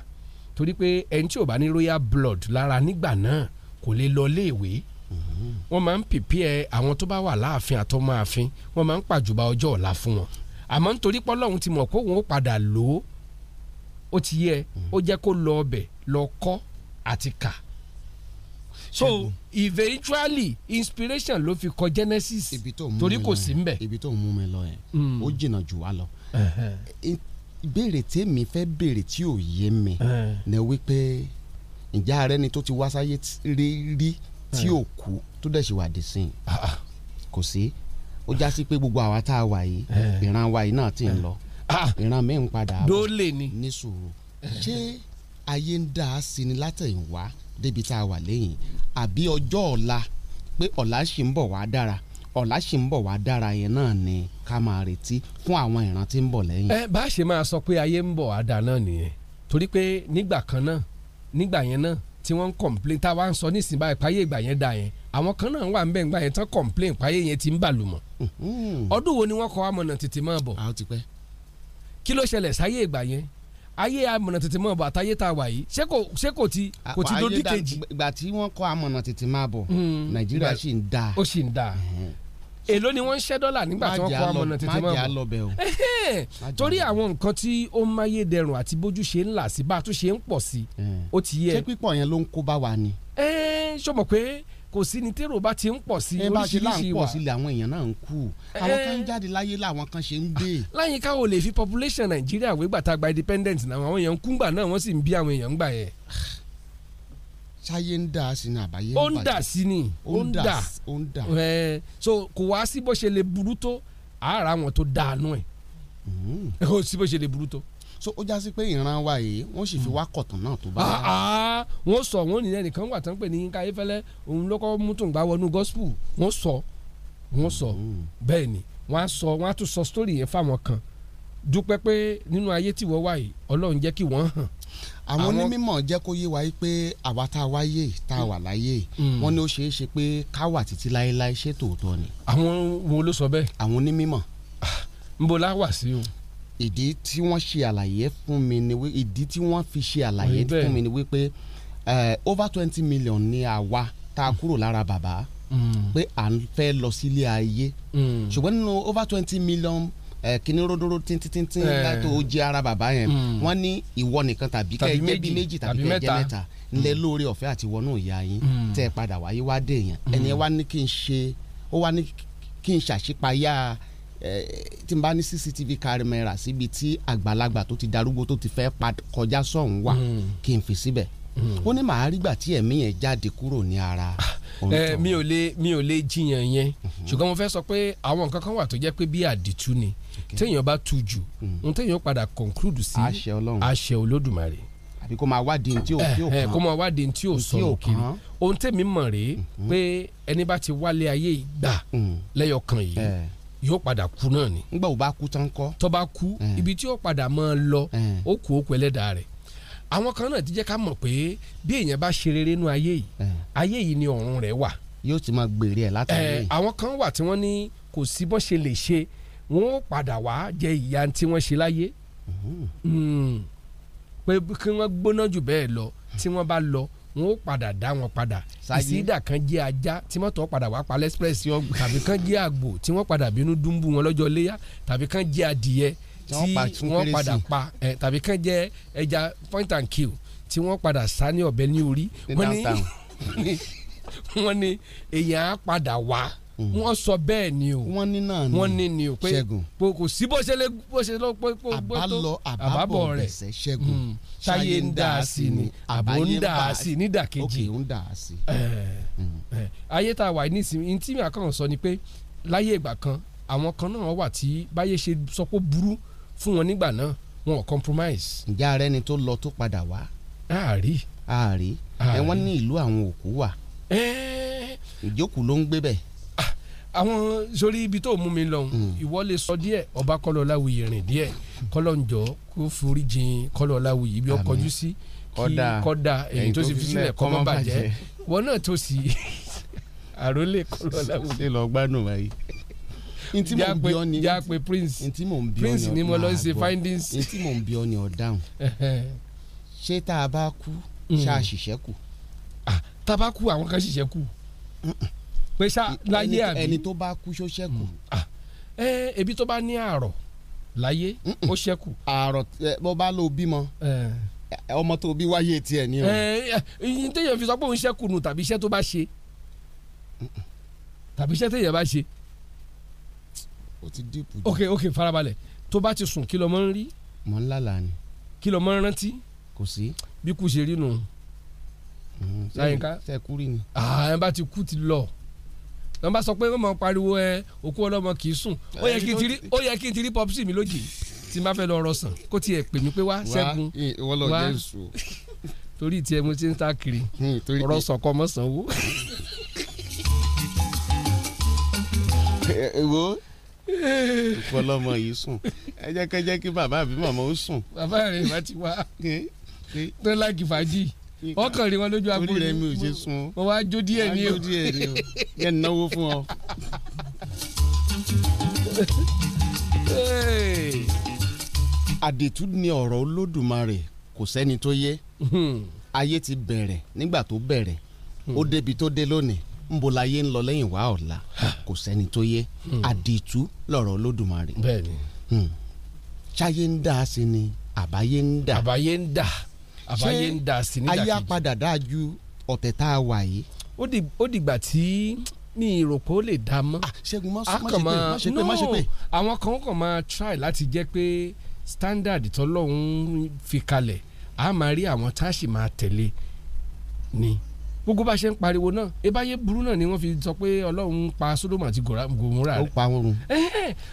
torí pé ẹni tí ò bá ní royal blood lára nígbà náà kò lè lọ léèwé mm-hmm. wọ́n máa ń pìpìẹ́ àwọn tó bá wà láàfin àtọ́mọ́ àfin wọ́n máa ń pàjùbà ọjọ́ ọ̀la fún wọn àmọ́ nítorí pọ́lọ́hún ti mọ̀ kó òun ó padà lò ó ó ti yẹ mm-hmm. ó jẹ́ kó lọ ọbẹ̀ lọ kọ́ àti kà so eventually inspiration ló fi kọ genesis torí kò sí mbẹ. ibi tó ń mú mi lọ yẹn mm. ó jìnnà jù wá lọ ìbéèrè tèmi fẹ́ béèrè tí ò yé mi ni wípé ǹjẹ́ ààrẹ ni tó ti wá sáyé rí tí ò kú tó dẹ̀ ṣe wà dé sí i ah, ah. kò sí ó já sí pé gbogbo àwa tá a wà yìí ìran wa yìí náà ti ń lọ ah, ìran mi ń padà dólè ni ní sùúrù ṣé ayé ń dá a sí ni látẹ̀yìnwá débi tá a wà lẹ́yìn àbí ọjọ́ ọ̀la pé ọ̀la ṣì ń bọ̀ wá dára ọ̀la sì ń bọ̀ wá dára yẹn náà ni ká máa retí fún àwọn ìran tí ń bọ̀ lẹ́yìn. ẹ bá a ṣe máa sọ pé ayé ń bọ̀ àdá náà nìyẹn torí pé nígbà kan náà nígbà yẹn náà tí wọ́n ń complain tá a wá ń sọ nísìnyí báyìí páyé ìgbà yẹn da yẹn àwọn kan náà wà ń bẹ̀ ńgbà yẹn tán complain páyé yẹn ti ń bàlùmọ̀ ọdún wo ni wọ́n kọ́ amọ̀nà tètè máa bọ̀ kí ló ṣẹlẹ̀ sáyé ìgbà yẹn ayé amọ̀nà tètè máa bọ̀ àtayé tá a wà yìí ṣé kò ṣé kò ti kò ti dodi kejì. ìgbà tí wọ́n kọ́ amọ̀nà tètè máa bọ̀ nàìjíríà sì ń da. ó sì ń da èló ni wọ́n ń ṣẹ́ dọ́là nígbà tí wọ́n kọ́ amọ̀nà tètè mọ́ ọ. torí àwọn nǹkan tí ó ń máyédẹrùn àti bójú ṣe ń là sí bá a tún ṣe ń pọ̀ sí ó ti yẹ. ṣé pípọ̀ yẹn ló ń kó bá wa ni. ẹ ṣọ mọ̀ pé kò sí ni tèrò bá ti ń pọ̀ sí oríṣiríṣi wa. ẹ bá ṣe láǹpọ̀ sílẹ̀ àwọn èèyàn náà ń kú àwọn kan ń jáde láyé làwọn kan ṣe ń dé. láyìn o lè population Nàìjíríà wégbà tá a gba independence náà àwọn èèyàn ń kú gbà náà wọ́n sì ṣáyé ń dà sí ni àbáyé ń bàjẹ́ ó ń dà sí ni ó ń dà ó ń dà ẹ so kò wá sí bó ṣe lè burú tó àárá wọn tó dànù ẹ hmm. kò sí bó ṣe lè burú tó. so ó já sí pé ìran wa yìí wọ́n sì fi wá kọ̀tàn náà tó bá a. Ah, ah, wọ́n sọ wọ́n nìyẹn nìkan wà tán pé ní Yínká Ayéfẹ́lẹ́ òun ló kọ́ mú tó ń gbà wọnú gospel wọ́n sọ wọ́n sọ hmm. bẹ́ẹ̀ ni wọ́n á sọ wọ́n á tún sọ story yẹn fáwọn kan dúpẹ́ pé nínú ayé tí wọ́n wà yìí Ọlọ́run jẹ́ kí wọ́n hàn àwọn onímọ̀ jẹ́ kó yé wa pé àwa tá a wáyé tá a wà láyé mm. wọ́n ní ó ṣeé ṣe pé ká wà títí láéláé ṣé tòótọ́ ni. àwọn wo ló sọ bẹ́ẹ̀. àwọn onímọ̀. Ah, nbo la wà sí o. ìdí tí wọ́n ṣe àlàyé fún mi ni wí ìdí tí wọ́n fi ṣe àlàyé fún mi ni wípé eh, over twenty million ni àwa tá a kúrò lára bàbá mm. pé à ń fẹ́ lọ sílé ayé mm. ṣùgbọ́n nínú over twenty million Eh, kíní ródóró tíntíntíntín látò ó jẹ́ ara bàbá yẹn hmm. wọ́n ní ìwọ nìkan tàbí kẹ́ jẹ́ bí méjì tàbí kẹ́ jẹ́ mẹ́ta ńlẹ́ hmm. lóore ọ̀fẹ́ àti wọnú ìyá yín hmm. tẹ́ ẹ padà wáyé wá dé èèyàn ẹni wá ní kí n ṣe ó wá ní kí n ṣàṣípayá tí n bá ní cctv kámẹ́rà síbi tí àgbàlagbà tó ti darúgbó tó ti fẹ́ kọjá sọ̀hún wà kí n fi síbẹ̀ ó ní màá rígbà tí ẹ̀mí yẹn jáde kúrò ní ara. Ah, mi ò lè mi ò lè jiyàn yẹn mhm. ṣùgbọ́n mo fẹ́ sọ pé àwọn nǹkan kan wà tó jẹ́ pé bí àdìtú ni téèyàn bá tu jù hmm. n téèyàn padà conclude sí àṣẹ olódùmarè. àbí kó máa wádìí tí ò eh, eh, kàn kó máa wádìí tí ò sọ̀rọ̀ kiri ohun tèmi mọ̀ rèé hmm. pé ẹni bá ti wálé ayé ìgbà hmm. lẹ́yọkan yìí eh. yóò padà kú náà ni. nígbà wo bá kú tán kọ́. tó bá kú ibi tí yóò padà máa lọ ó kú ó kú ẹlẹ́dàá rẹ̀ àwọn kan náà ti jẹ́ ká mọ̀ pé bí èèyàn bá ṣe rere nú ayé yìí ayé yìí ni ọ̀run rẹ̀ wà. yóò ti máa gbèrè ẹ̀ látàrí. àwọn kan wà tí wọ́n ní kò sí bó ṣe lè ṣe wọ́n ó padà wá jẹ ìyà tí wọ́n ṣe láyé hmm. pé kí wọ́n gbóná jù bẹ́ẹ̀ lọ tí wọ́n bá lọ wọn ó padà dá wọn padà ìsídà kan jẹ́ ajá tí mọ́tò padà wá pa lẹ́sprẹ́sì ọgbà tàbí kan jẹ́ àgbò tí wọ́n padà bínú dúnbù wọn lọ́jọ́ léyà tàbí kan jẹ́ adìyẹ tí wọ́n padà pa tàbí kan jẹ́ ẹja point and kill tí wọ́n padà sá ní ọ̀bẹ ní orí wọ́n ní èèyàn á padà wá. Mm. wọ́n sọ bẹ́ẹ̀ ni o wọ́n ní náà ni wọ́n ní ni o pé kò sí bó ṣe lé bó ṣe lọ pé kó gbé tó àbábọ̀ rẹ̀ ṣẹ́gun mm. táyé ń dà á sí ni àbò ń dà á sí ní ìdàkejì òkè ń dà á sí. Eh, mm. eh, ayé tá a wà nísìnyí tí mi àkàràn sọ ni pé láyé ìgbà kan àwọn kan náà wà tí báyé ṣe sọ pé burú fún wọn nígbà náà wọn ò compromise. ǹjẹ́ ara ẹni tó lọ tó padà wá. àárí. àárí ẹ wọ́n ní ìlú àwọn òkú wà. Eh. ìjókòó ló ń gbé bẹ́ẹ̀ àwọn sórí ibi tó mú mi lọ́hùn hmm. ìwọ lè sọ díẹ̀ ọba kọlọ́láwìyí rìn díẹ̀ kọlọ́njọ́ kó forí jìn kọlọ́láwìyí ibi ọkọjú sí kí kọ́dà èyí tó sì fi sílẹ̀ kọ́ mọ́ bàjẹ́ wọn náà tó sì àrólé kọlọ́láwìyí. ṣe lọ gbádùn báyìí ntí mò ń bí ọ ni jáàpé prince ntí mò ń bí ọ ni prince ni mo lọ ṣe findings. ntí mò ń bí ọ ni ọ̀dáhùn ṣé tá a bá kú ṣáà hmm. ṣiṣẹ́ kù. Ah, tá a bá kú àwọn kan ṣiṣẹ́ kù pé ṣá láyé àbí ẹni tó bá kú ṣó ṣẹ́kù. Hmm. Ah. ẹ ebi tó bá ní àrọ̀ láyé ó ṣẹ́kù. àrọ̀ bó bá lọ bímọ ọmọ tó bí wáyé tiẹ̀ ni o. ẹyin téèyàn fi sọ pé òun ṣẹ́kù nù tàbí iṣẹ́ tó bá ṣe tàbí iṣẹ́ téèyàn bá ṣe. o ti dípù jù. ok ok farabalẹ̀ tó bá ti sùn kí ló máa ń rí. mo ń lálàá ni. kí ló máa ń rántí. kò sí. bí kú ṣe rí nù. sáyìnká mm-hmm. sẹ́kúrì ni. àà ah, bá ti kú ti lọ tọ́n bá sọ pé wọ́n mọ̀ pariwo ẹ òkú ọlọ́mọ kì í sùn ó yẹ kí n ti rí pọ́pùsì mi lójì tí n bá fẹ́ lọ rọ sàn kó tiẹ̀ pè mí pé wá Ṣẹ́gun wá torí tiẹ̀ mo ti ń ta kiri ọ̀rọ̀ sọ̀kọ́ mọ̀ sanwó. wo ìfọlọmọ yìí sùn ẹ jẹ́ kẹ́ jẹ́ kí bàbá àbí màmá ó sùn. bàbá rẹ̀ bá ti wá tó láàgì fàájì wọ́n kàn rí wọn lójú agbo orí rẹ mi ò ṣe sun mo wá jó díẹ̀ ní o jó díẹ̀ náwó fún ọ. àdètú ni ọ̀rọ̀ olódùmarè kò sẹ́ni tó yẹ hmm. ayé ti bẹ̀rẹ̀ nígbà tó bẹ̀rẹ̀ hmm. ó débi tó dé lónìí nbo la yé ń lọ lẹ́yìn wá ọ̀la kò sẹ́ni tó yẹ hmm. àdìtú lọ̀rọ̀ olódùmarè. bẹ́ẹ̀ni. ṣáyé ń dà sí ni àbáyé ń dà. àbáyé ń dà àbáyé ń da sí nídàkejì. ayé apadà dáa ju ọ̀tẹ̀ tá a wà yìí. ó dìgbà tí ní ìròpó lè dá mọ́. Ah, ṣẹ́gun má ṣe pé má ṣe pé má ṣe pé. àwọn kan kàn máa try láti jẹ́ pé standard tọ́lọ́hún fi kalẹ̀ a máa rí àwọn tá a sì máa tẹ̀lé ni gbogbo bá ṣe ń pariwo náà ebáyé burú náà ni wọ́n fi sọ pé Ọlọ́run pa Sódómù àti Gòmórà rẹ̀. ó pa wọn run.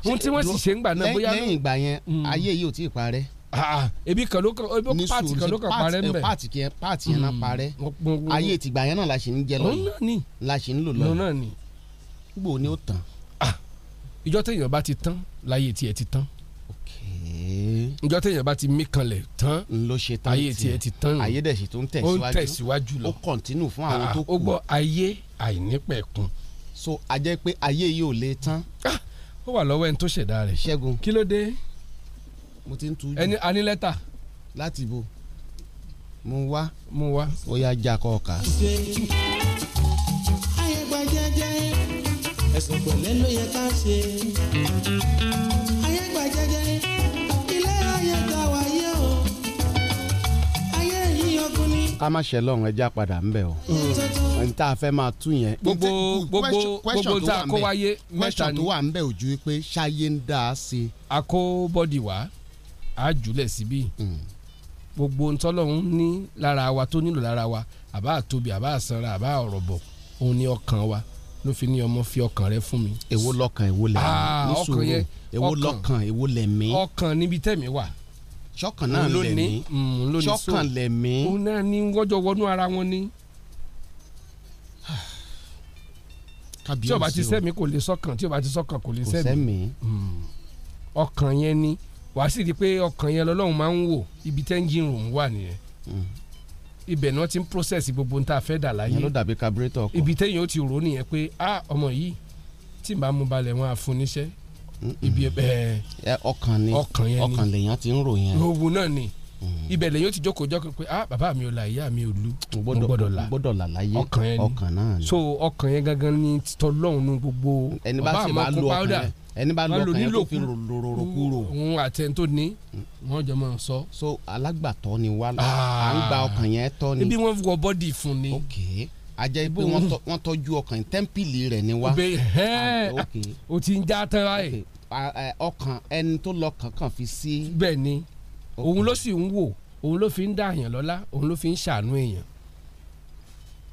ohun tí wọ́n sì ṣe ń gbà náà bóyá. lẹ́yìn ìgbà yẹn mm. ayé yìí ò tí ì parẹ́ Ah, ah. ebi kan ló kan ebi pati kan ló kan parẹ́ mbẹ́. pati yẹn pati yẹn náà hmm. parẹ́ ayé ìtìgbà yẹn náà la ṣì ń jẹ lọ́yìn la ṣì ń lò lọ́yìn gbò ni ó tán. Ah, ìjọ téèyàn bá ti tán láyé tiẹ̀ ti tán ìjọ téèyàn bá ti mí kanlẹ̀ tán ayé tiẹ̀ ti tán ayé tó ń tẹ̀síwájú lọ ó kọ̀ntínú fún àwọn tó kù ó gbọ́ ayé àìnípẹ̀kun. so a jẹ́ pé ayé yìí lè tán. ó wà lọ́wọ́ ẹni tó ṣẹ̀dá rẹ̀ ṣẹ́gun kí ló dé mo ti ń tu ẹni a ní lẹ́tà. láti bo mo wá. mo wá. ó yá já kọ́ ọ̀ka. ẹ̀sùn pẹ̀lẹ́ ló yẹ ká ṣe. ká má ṣe lọ́run ẹja padà ń bẹ̀ o mm. n ta fẹ́ máa tú yẹn. gbogbo gbogbo gbogbo tá kó wáyé mẹ́ta ni. question tó wà ń bẹ̀ ojú pé ṣáyé ń dá a ṣe. a kó bọ́dì wá àjùlẹ̀ síbí hmm. gbogbo ntọ́lọ́hún ní lára wa tó nílò lára wa àbá àtòbí àbá àsanra àbá ọ̀rọ̀ bọ̀ òun ni ọkàn wa ló fi ní ọmọ fi ọkàn rẹ fún mi. èwo lọkàn èwo lẹ̀mí ah, nísòro èwo lọkàn èwo lẹ̀mí. ọkàn níbi tẹ̀mí wà. sọ́kàn náà lẹ̀mí hmm, sọ́kàn lẹ̀mí. òun náà ní wọ́jọ́ wọnú ara wọn ni. tí o bá ti sẹ́mi kò lè sọ́kàn tí o bá ti sọ́kàn kò lè sẹ́mi. Hmm. ọkàn yẹn ni. Hmm wàá sì rí i pé ọkàn yẹn lọ́lọ́run máa ń wò ibi tẹ́ńgìn room wà nìyẹn hmm. ibẹ̀ náà ti ń process gbogbo ń ta fẹ́ dà láyé yẹn ló dàbí carburetor ọkọ̀ ibi tẹ́yìn ó ti rò nìyẹn pé ah ọmọ yìí tí n bá mú balẹ̀ wọn á fún níṣẹ́ hmm. ibi ẹ ọkàn ni ọkàn yẹn ni ọkàn lèyàn ti ń rò yẹn òwú náà ni hmm. ibẹ̀ lèyàn ó ti jókòó jókòó pé ah bàbá mi ò là ìyá mi ò lu gbọ́dọ̀ là gbọ́dọ̀ là láyé ọkàn yẹn ni so ọkàn yẹn gangan ni tọ́lọ́hún gbogbo ọba àmọ́ kó powder ẹni bá lọkàn yẹn tó fi rororo kúrò. òun àti ẹni tó jọ máa sọ. so alágbàtọ́ ni wà á ah. ń gba ọkàn yẹn tọ́ ni. ibi wọn wọ bọ́dì fún ni. ok ajẹ́ pé wọ́n tọ́jú ọkàn tẹ́ḿpìlì rẹ̀ ni wá. ọbẹ̀ ẹ̀ ah, o ti ń já tán láyè. ọkàn ẹni tó lọ kankan fi sí. bẹ́ẹ̀ òun ló sì ń wò òun ló fi ń dá èèyàn òun ló fi ń ṣàánú èèyàn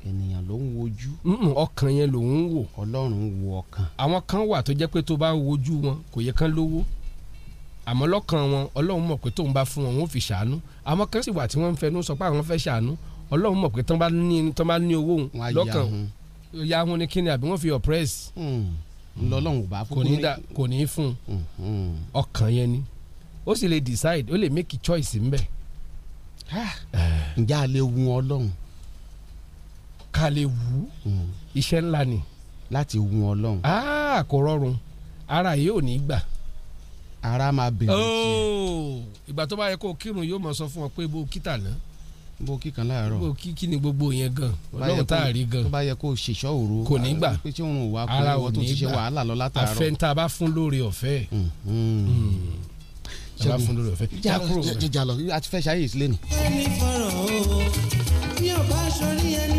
ènìyàn ló ń wojú. ọkàn yẹn ló ń wò. ọlọ́run wo ọkàn. àwọn kan wà tó jẹ́ pé tó bá wojú wọn kò yẹ kán lówó àmọ́ lọ́kàn wọn ọlọ́run mọ̀ pé tóun bá fún wọn wọn ò fi ṣàánú àwọn kan sì wà tí wọ́n ń fẹnu sọ pé àwọn fẹ́ ṣàánú ọlọ́run mọ̀ pé tán bá ní tán bá ní owó òun lọ́kàn ya hun ni kíni àbí wọ́n fi oppress. Hmm. lọ́lọ́run ò bá fún un. kò ní fún hmm. ọkàn yẹn ni ó sì lè decide ó lè make choice ńbẹ. ǹjẹ́ a lè wun ọlọ́run ká lè wù ú hmm. iṣẹ́ ńlá ni. láti wù ọlọ́run. aa ah, kò rọrùn ara yìí ò ní gbà. ara máa bèrè tiẹ̀. Oh, ìgbà tó bá yẹ kó kírun yóò mọ̀ sọ fún ọ pé bó kíta náà bó kíkan láàárọ̀ bó kíkí ni gbogbo yẹn gan ọlọ́run tá a rí gan tó bá yẹ kó ṣèṣọ́ òru kò ní gbà pé tí òun wà pé ìwọ tó bá fún lóore ọ̀fẹ́ hmm. bá fún lóore ọ̀fẹ́ jákúrò rẹ̀ jàlọ àti fẹ́ ṣayé ìsílẹ̀ nù. ẹni fọ̀rọ̀ o mi ò bá sọ ní ẹni.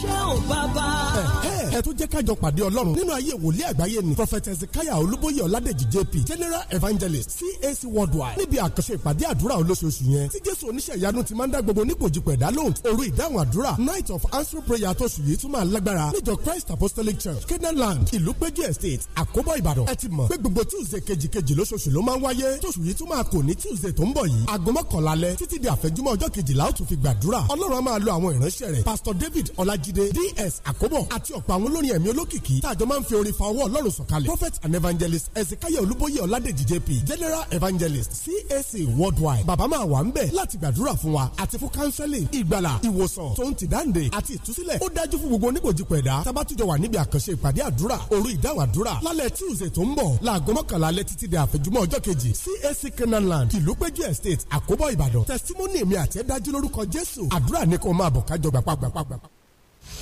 ṣe ò bàbá. ẹ tún jẹ́ kájọ pàdé ọlọ́run nínú ayé wòlíì àgbáyé ni prophet ezekiah olúbóyè ọládèjì jp general evangelist cac worldwide níbi àkànṣe ìpàdé àdúrà olóṣooṣù yẹn tí jésù oníṣẹ́ ìyanu ti máa ń dá gbogbo nípòjì pẹ̀dá lóhùn òru ìdáhùn àdúrà night of answer prayer tóṣù yìí tún máa lágbára níjọ christ apostolic church canaan land ìlúpéjú estate àkóbọ̀ ìbàdàn ẹ ti mọ̀ pé gbogbo tuesday kejìkejì lóṣooṣù ló máa ń wáyé tóṣù yìí tún máa kò ní tuesday tó ń bọ̀ yìí aago mọ́kànlá alẹ́ títí di pastor david ọlájí Babájídé DS Àkóbọ̀ àti ọ̀pọ̀ àwọn olórin ẹ̀mí olókìkí tàjọ máa ń fi orin fa ọwọ́ Ọlọ́run sọ̀kalẹ̀ prophet and evangelist Ezekiel Olúbóyè Ọládèjì JP general evangelist CAC worldwide bàbá máa wà ń bẹ̀ láti gbàdúrà fún wa àti fún counseling ìgbàlà ìwòsàn tó ń ti dáǹdè àti ìtúsílẹ̀ ó dájú fún gbogbo oníkòjìpọ̀ ẹ̀dá tábàtújọ wà níbi àkànṣe ìpàdé àdúrà òru ìdáwàdúrà lálẹ́ Tuesday tó ń bọ̀ láago mọ́kànlá Land ìlúpéjú estate Àkóbọ̀ Ìbàdàn testimony mi àti ẹ̀dájú lórúkọ Jésù àdúrà ní kó máa bọ̀ kájọ gbàpàgbàpàgbà.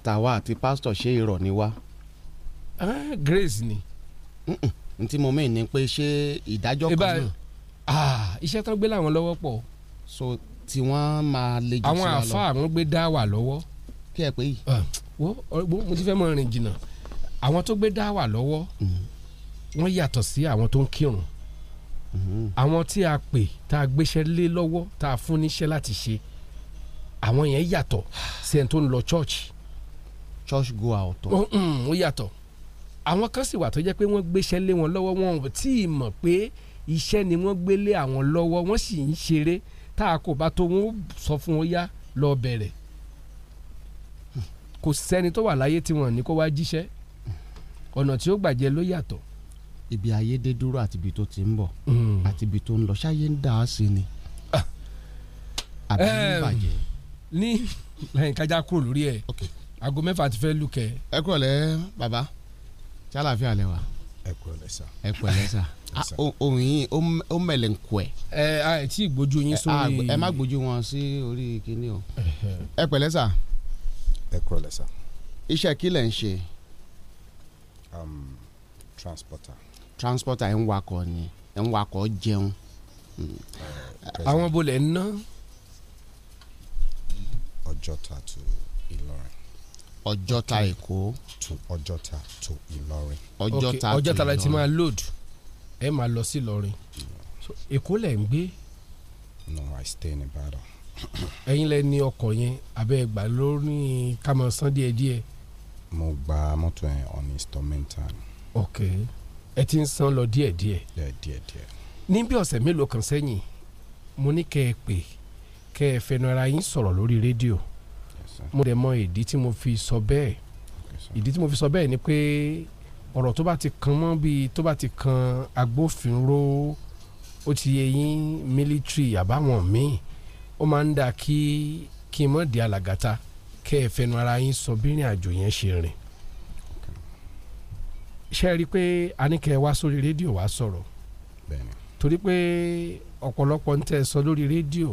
àtàwa àti pásítọ̀ ṣé irọ́ ni wá. grace ni. n tí mo mẹ́rin ni pé ṣé ìdájọ́ kan náà. Ah, iṣẹ́ tó gbé làwọn lọ́wọ́ pọ̀. so tí wọ́n máa lè jù sí wa lọ. àwọn àfáà ló gbé dá wà lọ́wọ́. kí ẹ pé yìí. Ah, wo mo ti fẹ́ mọ rìn jìnnà àwọn tó gbé dá wà lọ́wọ́ mm-hmm. wọ́n yàtọ̀ sí àwọn tó ń kírun mm-hmm. àwọn tí a pè tá a gbéṣẹ́ lé lọ́wọ́ tá a fún níṣẹ́ láti ṣe àwọn yẹn yàtọ̀ sí ẹni tó ń lọ chọ́ọ̀chì church go ọ̀tọ̀. Um, ó yàtọ̀ àwọn kan sì wà tó jẹ́ pé wọ́n gbéṣẹ́ lé wọn lọ́wọ́ wọn ò tí ì mọ̀ pé iṣẹ́ ni wọ́n gbé lé àwọn lọ́wọ́ wọ́n sì ń ṣeré tá a kò bá tó wọn sọ fún wọn yá lọ bẹ̀rẹ̀ kò sẹ́ni tó wà láyé tí wọ́n ní kó wá jíṣẹ́ ọ̀nà tí ó gbàjẹ́ ló yàtọ̀. ibi ayé dé dúró àti ibi tó ti ń bọ̀ hmm. àti ibi tó ń lọ ṣáyé ń dà á sí ni ah. àbí ń ehm, bàjẹ́. ní kájà kúrò lórí ẹ̀. okay aago mẹ́fà ti fẹ́ lù kẹ́. ẹ kú ọ̀lẹ́ bàbá tí àlàáfíà lẹ wà. ẹ kú ọ̀lẹ́ sà. ẹ kú ọ̀lẹ́ sà. ohun yìí ó mẹ̀lẹ̀ ń kọ ẹ̀. ẹ ẹ tí gbójú yín sórí. ẹ má gbójú wọn sí orí kíní o. ẹ pẹ̀lẹ́ sà. ẹ kú ọ̀lẹ́ sà. iṣẹ́ kí lẹ̀ ń ṣe. Um, transporter. transporter ẹ̀ ń wakọ̀ ni ẹ̀ ń wakọ̀ jẹun. Hmm. àwọn bolẹ̀ ń ná. ọjọ́ ta ọjọ́ta èkó. to ọjọ́ta to ìlọrin. ọjọ́ta to ìlọrin. ọjọ́ta la ti máa load ẹ máa lọ sí ìlọrin èkó lẹ̀ ń gbé. no i stay in ibadan. ẹ̀yin lẹ ní ọkọ̀ yẹn abẹ́ ẹgbàá lórí ká máa san díẹ̀ díẹ̀. mo gba mọ́tò yẹn on instrumental. ok ẹ ti ń san lọ díẹ̀ díẹ̀. díẹ̀ díẹ̀ díẹ̀. ní bí ọ̀sẹ̀ mélòó kan sẹ́yìn mo ní kẹ́ ẹ pè kẹ́ ẹ fẹnu ara yín sọ̀rọ̀ lórí rédíò mo dẹ̀ mọ ìdí tí mo fi sọ bẹ́ẹ̀ ìdí tí mo fi sọ bẹ́ẹ̀ ni pé ọ̀rọ̀ tó bá ti kan mọ́ bíi tó bá ti kan agbófinró ó ti yẹ yín mílítírì àbáwọn míì ó máa ń dà kí kí n mọ̀ di alàgàtà kẹ́ ẹ fẹnu ara yín sọ bí ìrìn àjò yẹn ṣe rìn ṣe rí i pé a ní kẹ́ ẹ wá sórí rédíò wá sọ̀rọ̀ torí pé ọ̀pọ̀lọpọ̀ ń tẹ́ ẹ sọ lórí rédíò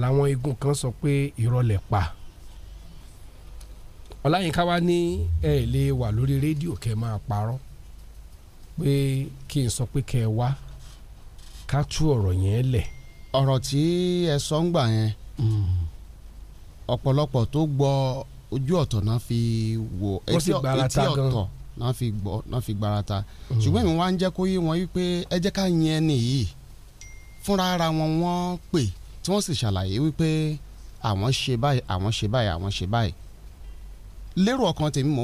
làwọn igun kan sọ pé irọ́ lẹ pa ọláyínká wá ní ẹ lè wà lórí rédíò kẹ máa parọ́ pé kí n sọ pé kẹ wá ká tú ọ̀rọ̀ yẹn lẹ̀. ọ̀rọ̀ tí ẹ sọ ń gbà yẹn hmm. ọ̀pọ̀lọpọ̀ tó gbọ́ ojú ọ̀tọ̀ náà fi wò etí ọ̀tọ̀ náà fi gbọ́ náà fi gbarata hmm. ṣùgbọ́n èmi wá ń jẹ́ kó yé wọn wípé ẹ jẹ́ ká yẹn nìyí fúnra ara wọn wọ́n pè tí wọ́n sì ṣàlàyé wípé àwọn ṣe báyìí àwọn ṣe báyìí àwọn ṣe báyìí lérò ọkàn tèmi mò